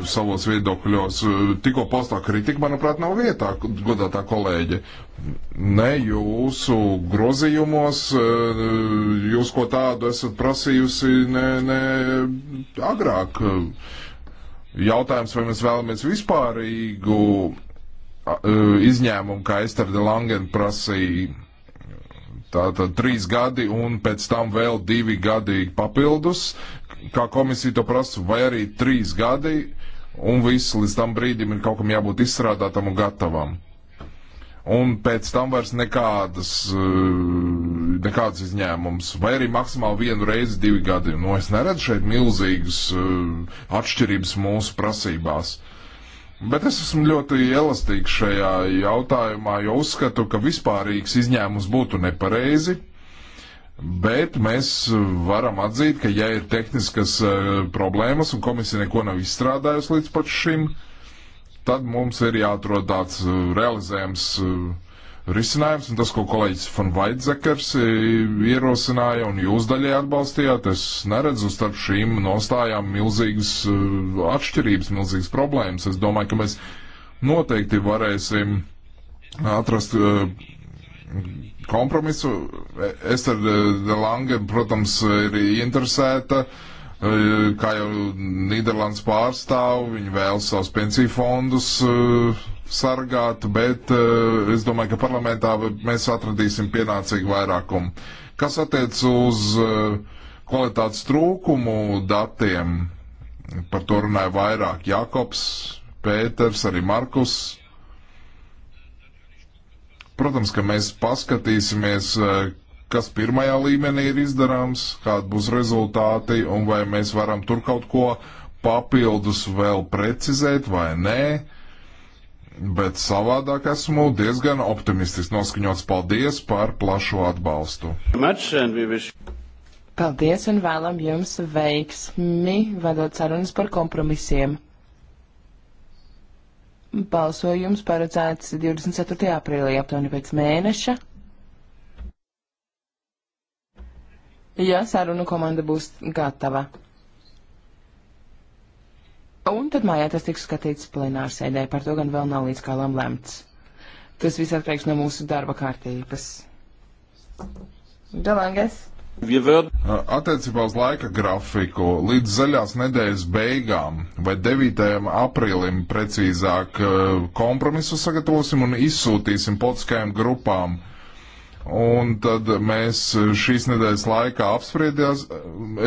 savos viedokļos. Uh, tikko postā kritika, manuprāt, nav vietā, godātā kolēģe. Ne jūsu grozījumos, uh, jūs ko tādu esat prasījusi ne, ne agrāk. Uh, Jautājums, vai mēs vēlamies vispārīgu e, izņēmumu, kā Ester de Langen prasīja, tātad trīs gadi un pēc tam vēl divi gadi papildus, kā komisija to prasa, vai arī trīs gadi, un viss līdz tam brīdim ir kaut kam jābūt izstrādātam un gatavam un pēc tam vairs nekādas, eh, nekādas izņēmums, vai arī maksimāli vienu reizi divi gadi. Nu, es neredzu šeit milzīgas eh, atšķirības mūsu prasībās. Bet es esmu ļoti elastīgs šajā jautājumā, jo uzskatu, ka vispārīgs izņēmums būtu nepareizi. Bet mēs varam atzīt, ka ja ir tehniskas eh, problēmas un komisija neko nav izstrādājusi līdz pat šim, uh, tad mums ir jāatrod tāds uh, realizējams uh, risinājums, un tas, ko kolēģis Fan Vaidzekers uh, ierosināja un jūs daļai atbalstījāt, es neredzu starp šīm nostājām milzīgas atšķirības, milzīgas problēmas. Es domāju, ka mēs noteikti varēsim atrast kompromisu. E, Ester Lange, protams, ir interesēta uh, Eh, kā jau Nīderlandes pārstāv, viņi vēlas savus pensiju fondus eh, sargāt, bet eh, es domāju, ka parlamentā mēs atradīsim pienācīgu vairākumu. Kas attiec uz kvalitātes trūkumu datiem, par to runāja vairāk Jakobs, Pēters, arī Markus. Protams, ka mēs paskatīsimies, kas pirmajā līmenī ir izdarāms, kādi būs rezultāti un vai mēs varam tur kaut ko papildus vēl precizēt vai nē. Bet savādāk esmu diezgan optimistiski noskaņots. Paldies par plašo atbalstu. Paldies un vēlam jums veiksmi vedot sarunas par kompromisiem. Balsojums paredzēts 24. aprīlī, aptuveni pēc mēneša. ja sarunu komanda būs gatava. Un tad mājā tas tiks skatīts plenārsēdē, par to gan vēl nav līdz kālam lemts. Tas viss atkarīgs no mūsu darba kārtības. Galangas. Attiecībā uz laika grafiku līdz zaļās nedēļas beigām vai 9. aprīlim precīzāk kompromisu sagatavosim un izsūtīsim politiskajām grupām Un tad mēs šīs nedēļas laikā apspriedījās.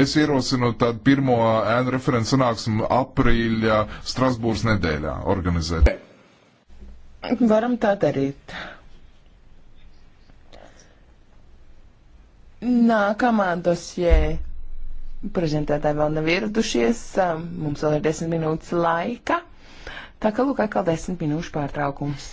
Es ierosinu tādu pirmo ēnu referents sanāksmu aprīļa Strasbūras nedēļā organizēt. Varam tā darīt. Nākamā dosjē prezentētāji vēl nav ieradušies, mums vēl ir desmit minūtes laika, tā ka lūk atkal desmit minūšu pārtraukums.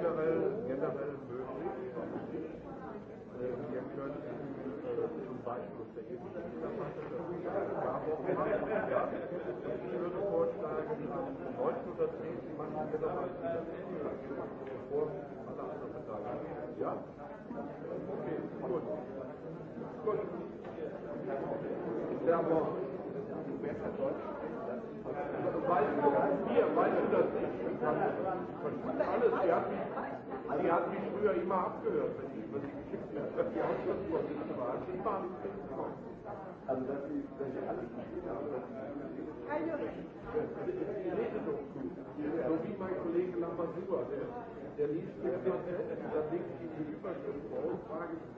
generell, generell möglich. Wir können zum Beispiel der Ich würde vorschlagen, 19 oder 10 machen wir das als bevor alle anderen Verteidiger. Ja? Okay, gut. Gut. Servus. Du weißt, hier, weißt du das nicht? Alles, die hat, mich, die hat mich früher immer abgehört, wenn ich was geschickt habe. Die Haushaltsvorsitzende war, die war nicht Also, dass sie, dass sie alles geschickt haben. Kein Jürgen. So wie mein Kollege Lamassoua, der, der liest mir das, da denke ich in die Überschrift vor und frage ich,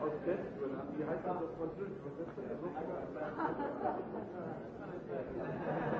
aus Testgründen, wie heißt das auf Französisch? Was ist das denn?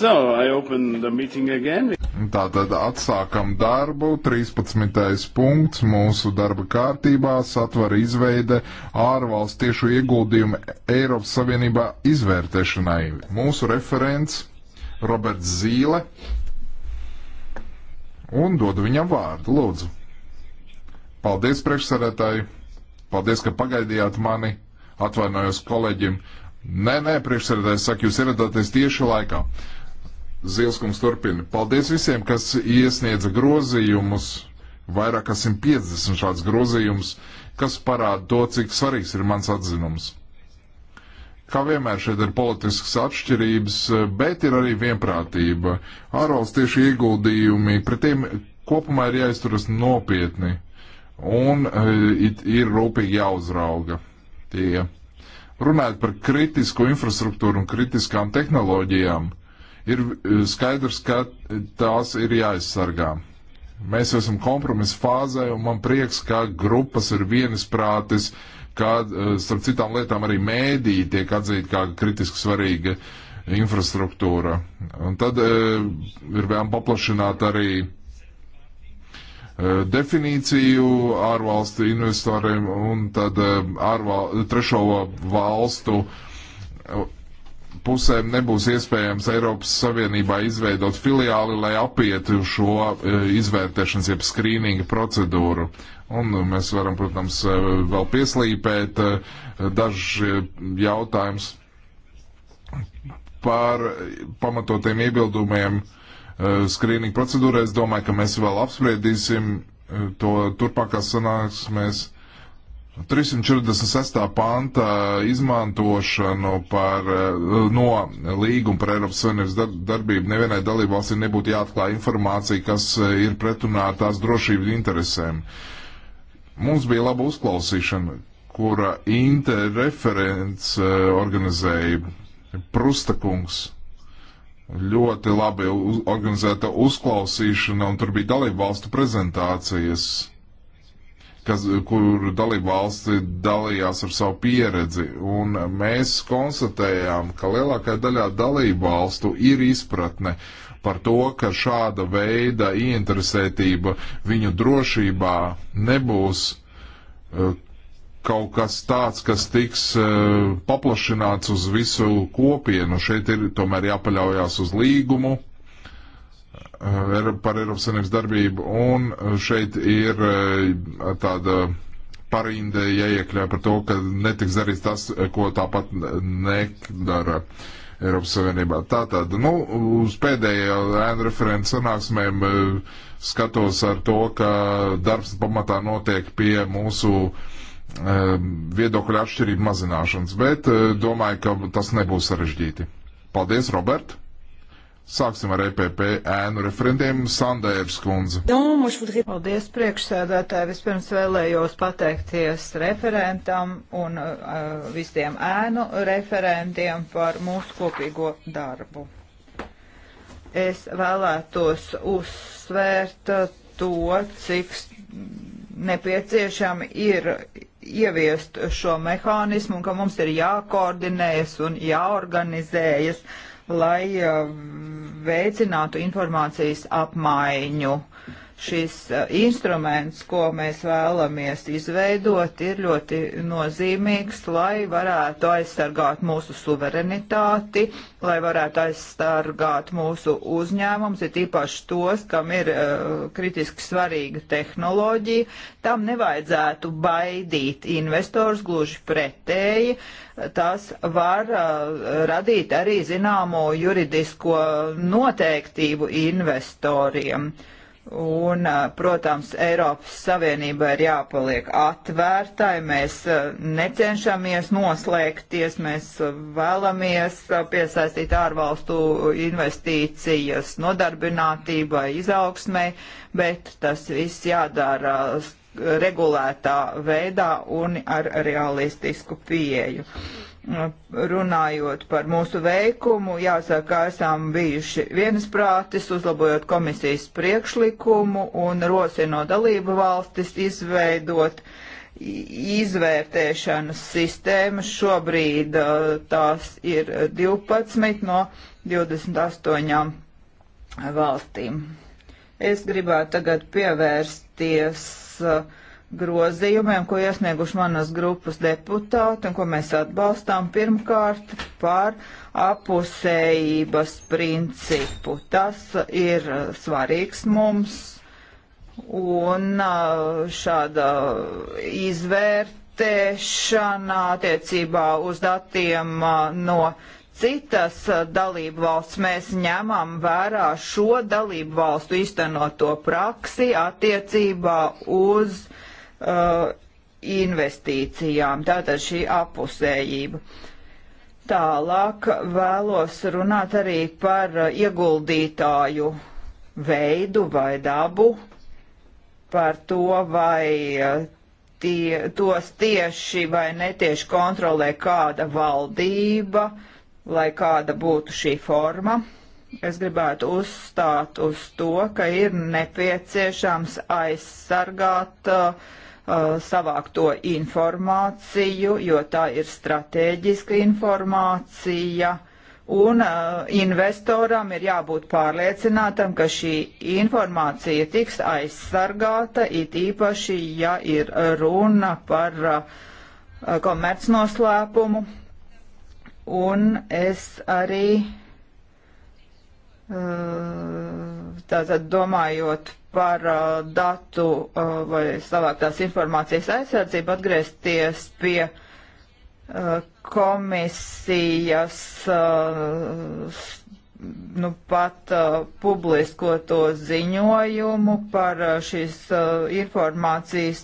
So, I open the meeting again. Tātad atsākam darbu. 13. punkts mūsu darba kārtībā satver izveide ārvalstu tiešu ieguldījumu Eiropas Savienībā izvērtēšanai. Mūsu referents Roberts Zīle un dodu viņam vārdu. Lūdzu. Paldies, priekšsarētāji. Paldies, ka pagaidījāt mani. Atvainojos kolēģim. Nē, nē, priekšsarētājs saka, jūs ieradāties tieši laikā. Zilskums turpina. Paldies visiem, kas iesniedza grozījumus. Vairāk kā 150 šāds grozījums, kas parāda to, cik svarīgs ir mans atzinums. Kā vienmēr šeit ir politiskas atšķirības, bet ir arī vienprātība. Ārvalstiešu ieguldījumi, pret tiem kopumā ir jāizturas nopietni un e, ir rūpīgi jāuzrauga tie. Runājot par kritisko infrastruktūru un kritiskām tehnoloģijām, ir e, skaidrs, ka tās ir jāaizsargā. Mēs esam kompromisa fāzē, un man prieks, ka grupas ir vienisprātis uh, kā eh, starp citām lietām arī mēdī tiek atzīta kā kritiski svarīga infrastruktūra. Un tad e, ir vēl paplašināta arī e, definīciju ārvalstu investoriem un tad e, ārval, trešo valstu pusēm nebūs iespējams Eiropas Savienībā izveidot filiāli, lai apietu šo izvērtēšanas jeb skrīninga procedūru. Un mēs varam, protams, vēl pieslīpēt eh, dažus eh, jautājumus par pamatotiem iebildumiem eh, skrīninga procedūrā. Es domāju, ka mēs vēl apspriedīsim to turpākās sanāksmēs. 346. panta izmantošanu par, no līguma par Eiropas Savienības darbību nevienai dalībvalstī nebūtu jāatklāja informācija, kas ir pretrunā ar tās drošības interesēm. Uh, Mums bija laba uzklausīšana, kura interreferents eh, organizēja Prustakungs. Ļoti labi organizēta uzklausīšana, un tur bija dalību valstu prezentācijas, kas, kur dalību valsti dalījās ar savu pieredzi. Un mēs konstatējām, ka lielākajā daļā dalību valstu ir izpratne par to, ka šāda veida ieinteresētība viņu drošībā nebūs e, kaut kas tāds, kas tiks e, paplašināts uz visu kopienu. Šeit ir tomēr jāpaļaujās uz līgumu e, par Eiropas Savienības darbību, un šeit ir tāda parinde jāiekļauj par to, ka netiks darīts tas, ko tāpat nedara. Uh, Eiropas Savienībā. Tātad, nu, uz pēdējo ēnu referentu sanāksmēm e, skatos ar to, ka darbs pamatā notiek pie mūsu e, viedokļu atšķirību mazināšanas, bet e, domāju, ka tas nebūs sarežģīti. Paldies, Robert! Sāksim ar EPP ēnu referentiem Sandērs kundze. Paldies priekšsēdētāji. Vispirms vēlējos pateikties referentam un uh, visiem ēnu referentiem par mūsu kopīgo darbu. Es vēlētos uzsvērt eh, to, cik nepieciešami ir ieviest šo mehānismu un ka mums ir jākoordinējas un jāorganizējas. Uh, lai uh, veicinātu informācijas apmaiņu. Uh, šis uh, instruments, ko mēs vēlamies izveidot, ir ļoti nozīmīgs, lai varētu aizsargāt mūsu suverenitāti, lai varētu aizsargāt mūsu uzņēmums, ir īpaši tos, kam ir uh, kritiski svarīga tehnoloģija. Tam nevajadzētu baidīt investors gluži pretēji. Tas var uh, radīt arī zināmo juridisko noteiktību investoriem. Uh, Un, protams, Eiropas Savienība ir jāpaliek atvērtai, mēs necenšamies noslēgties, mēs vēlamies piesaistīt ārvalstu investīcijas nodarbinātībai, izaugsmai, bet tas viss jādara regulētā veidā un ar realistisku pieeju. Uh, runājot par mūsu veikumu, jāsaka, esam bijuši viensprātis, uzlabojot komisijas priekšlikumu un rosinot dalību valstis izveidot izvērtēšanas sistēmas. Šobrīd uh, tās ir 12 no 28 valstīm. Es gribētu tagad pievērsties uh, grozījumiem, ko iesnieguši manas grupas deputāti un ko mēs atbalstām pirmkārt par apusējības principu. Tas ir svarīgs mums un uh, šāda izvērtēšana attiecībā uz datiem uh, no citas uh, dalību valsts mēs ņemam vērā šo dalību valstu īstenoto praksi attiecībā uz uh, uh, investīcijām. Tātad šī apusējība. Tālāk vēlos runāt arī par ieguldītāju veidu vai dabu, par to, vai uh, tie, tos tieši vai netieši kontrolē kāda valdība, lai kāda būtu šī forma. Es gribētu uzstāt uz to, ka ir nepieciešams aizsargāt uh, Uh, savākto informāciju, jo tā ir strateģiska informācija. Un uh, investoram ir jābūt pārliecinātam, ka šī informācija tiks aizsargāta, it īpaši, ja ir runa par uh, komercnoslēpumu. Un es arī uh, Tātad domājot par datu vai savāktās informācijas aizsardzību, atgriezties pie komisijas nu, pat uh, publisko to ziņojumu par uh, šīs uh, informācijas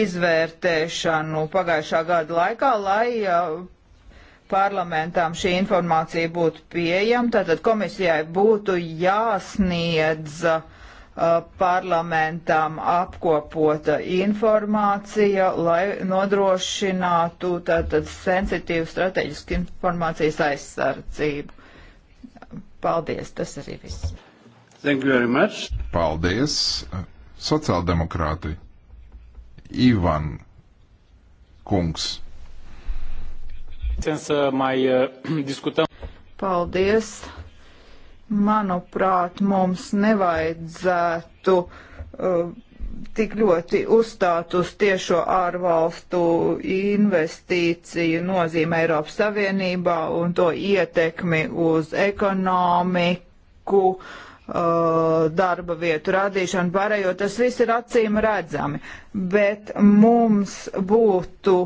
izvērtēšanu pagājušā gada laikā, lai parlamentām šī informācija būtu pieejama, tātad komisijai būtu jāsniedz uh, parlamentām apkopota informācija, lai nodrošinātu tātad sensitīvu strateģisku informācijas aizsardzību. Paldies, tas arī viss. Thank you very much. Paldies, sociāldemokrāti. Ivan Kungs. Să mai uh, discutăm. Paldies! Manuprāt, mums nevajadzētu uh, tik ļoti uzstāt uz tiešo ārvalstu investīciju nozīme Eiropas Savienībā un to ietekmi uz ekonomiku. Uh, Uh, darba vietu radīšanu, pārējo tas viss ir acīm redzami. Bet mums būtu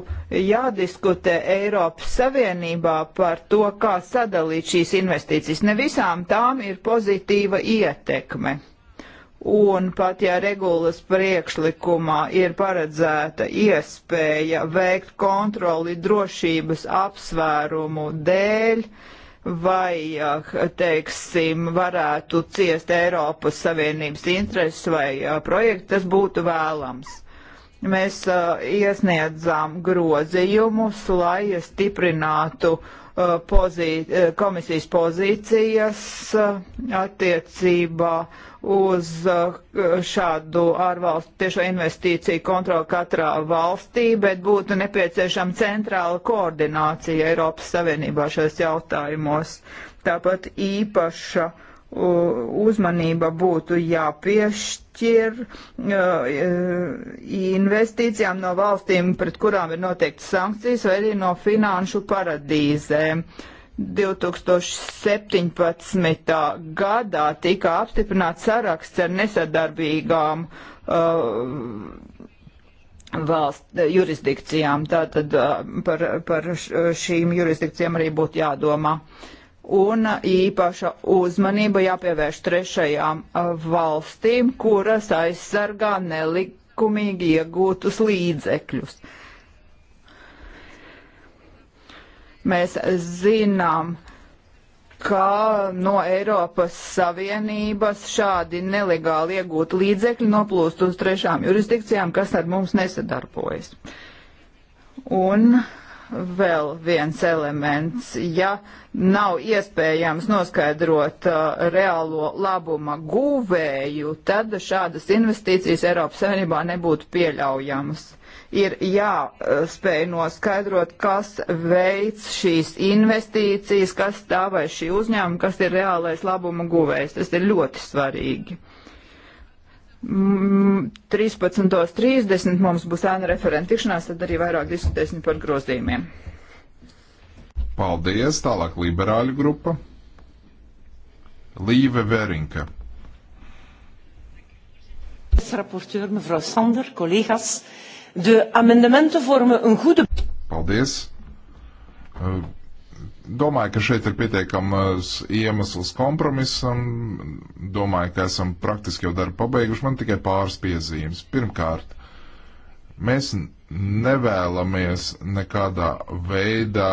jādiskutē Eiropas Savienībā par to, kā sadalīt šīs investīcijas. Ne visām tām ir pozitīva ietekme. Un pat ja regulas priekšlikumā ir paredzēta iespēja veikt kontroli drošības apsvērumu dēļ, uh, vai, eh, teiksim, varētu ciest Eiropas Savienības intereses vai eh, projekti, tas būtu vēlams. Mēs eh, iesniedzām grozījumus, lai stiprinātu pozī komisijas pozīcijas attiecībā uz eh, šādu ārvalstu tiešo investīciju kontroli katrā valstī, bet būtu nepieciešama centrāla koordinācija Eiropas Savienībā šajos jautājumos. Tāpat īpaša eh, uzmanība būtu jāpiešķir eh, investīcijām no valstīm, pret kurām ir noteikti sankcijas, vai arī no finanšu paradīzēm. Uh, 2017. gadā tika apstiprināts saraksts ar nesadarbīgām uh, valsts eh, jurisdikcijām. Tātad uh, par, par šīm jurisdikcijām arī būtu jādomā. Un uh, īpaša uzmanība jāpievērš trešajām uh, valstīm, kuras aizsargā nelikumīgi iegūtus līdzekļus. Uh, Mēs zinām, ka no Eiropas Savienības šādi nelegāli iegūti līdzekļi noplūst uz trešām jurisdikcijām, kas ar mums nesadarbojas. Un vēl viens elements, ja nav iespējams noskaidrot uh, reālo labuma guvēju, tad šādas investīcijas Eiropas Savienībā nebūtu pieļaujamas ir jāspēj noskaidrot, kas veids šīs investīcijas, kas tā vai šī uzņēmuma, kas ir reālais labuma guvējs. Tas ir ļoti svarīgi. 13.30 mm, mums būs ēna referenta tikšanās, tad arī vairāk diskutēsim par grozījumiem. Paldies, tālāk liberāļu grupa. Līve Verinka. Rapporteur, mevrouw Sander, collega's. Uh, De amendementen vormen een goede. Paldies! Eh, domāju, ka šeit ir pietiekams iemesls kompromisam. Domāju, ka esam praktiski jau darbu pabeiguši. Man tikai pāris piezīmes. Pirmkārt, mēs nevēlamies nekādā veidā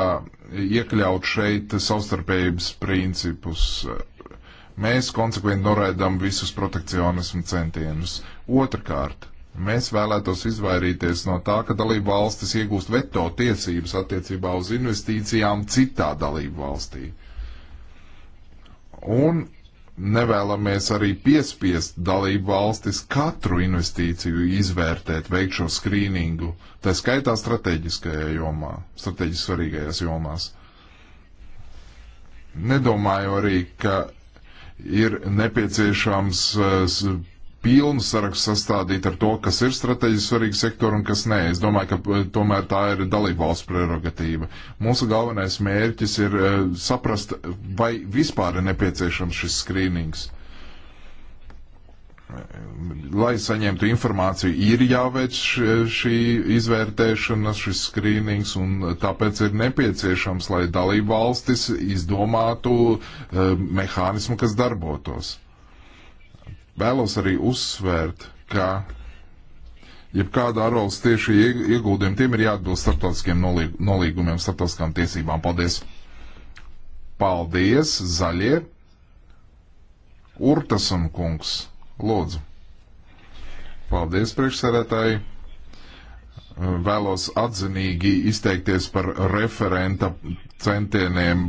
iekļaut šeit savstarpējības principus. Mēs konsekventi noraidām visus protekcionismu centienus. Otrakārt, Mēs vēlētos izvairīties no tā, ka dalību valstis iegūst veto tiesības attiecībā uz investīcijām citā dalību valstī. Un nevēlamies arī piespiest dalību valstis katru investīciju izvērtēt, veikt šo skrīningu, tā skaitā strateģiskajā jomā, strateģiski svarīgajās jomās. Nedomāju arī, ka ir nepieciešams eh, pilnu sarakstu sastādīt ar to, kas ir strateģiski svarīgi sektori un kas nē. Es domāju, ka eh, tomēr tā ir dalība valsts prerogatīva. Mūsu galvenais mērķis ir eh, saprast, vai vispār ir nepieciešams šis skrīnings. Lai saņemtu informāciju, ir jāveic šī izvērtēšana, šis skrīnings, un tāpēc ir nepieciešams, lai dalība valstis izdomātu eh, mehānismu, kas darbotos. Vēlos arī uzsvērt, ka jebkāda ārvalsts tieši ieguldījuma tiem ir jāatbilst starptautiskiem nolīgumiem, starptautiskām tiesībām. Paldies! Paldies, zaļie! Urtas un kungs, lūdzu! Paldies, priekšsēdētāji! Vēlos atzinīgi izteikties par referenta centieniem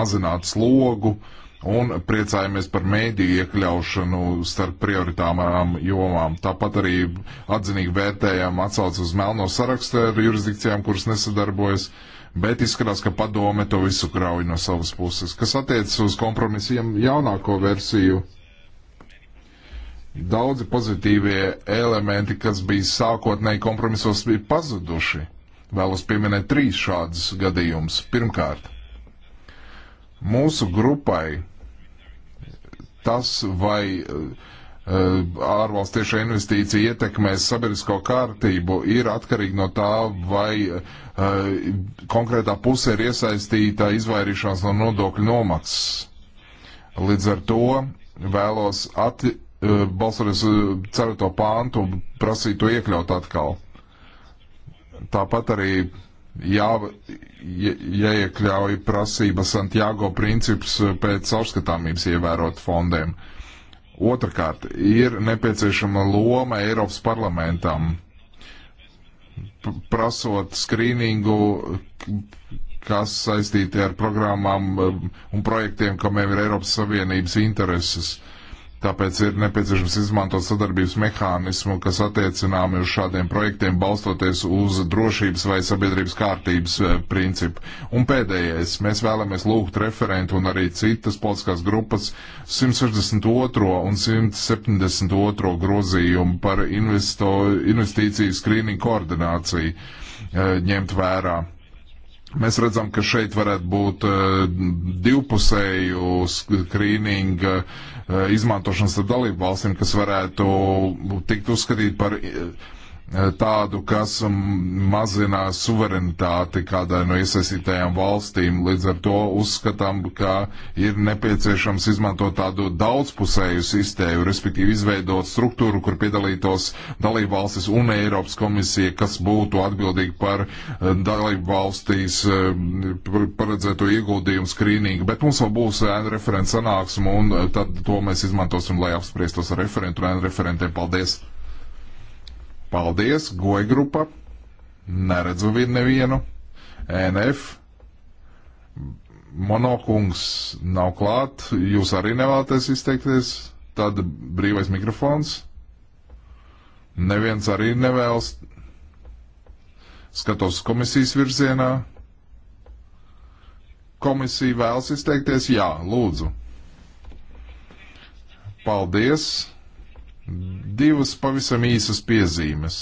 mazināt slogu uh, un priecājamies par mēdīju iekļaušanu starp prioritāmām jomām. Tāpat arī atzinīgi vērtējam atsaucu uz melno sarakstu ar jurisdikcijām, kuras nesadarbojas, bet izskatās, ka padome to visu krauj no savas puses. Kas attiecas uz kompromisiem jaunāko versiju? Daudzi pozitīvie elementi, kas bija sākotnēji kompromisos, bija pazuduši. Vēlos pieminēt trīs šādus gadījumus. Pirmkārt, mūsu grupai tas, vai eh, ārvalstu tiešā investīcija ietekmēs sabiedrisko kārtību, ir atkarīgi no tā, vai eh, konkrētā puse ir iesaistīta izvairīšanās no nodokļu nomaksas. Līdz ar to vēlos at, eh, balsoties ceru to pāntu, prasīt to iekļaut atkal. Tāpat arī jā, jāiekļauj prasība Santiago princips eh, pēc caurskatāmības ievērot fondiem. Otrakārt, ir nepieciešama loma Eiropas parlamentam, prasot skrīningu, kas saistīti ar programmām eh, un projektiem, kam ir Eiropas Savienības intereses. Uh, Tāpēc ir nepieciešams izmantot sadarbības mehānismu, kas attiecināmi uz šādiem projektiem, balstoties uz drošības vai sabiedrības kārtības eh, principu. Un pēdējais, mēs vēlamies lūgt referentu un arī citas politiskās grupas 162. un 172. grozījumu par investo, investīciju skrīningu koordināciju eh, ņemt vērā Mēs redzam, ka šeit varētu būt e, divpusēju skrīninga e, izmantošanas ar dalību valstīm, kas varētu tikt uzskatīt par e, Eh, tādu, kas mm, mazinā suverenitāti kādai no iesaistītajām valstīm. Līdz ar to uzskatām, ka ir nepieciešams izmantot tādu daudzpusēju sistēmu, respektīvi izveidot struktūru, kur piedalītos dalību valstis un Eiropas komisija, kas būtu atbildīgi par eh, dalību valstīs eh, paredzēto ieguldījumu skrīningu. Bet mums vēl būs ēnu referents sanāksmu un tad to mēs izmantosim, lai apspriestos ar referentu un ēnu referentiem. Paldies! Paldies, goja grupa. Neredzu nevienu. NF. Monokungs nav klāt. Jūs arī nevēlaties izteikties. Tad brīvais mikrofons. Neviens arī nevēlas. Skatos komisijas virzienā komisija vēlas izteikties? Jā, lūdzu. Paldies. Divas pavisam īsas piezīmes.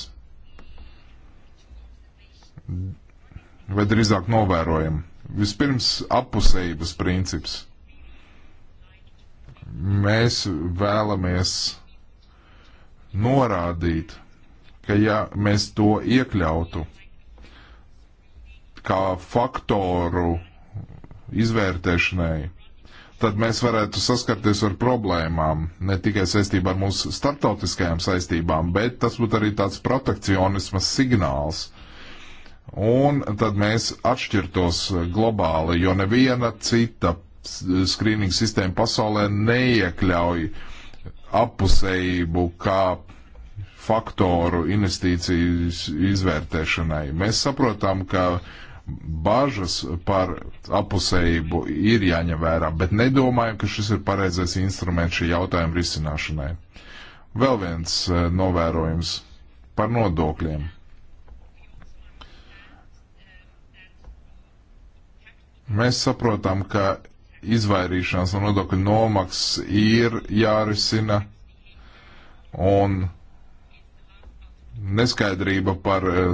Vai drīzāk novērojam. Vispirms apusējības princips. Mēs vēlamies norādīt, ka ja mēs to iekļautu kā faktoru izvērtēšanai, tad mēs varētu saskarties ar problēmām, ne tikai saistībā ar mūsu starptautiskajām saistībām, bet tas būtu arī tāds protekcionismas signāls. Un tad mēs atšķirtos globāli, jo neviena cita skrīninga sistēma pasaulē neiekļauj apusējību kā faktoru investīciju izvērtēšanai. Mēs saprotam, ka bažas par apusējību ir jāņem vērā, bet nedomājam, ka šis ir pareizais instruments šī jautājuma risināšanai. Vēl viens eh, novērojums par nodokļiem. Mēs saprotam, ka izvairīšanās no nodokļu nomaksas ir jārisina un neskaidrība par eh,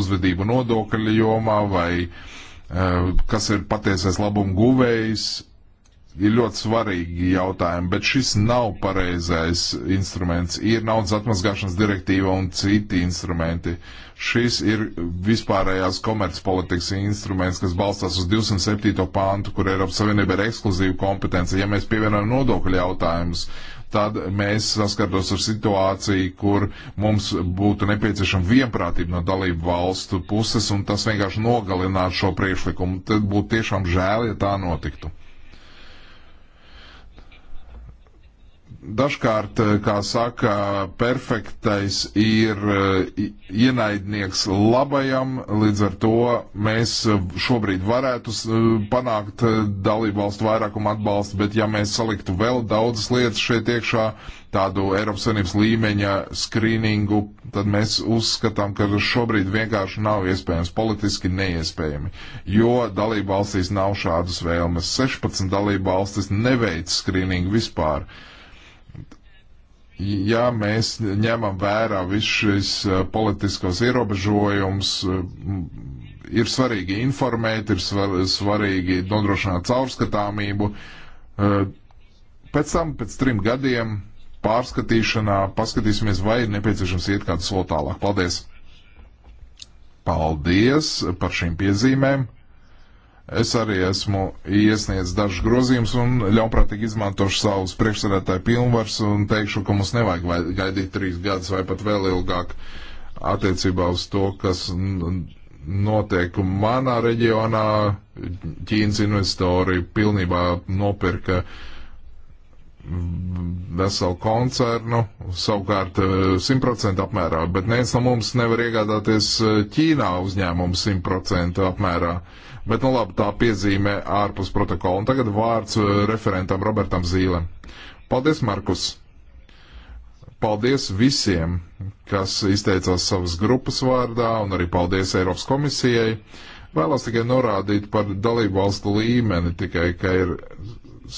uzvedību nodokļu jomā vai eh, kas ir patiesais labumu guvējs, ir ļoti svarīgi jautājumi, bet šis nav pareizais instruments. Ir naudas atmazgāšanas direktīva un citi instrumenti. Šis ir vispārējās komercpolitikas instruments, kas balstās uz 207. pāntu, kur Eiropas Savienība ir ekskluzīva kompetence. Ja mēs pievienojam nodokļu jautājumus tad mēs saskartos ar situāciju, kur mums būtu nepieciešama vienprātība no dalību valstu puses, un tas vienkārši nogalinātu šo priekšlikumu. Tad būtu tiešām žēl, ja tā notiktu. dažkārt, eh, kā saka, perfektais ir eh, ienaidnieks labajam, līdz ar to mēs eh, šobrīd varētu panākt dalību valstu vairākumu atbalstu, bet ja mēs saliktu vēl daudzas lietas šeit iekšā, tādu Eiropas Savienības līmeņa skrīningu, tad mēs uzskatām, ka šobrīd vienkārši nav iespējams, politiski neiespējami, jo dalību valstīs nav šādas vēlmes. 16 dalību valstis neveic skrīningu vispār. Uh, ja mēs ņemam vērā visu šis eh, politiskos ierobežojums, eh, ir svarīgi informēt, ir svar, svarīgi nodrošināt caurskatāmību. Eh, pēc tam, pēc trim gadiem pārskatīšanā, paskatīsimies, vai ir nepieciešams iet kādu soli tālāk. Paldies! Paldies par šīm piezīmēm! Es arī esmu iesniedzis dažus grozījumus un ļaunprātīgi izmantošu savus priekšsēdētāju pilnvars un teikšu, ka mums nevajag gaidīt trīs gadus vai pat vēl ilgāk attiecībā uz to, kas notiek manā reģionā. Ķīnas investori pilnībā nopirka veselu koncernu, savukārt 100% e, apmērā, bet neviens no mums nevar iegādāties e, Ķīnā uzņēmumu 100% apmērā. Uh, Bet, nu labi, tā piezīme ārpus protokola. Un tagad vārds uh, referentam Robertam Zīlem. Paldies, Markus! Paldies visiem, kas izteicās savas grupas vārdā, un arī paldies Eiropas komisijai. Vēlos tikai norādīt par dalību valstu līmeni, tikai ka ir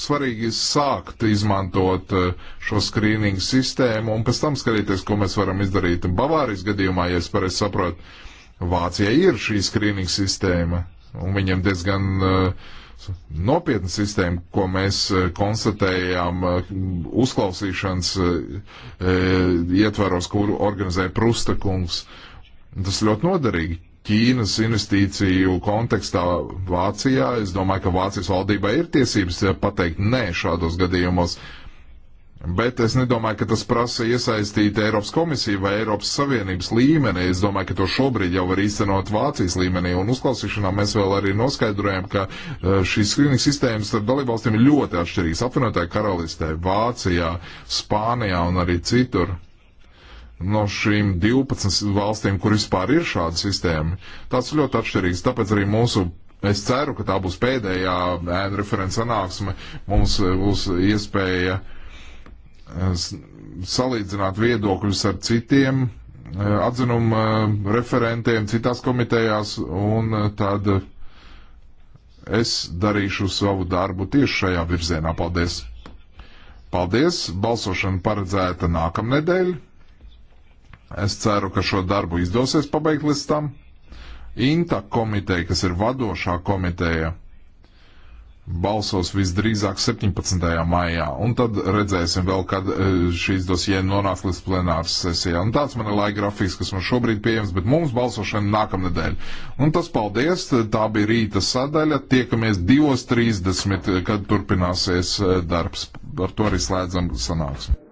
svarīgi sākt izmantot uh, šo skrīningu sistēmu un pēc tam skatīties, ko mēs varam izdarīt. Bavārijas gadījumā, ja es pareizi saprotu, Vācijai ir šī skrīninga sistēma, un viņiem diezgan eh, nopietna sistēma, ko mēs eh, konstatējām eh, uzklausīšanas ietvaros, kuru organizē Prusta kungs. Tas ļoti noderīgi. Ķīnas investīciju kontekstā Vācijā, es domāju, ka Vācijas valdībai ir tiesības pateikt nē šādos gadījumos. Uh, Bet es nedomāju, ka tas prasa iesaistīt Eiropas komisiju vai Eiropas Savienības līmenī. Es domāju, ka to šobrīd jau var īstenot Vācijas līmenī. Un uzklausīšanā mēs vēl arī noskaidrojam, ka eh, šīs skrīninga sistēmas starp dalībvalstīm ir ļoti atšķirīgas. Apvienotāja karalistē, Vācijā, Spānijā un arī citur. No šīm 12 valstīm, kur vispār ir šāda sistēma, tās ir ļoti atšķirīgas. Tāpēc arī mūsu Es ceru, ka tā būs pēdējā ēnu referents sanāksme. Mums eh, būs iespēja uh, salīdzināt viedokļus ar citiem eh, atzinumu eh, referentiem citās komitejās, un eh, tad es darīšu savu darbu tieši šajā virzienā. Paldies! Paldies! Balsošana paredzēta nākamnedēļ. Es ceru, ka šo darbu izdosies pabeigt līdz tam. Inta komiteja, kas ir vadošā komiteja balsos visdrīzāk 17. maijā, un tad redzēsim vēl, kad e, šīs dosie nonāks līdz plenāras sesijā. Un tāds man ir laika grafiks, kas man šobrīd pieejams, bet mums balsošana nākamnedēļ. Un tas paldies, tā bija rīta sadaļa, tiekamies 2.30, kad turpināsies e, darbs. Ar to arī slēdzam sanāksmi.